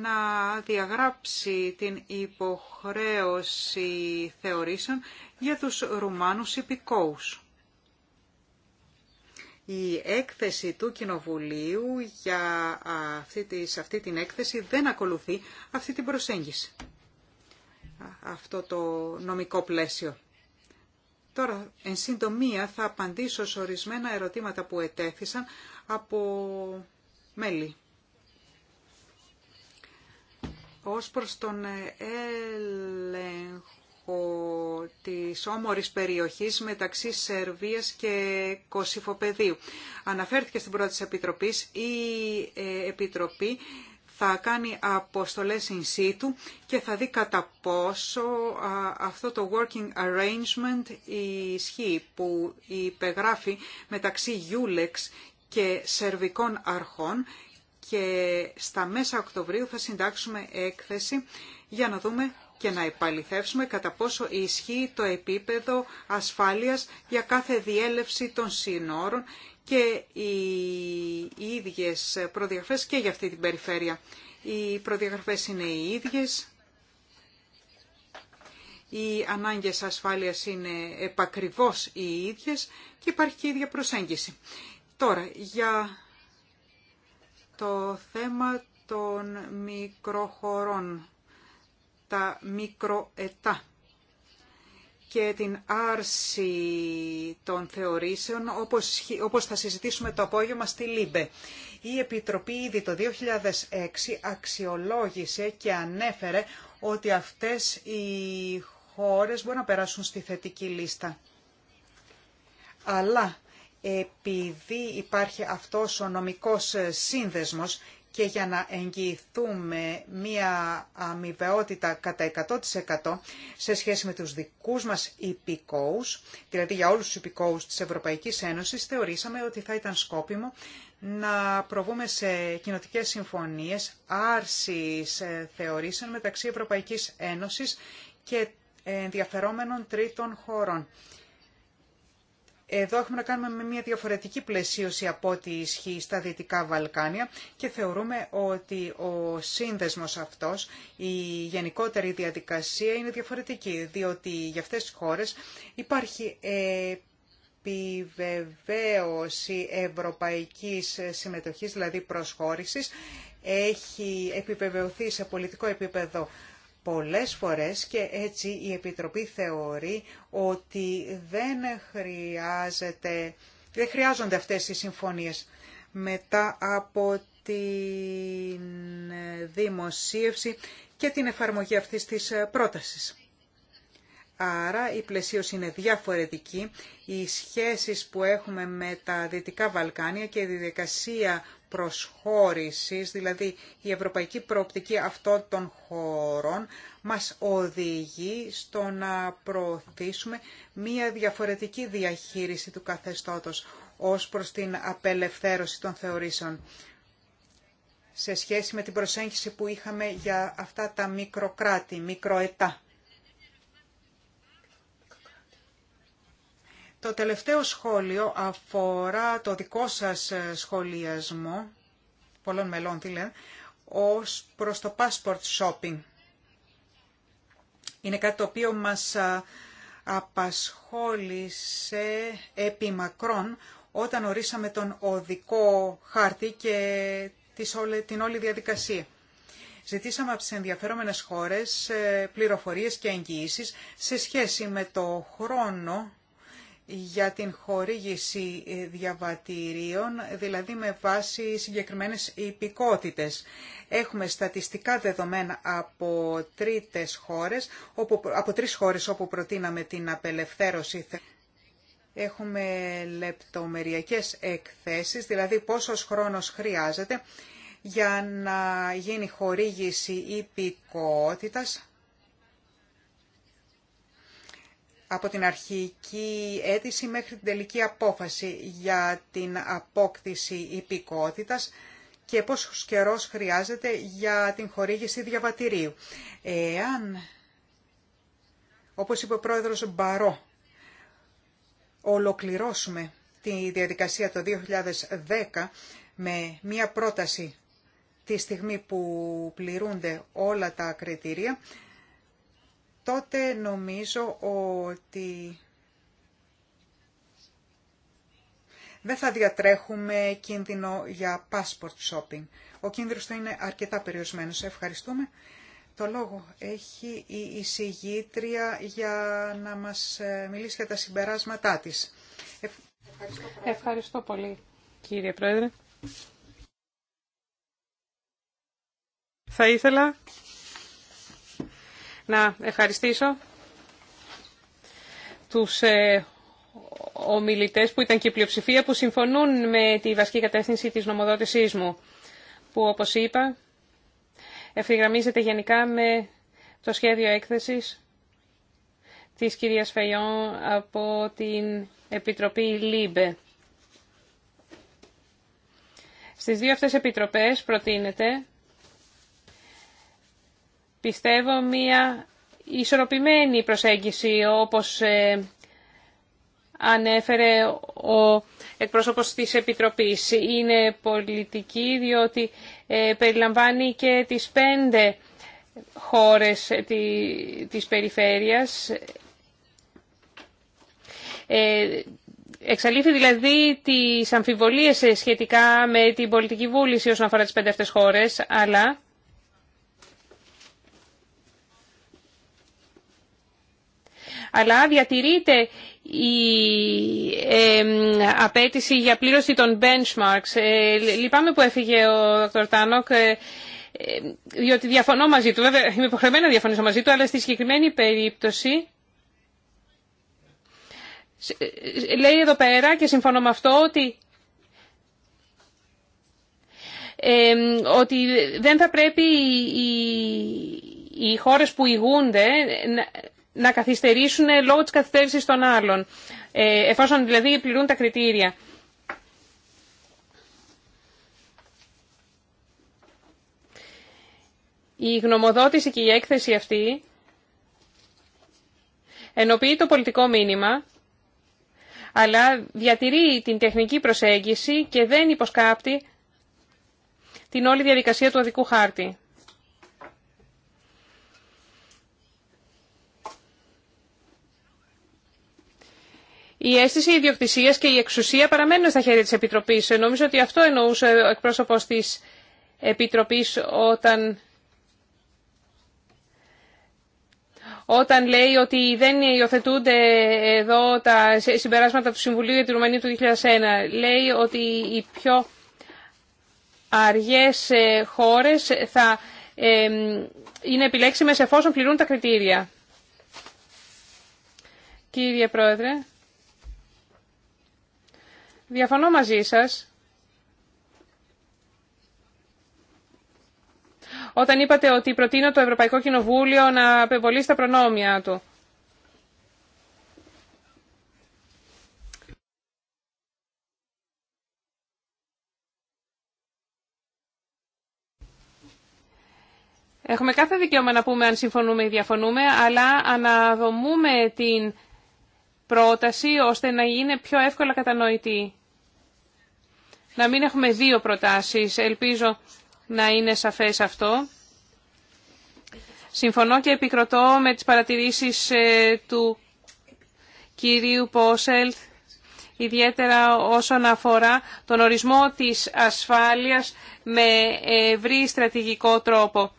να διαγράψει την υποχρέωση θεωρήσεων για τους Ρουμάνους υπηκόους. Η έκθεση του Κοινοβουλίου για αυτή, σε αυτή την έκθεση δεν ακολουθεί αυτή την προσέγγιση, αυτό το νομικό πλαίσιο. Τώρα, εν συντομία, θα απαντήσω σε ορισμένα ερωτήματα που ετέθησαν από μέλη ως προς τον έλεγχο της όμορης περιοχής μεταξύ Σερβίας και Κωσυφοπεδίου. Αναφέρθηκε στην πρώτη της Επιτροπής η ε, Επιτροπή θα κάνει αποστολές in situ και θα δει κατά πόσο αυτό το working arrangement ισχύει που υπεγράφει μεταξύ Ulex και σερβικών αρχών και στα μέσα Οκτωβρίου θα συντάξουμε έκθεση για να δούμε και να επαληθεύσουμε κατά πόσο ισχύει το επίπεδο ασφάλειας για κάθε διέλευση των συνόρων και οι ίδιες προδιαγραφές και για αυτή την περιφέρεια. Οι προδιαγραφές είναι οι ίδιες, οι ανάγκες ασφάλειας είναι επακριβώς οι ίδιες και υπάρχει και η ίδια προσέγγιση. Τώρα, για το θέμα των μικροχωρών, τα μικροετά και την άρση των θεωρήσεων, όπως, όπως θα συζητήσουμε το απόγευμα στη ΛΥΜΠΕ. Η Επιτροπή ήδη το 2006 αξιολόγησε και ανέφερε ότι αυτές οι χώρες μπορούν να περάσουν στη θετική λίστα. Αλλά επειδή υπάρχει αυτός ο νομικός σύνδεσμος και για να εγγυηθούμε μία αμοιβαιότητα κατά 100% σε σχέση με τους δικούς μας υπηκόους, δηλαδή για όλους τους υπηκόους της Ευρωπαϊκής Ένωσης, θεωρήσαμε ότι θα ήταν σκόπιμο να προβούμε σε κοινοτικέ συμφωνίες άρσης ε, θεωρήσεων μεταξύ Ευρωπαϊκής Ένωσης και ενδιαφερόμενων τρίτων χωρών. Εδώ έχουμε να κάνουμε με μια διαφορετική πλαισίωση από ό,τι ισχύει στα Δυτικά Βαλκάνια και θεωρούμε ότι ο σύνδεσμος αυτός, η γενικότερη διαδικασία είναι διαφορετική, διότι για αυτές τις χώρες υπάρχει επιβεβαίωση ευρωπαϊκής συμμετοχής, δηλαδή προσχώρησης, έχει επιβεβαιωθεί σε πολιτικό επίπεδο πολλές φορές και έτσι η Επιτροπή θεωρεί ότι δεν, χρειάζεται, δεν χρειάζονται αυτές οι συμφωνίες. Μετά από τη δημοσίευση και την εφαρμογή αυτής της πρότασης. Άρα η πλαισίωση είναι διαφορετική. Οι σχέσεις που έχουμε με τα Δυτικά Βαλκάνια και η διαδικασία προσχώρησης, δηλαδή η ευρωπαϊκή προοπτική αυτών των χωρών, μας οδηγεί στο να προωθήσουμε μία διαφορετική διαχείριση του καθεστώτος ως προς την απελευθέρωση των θεωρήσεων σε σχέση με την προσέγγιση που είχαμε για αυτά τα μικροκράτη, μικροετά. Το τελευταίο σχόλιο αφορά το δικό σας ε, σχολιασμό, πολλών μελών τι λένε, ως προς το passport shopping. Είναι κάτι το οποίο μας ε, απασχόλησε επί μακρόν όταν ορίσαμε τον οδικό χάρτη και την όλη διαδικασία. Ζητήσαμε από τις ενδιαφέρομενες χώρες ε, πληροφορίες και εγγυήσεις σε σχέση με το χρόνο για την χορήγηση διαβατηρίων, δηλαδή με βάση συγκεκριμένες υπηκότητες. Έχουμε στατιστικά δεδομένα από, τρίτες χώρες, όπου, από τρεις χώρες όπου προτείναμε την απελευθέρωση. Έχουμε λεπτομεριακές εκθέσεις, δηλαδή πόσος χρόνος χρειάζεται για να γίνει χορήγηση υπηκότητας από την αρχική αίτηση μέχρι την τελική απόφαση για την απόκτηση υπηκότητας και πόσο καιρό χρειάζεται για την χορήγηση διαβατηρίου. Εάν, όπως είπε ο πρόεδρος Μπαρό, ολοκληρώσουμε τη διαδικασία το 2010 με μία πρόταση τη στιγμή που πληρούνται όλα τα κριτήρια, τότε νομίζω ότι δεν θα διατρέχουμε κίνδυνο για passport shopping. Ο κίνδυνος θα είναι αρκετά περιορισμένος. Ευχαριστούμε. Το λόγο έχει η εισηγήτρια για να μας ε, μιλήσει για τα συμπεράσματά της. Ευχαριστώ, πολύ, κύριε Πρόεδρε. Θα ήθελα να ευχαριστήσω τους ε, ομιλητές που ήταν και η πλειοψηφία που συμφωνούν με τη βασική κατεύθυνση της νομοδότησής μου, που όπως είπα ευθυγραμμίζεται γενικά με το σχέδιο έκθεσης της κυρίας Φεϊόν από την Επιτροπή ΛΥΜΠΕ. Στις δύο αυτές επιτροπές προτείνεται πιστεύω, μια ισορροπημένη προσέγγιση, όπως ε, ανέφερε ο εκπρόσωπος της Επιτροπής. Είναι πολιτική, διότι ε, περιλαμβάνει και τις πέντε χώρες ε, της περιφέρειας. Εξαλείφει δηλαδή τις αμφιβολίες σχετικά με την πολιτική βούληση όσον αφορά τις πέντε αυτές χώρες, αλλά αλλά διατηρείται η ε, απέτηση για πλήρωση των benchmarks. Ε, λυπάμαι που έφυγε ο Δ. Τάνοκ, ε, ε, διότι διαφωνώ μαζί του. Βέβαια, είμαι υποχρεωμένη να διαφωνήσω μαζί του, αλλά στη συγκεκριμένη περίπτωση ε, λέει εδώ πέρα και συμφωνώ με αυτό ότι ότι δεν θα πρέπει οι, οι χώρες που ηγούνται να καθυστερήσουν λόγω της καθυστέρησης των άλλων, ε, εφόσον δηλαδή πληρούν τα κριτήρια. Η γνωμοδότηση και η έκθεση αυτή ενοποιεί το πολιτικό μήνυμα, αλλά διατηρεί την τεχνική προσέγγιση και δεν υποσκάπτει την όλη διαδικασία του οδικού χάρτη. η αίσθηση ιδιοκτησία και η εξουσία παραμένουν στα χέρια της Επιτροπής. Νομίζω ότι αυτό εννοούσε ο εκπρόσωπο τη Επιτροπής όταν... όταν λέει ότι δεν υιοθετούνται εδώ τα συμπεράσματα του Συμβουλίου για τη Ρουμανία του 2001. Λέει ότι οι πιο αργές ε, χώρες θα ε, είναι επιλέξιμες εφόσον πληρούν τα κριτήρια. Κύριε Πρόεδρε, Διαφωνώ μαζί σας. Όταν είπατε ότι προτείνω το Ευρωπαϊκό Κοινοβούλιο να απεβολεί τα προνόμια του. Έχουμε κάθε δικαίωμα να πούμε αν συμφωνούμε ή διαφωνούμε, αλλά αναδομούμε την πρόταση ώστε να είναι πιο εύκολα κατανοητή να μην έχουμε δύο προτάσεις. Ελπίζω να είναι σαφές αυτό. Συμφωνώ και επικροτώ με τις παρατηρήσεις ε, του κυρίου Πόσελτ, ιδιαίτερα όσον αφορά τον ορισμό της ασφάλειας με ευρύ στρατηγικό τρόπο.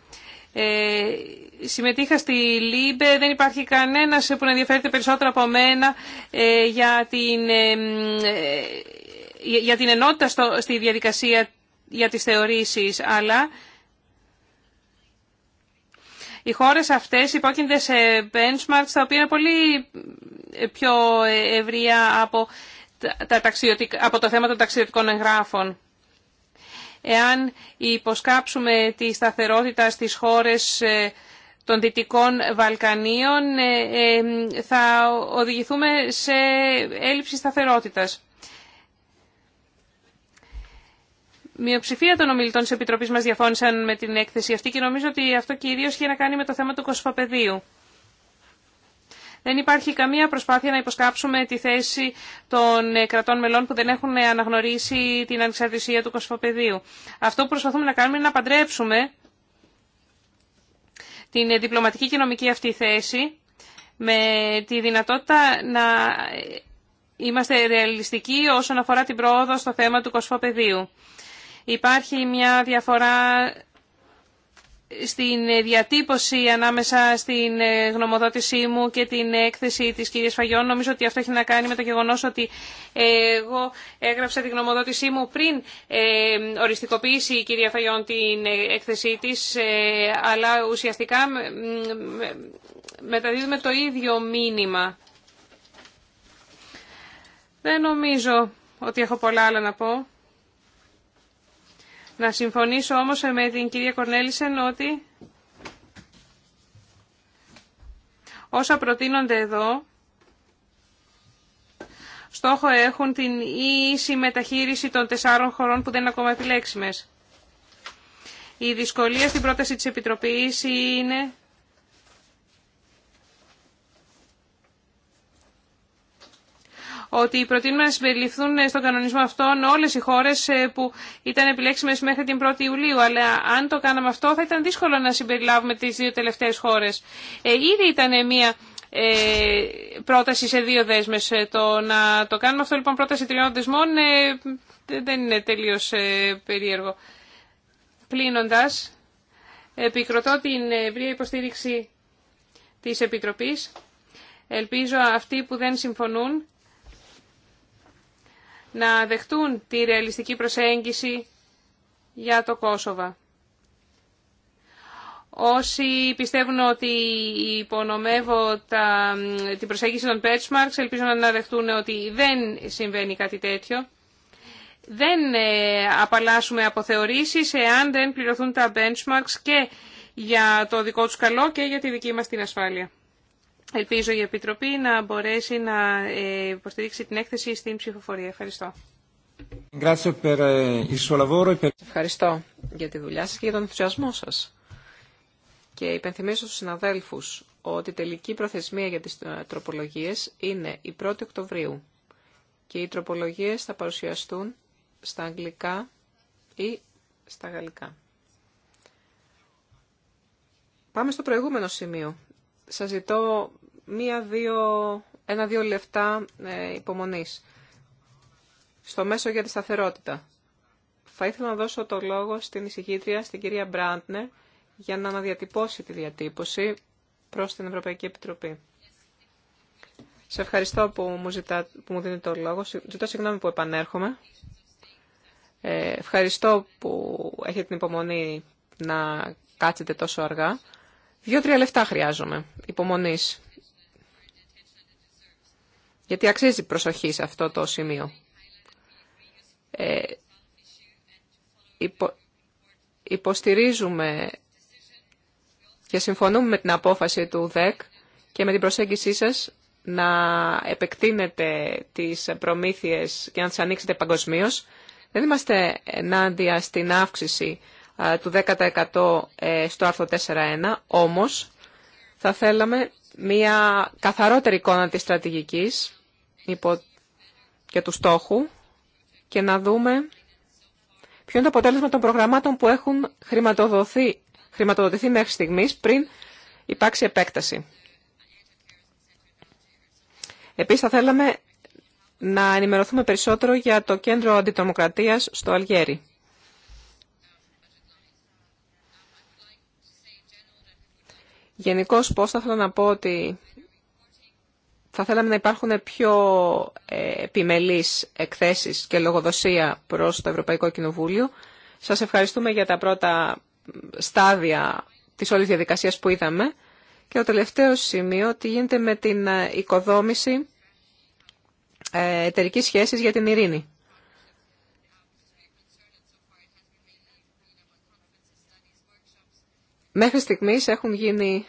Ε, συμμετείχα στη ΛΥΜΠΕ, δεν υπάρχει κανένας που να ενδιαφέρεται περισσότερο από μένα ε, για την για την ενότητα στη διαδικασία για τις θεωρήσεις, αλλά οι χώρες αυτές υπόκεινται σε benchmarks τα οποία είναι πολύ πιο ευρεία από, τα από το θέμα των ταξιδιωτικών εγγράφων. Εάν υποσκάψουμε τη σταθερότητα στις χώρες ε, των Δυτικών Βαλκανίων, ε, ε, θα οδηγηθούμε σε έλλειψη σταθερότητας. μειοψηφία των ομιλητών τη επιτροπή μα διαφώνησαν με την έκθεση αυτή και νομίζω ότι αυτό κυρίω είχε να κάνει με το θέμα του κοσφοπεδίου. Δεν υπάρχει καμία προσπάθεια να υποσκάψουμε τη θέση των ε, κρατών μελών που δεν έχουν ε, αναγνωρίσει την ανεξαρτησία του κοσφοπεδίου. Αυτό που προσπαθούμε να κάνουμε είναι να παντρέψουμε την ε, διπλωματική και νομική αυτή θέση με τη δυνατότητα να είμαστε ρεαλιστικοί όσον αφορά την πρόοδο στο θέμα του κοσφοπεδίου. Υπάρχει μια διαφορά στην διατύπωση ανάμεσα στην γνωμοδότησή μου και την έκθεση της κυρίας Φαγιών. Νομίζω ότι αυτό έχει να κάνει με το γεγονός ότι εγώ έγραψα τη γνωμοδότησή μου πριν ε, οριστικοποιήσει η κυρία Φαγιών την έκθεσή της, ε, αλλά ουσιαστικά μεταδίδουμε το ίδιο μήνυμα. Δεν νομίζω ότι έχω πολλά άλλα να πω. Να συμφωνήσω όμως με την κυρία Κορνέλησεν ότι όσα προτείνονται εδώ στόχο έχουν την ίση μεταχείριση των τεσσάρων χωρών που δεν είναι ακόμα επιλέξιμες. Η δυσκολία στην πρόταση της Επιτροπής είναι ότι προτείνουμε να συμπεριληφθούν στον κανονισμό αυτόν όλε οι χώρε ε, που ήταν επιλέξιμε μέχρι την 1η Ιουλίου. Αλλά αν το κάναμε αυτό θα ήταν δύσκολο να συμπεριλάβουμε τι δύο τελευταίες χώρες. Ε, ήδη ήταν μια ε, πρόταση σε δύο δέσμες. Το να το κάνουμε αυτό λοιπόν πρόταση τριών δεσμών δεν είναι τελείω περίεργο. Κλείνοντα, επικροτώ την ευρία υποστήριξη της Επιτροπής. Ελπίζω αυτοί που δεν συμφωνούν να δεχτούν τη ρεαλιστική προσέγγιση για το Κόσοβα. Όσοι πιστεύουν ότι υπονομεύω τα, την προσέγγιση των benchmarks, ελπίζω να δεχτούν ότι δεν συμβαίνει κάτι τέτοιο. Δεν ε, απαλλάσσουμε από θεωρήσεις εάν δεν πληρωθούν τα benchmarks και για το δικό τους καλό και για τη δική μας την ασφάλεια. Ελπίζω η Επιτροπή να μπορέσει να ε, υποστηρίξει την έκθεση στην ψηφοφορία. Ευχαριστώ. Ε, e ευχαριστώ για τη δουλειά σας και για τον ενθουσιασμό σας. Και υπενθυμίζω στους συναδέλφους ότι η τελική προθεσμία για τις ε, τροπολογίες είναι η 1η Οκτωβρίου και οι τροπολογίες θα παρουσιαστούν στα αγγλικά ή στα γαλλικά. Πάμε στο προηγούμενο σημείο. Σας ζητώ μία-δύο, ένα-δύο λεφτά ε, υπομονής στο μέσο για τη σταθερότητα. Θα ήθελα να δώσω το λόγο στην εισηγήτρια, στην κυρία Μπράντνερ, για να αναδιατυπώσει τη διατύπωση προς την Ευρωπαϊκή Επιτροπή. Σε ευχαριστώ που μου, ζητά, που μου δίνει το λόγο. Ζητώ συγγνώμη που επανέρχομαι. Ε, ευχαριστώ που έχετε την υπομονή να κάτσετε τόσο αργά. Δύο-τρία λεφτά χρειάζομαι υπομονής γιατί αξίζει προσοχή σε αυτό το σημείο. Ε, υποστηρίζουμε και συμφωνούμε με την απόφαση του ΔΕΚ και με την προσέγγισή σας να επεκτείνετε τις προμήθειες και να τις ανοίξετε παγκοσμίω. Δεν είμαστε ενάντια στην αύξηση του 10% ε, στο άρθρο 4.1, όμως θα θέλαμε μια καθαρότερη εικόνα της στρατηγικής και του στόχου και να δούμε ποιο είναι το αποτέλεσμα των προγραμμάτων που έχουν χρηματοδοτηθεί μέχρι στιγμής πριν υπάρξει επέκταση. Επίσης θα θέλαμε να ενημερωθούμε περισσότερο για το Κέντρο Αντιτρομοκρατίας στο Αλγέρι. Γενικώ πώς θα ήθελα να πω ότι θα θέλαμε να υπάρχουν πιο ε, επιμελείς εκθέσεις και λογοδοσία προς το Ευρωπαϊκό Κοινοβούλιο. Σας ευχαριστούμε για τα πρώτα στάδια της όλης διαδικασίας που είδαμε. Και το τελευταίο σημείο, τι γίνεται με την ε, οικοδόμηση ε, εταιρική σχέσης για την ειρήνη. Μέχρι στιγμής έχουν γίνει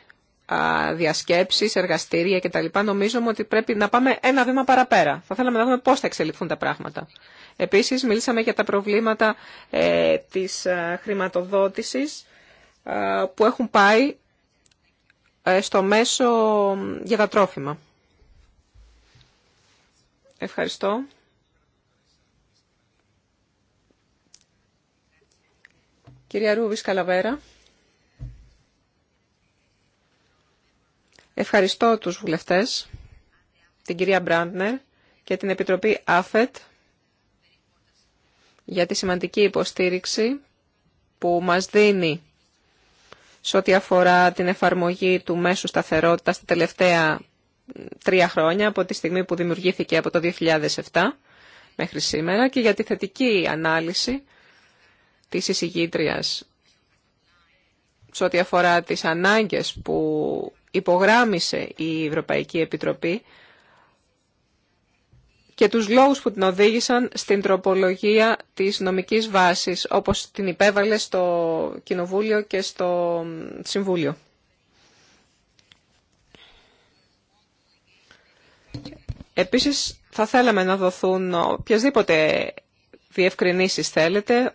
διασκέψεις, εργαστήρια κτλ. Νομίζουμε ότι πρέπει να πάμε ένα βήμα παραπέρα. Θα θέλαμε να δούμε πώς θα εξελιχθούν τα πράγματα. Επίσης, μίλησαμε για τα προβλήματα ε, της ε, χρηματοδότησης ε, που έχουν πάει ε, στο μέσο για τα τρόφιμα. Ευχαριστώ. Κυρία Ρούβης Καλαβέρα. Ευχαριστώ τους βουλευτές, την κυρία Μπράντνερ και την Επιτροπή ΑΦΕΤ για τη σημαντική υποστήριξη που μας δίνει σε ό,τι αφορά την εφαρμογή του μέσου σταθερότητας τα τελευταία τρία χρόνια από τη στιγμή που δημιουργήθηκε από το 2007 μέχρι σήμερα και για τη θετική ανάλυση της εισηγήτριας σε ό,τι αφορά τις ανάγκες που υπογράμμισε η Ευρωπαϊκή Επιτροπή και τους λόγους που την οδήγησαν στην τροπολογία της νομικής βάσης, όπως την υπέβαλε στο Κοινοβούλιο και στο Συμβούλιο. Επίσης, θα θέλαμε να δοθούν οποιασδήποτε διευκρινήσεις θέλετε,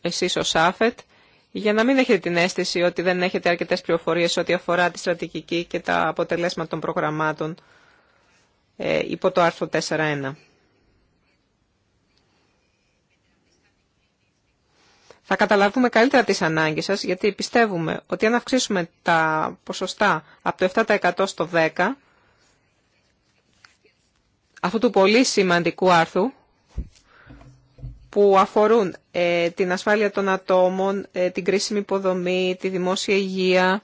εσείς ως ΑΦΕΤ, για να μην έχετε την αίσθηση ότι δεν έχετε αρκετές πληροφορίες ό,τι αφορά τη στρατηγική και τα αποτελέσματα των προγραμμάτων ε, υπό το άρθρο 4.1. Θα καταλαβούμε καλύτερα τις ανάγκες σας, γιατί πιστεύουμε ότι αν αυξήσουμε τα ποσοστά από το 7% στο 10%, αυτού του πολύ σημαντικού άρθρου, που αφορούν ε, την ασφάλεια των ατόμων, ε, την κρίσιμη υποδομή, τη δημόσια υγεία.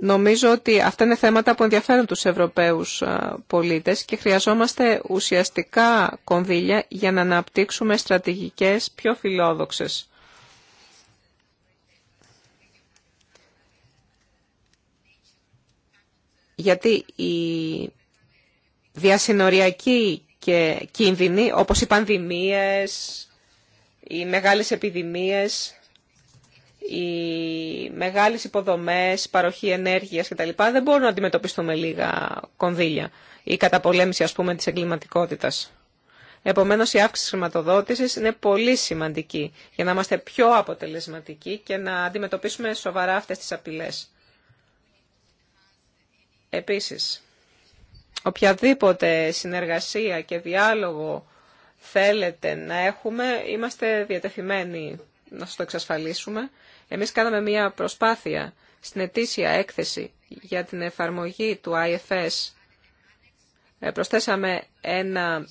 Νομίζω ότι αυτά είναι θέματα που ενδιαφέρουν τους Ευρωπαίους πολίτες και χρειαζόμαστε ουσιαστικά κονδύλια για να αναπτύξουμε στρατηγικές πιο φιλόδοξες. Γιατί η διασυνοριακή και κίνδυνοι όπως οι πανδημίες, οι μεγάλες επιδημίες, οι μεγάλες υποδομές, παροχή ενέργειας κτλ. δεν μπορούν να αντιμετωπιστούν με λίγα κονδύλια ή καταπολέμηση ας πούμε της εγκληματικότητας. Επομένως η αύξηση της χρηματοδότησης είναι πολύ σημαντική για να είμαστε πιο αποτελεσματικοί και να αντιμετωπίσουμε σοβαρά αυτές τις απειλές. Επίσης, Οποιαδήποτε συνεργασία και διάλογο θέλετε να έχουμε, είμαστε διατεθειμένοι να σας το εξασφαλίσουμε. Εμείς κάναμε μία προσπάθεια στην ετήσια έκθεση για την εφαρμογή του IFS. Ε, προσθέσαμε ένα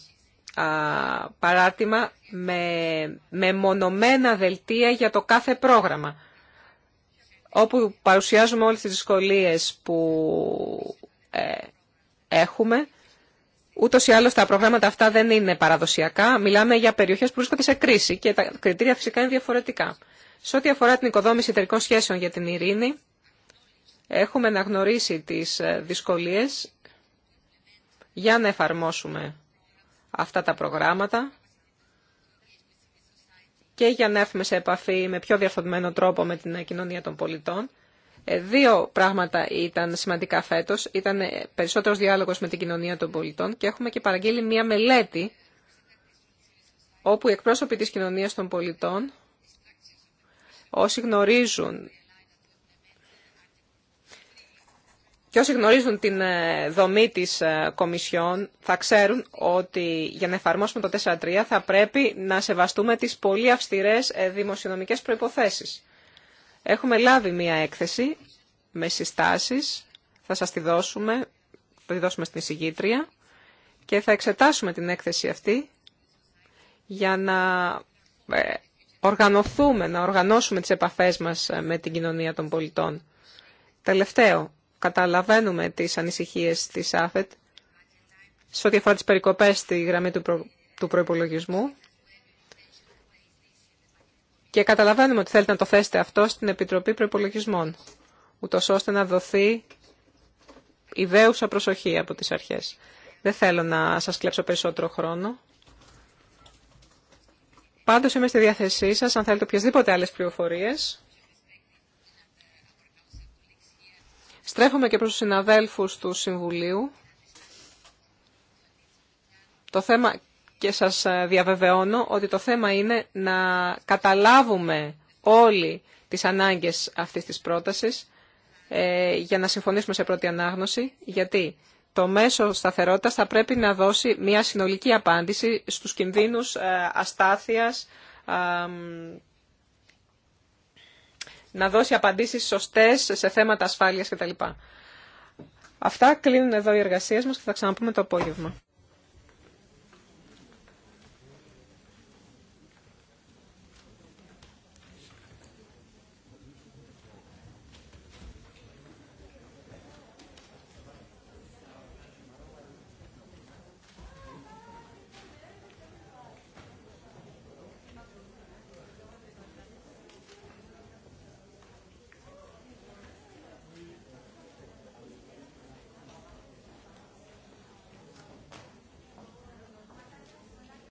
παράρτημα με, μονομένα δελτία για το κάθε πρόγραμμα όπου παρουσιάζουμε όλες τις δυσκολίες που ε, έχουμε. Ούτω ή άλλω τα προγράμματα αυτά δεν είναι παραδοσιακά. Μιλάμε για περιοχέ που βρίσκονται σε κρίση και τα κριτήρια φυσικά είναι διαφορετικά. Σε ό,τι αφορά την οικοδόμηση εταιρικών σχέσεων για την ειρήνη, έχουμε να γνωρίσει τι ε, δυσκολίε για να εφαρμόσουμε αυτά τα προγράμματα και για να έρθουμε σε επαφή με πιο διαφορετικό τρόπο με την κοινωνία των πολιτών. Ε, δύο πράγματα ήταν σημαντικά φέτος. Ήταν περισσότερο διάλογο με την κοινωνία των πολιτών και έχουμε και παραγγείλει μία μελέτη όπου οι εκπρόσωποι της κοινωνίας των πολιτών, όσοι γνωρίζουν Και όσοι γνωρίζουν την ε, δομή της ε, Κομισιόν θα ξέρουν ότι για να εφαρμόσουμε το 4-3 θα πρέπει να σεβαστούμε τις πολύ αυστηρές δημοσιονομικές προϋποθέσεις. Έχουμε λάβει μία έκθεση με συστάσεις, θα σας τη δώσουμε, θα τη δώσουμε στην εισηγήτρια και θα εξετάσουμε την έκθεση αυτή για να ε, οργανωθούμε, να οργανώσουμε τις επαφές μας ε, με την κοινωνία των πολιτών. Τελευταίο, καταλαβαίνουμε τις ανησυχίες της ΑΦΕΤ σε ό,τι αφορά τις περικοπές στη γραμμή του, προ... του προϋπολογισμού. Και καταλαβαίνουμε ότι θέλετε να το θέσετε αυτό στην Επιτροπή Προπολογισμών, ούτω ώστε να δοθεί ιδέουσα προσοχή από τις αρχές. Δεν θέλω να σας κλέψω περισσότερο χρόνο. Πάντως είμαι στη διάθεσή σας, αν θέλετε οποιασδήποτε άλλες πληροφορίες. Στρέφομαι και προς τους συναδέλφους του Συμβουλίου. Το θέμα και σας ε, διαβεβαιώνω ότι το θέμα είναι να καταλάβουμε όλοι τις ανάγκες αυτής της πρότασης ε, για να συμφωνήσουμε σε πρώτη ανάγνωση, γιατί το μέσο σταθερότητας θα πρέπει να δώσει μια συνολική απάντηση στους κινδύνους ε, αστάθειας, να δώσει απαντήσεις σωστές σε θέματα ασφάλειας κτλ. Αυτά κλείνουν εδώ οι εργασίες μας και θα ξαναπούμε το απόγευμα.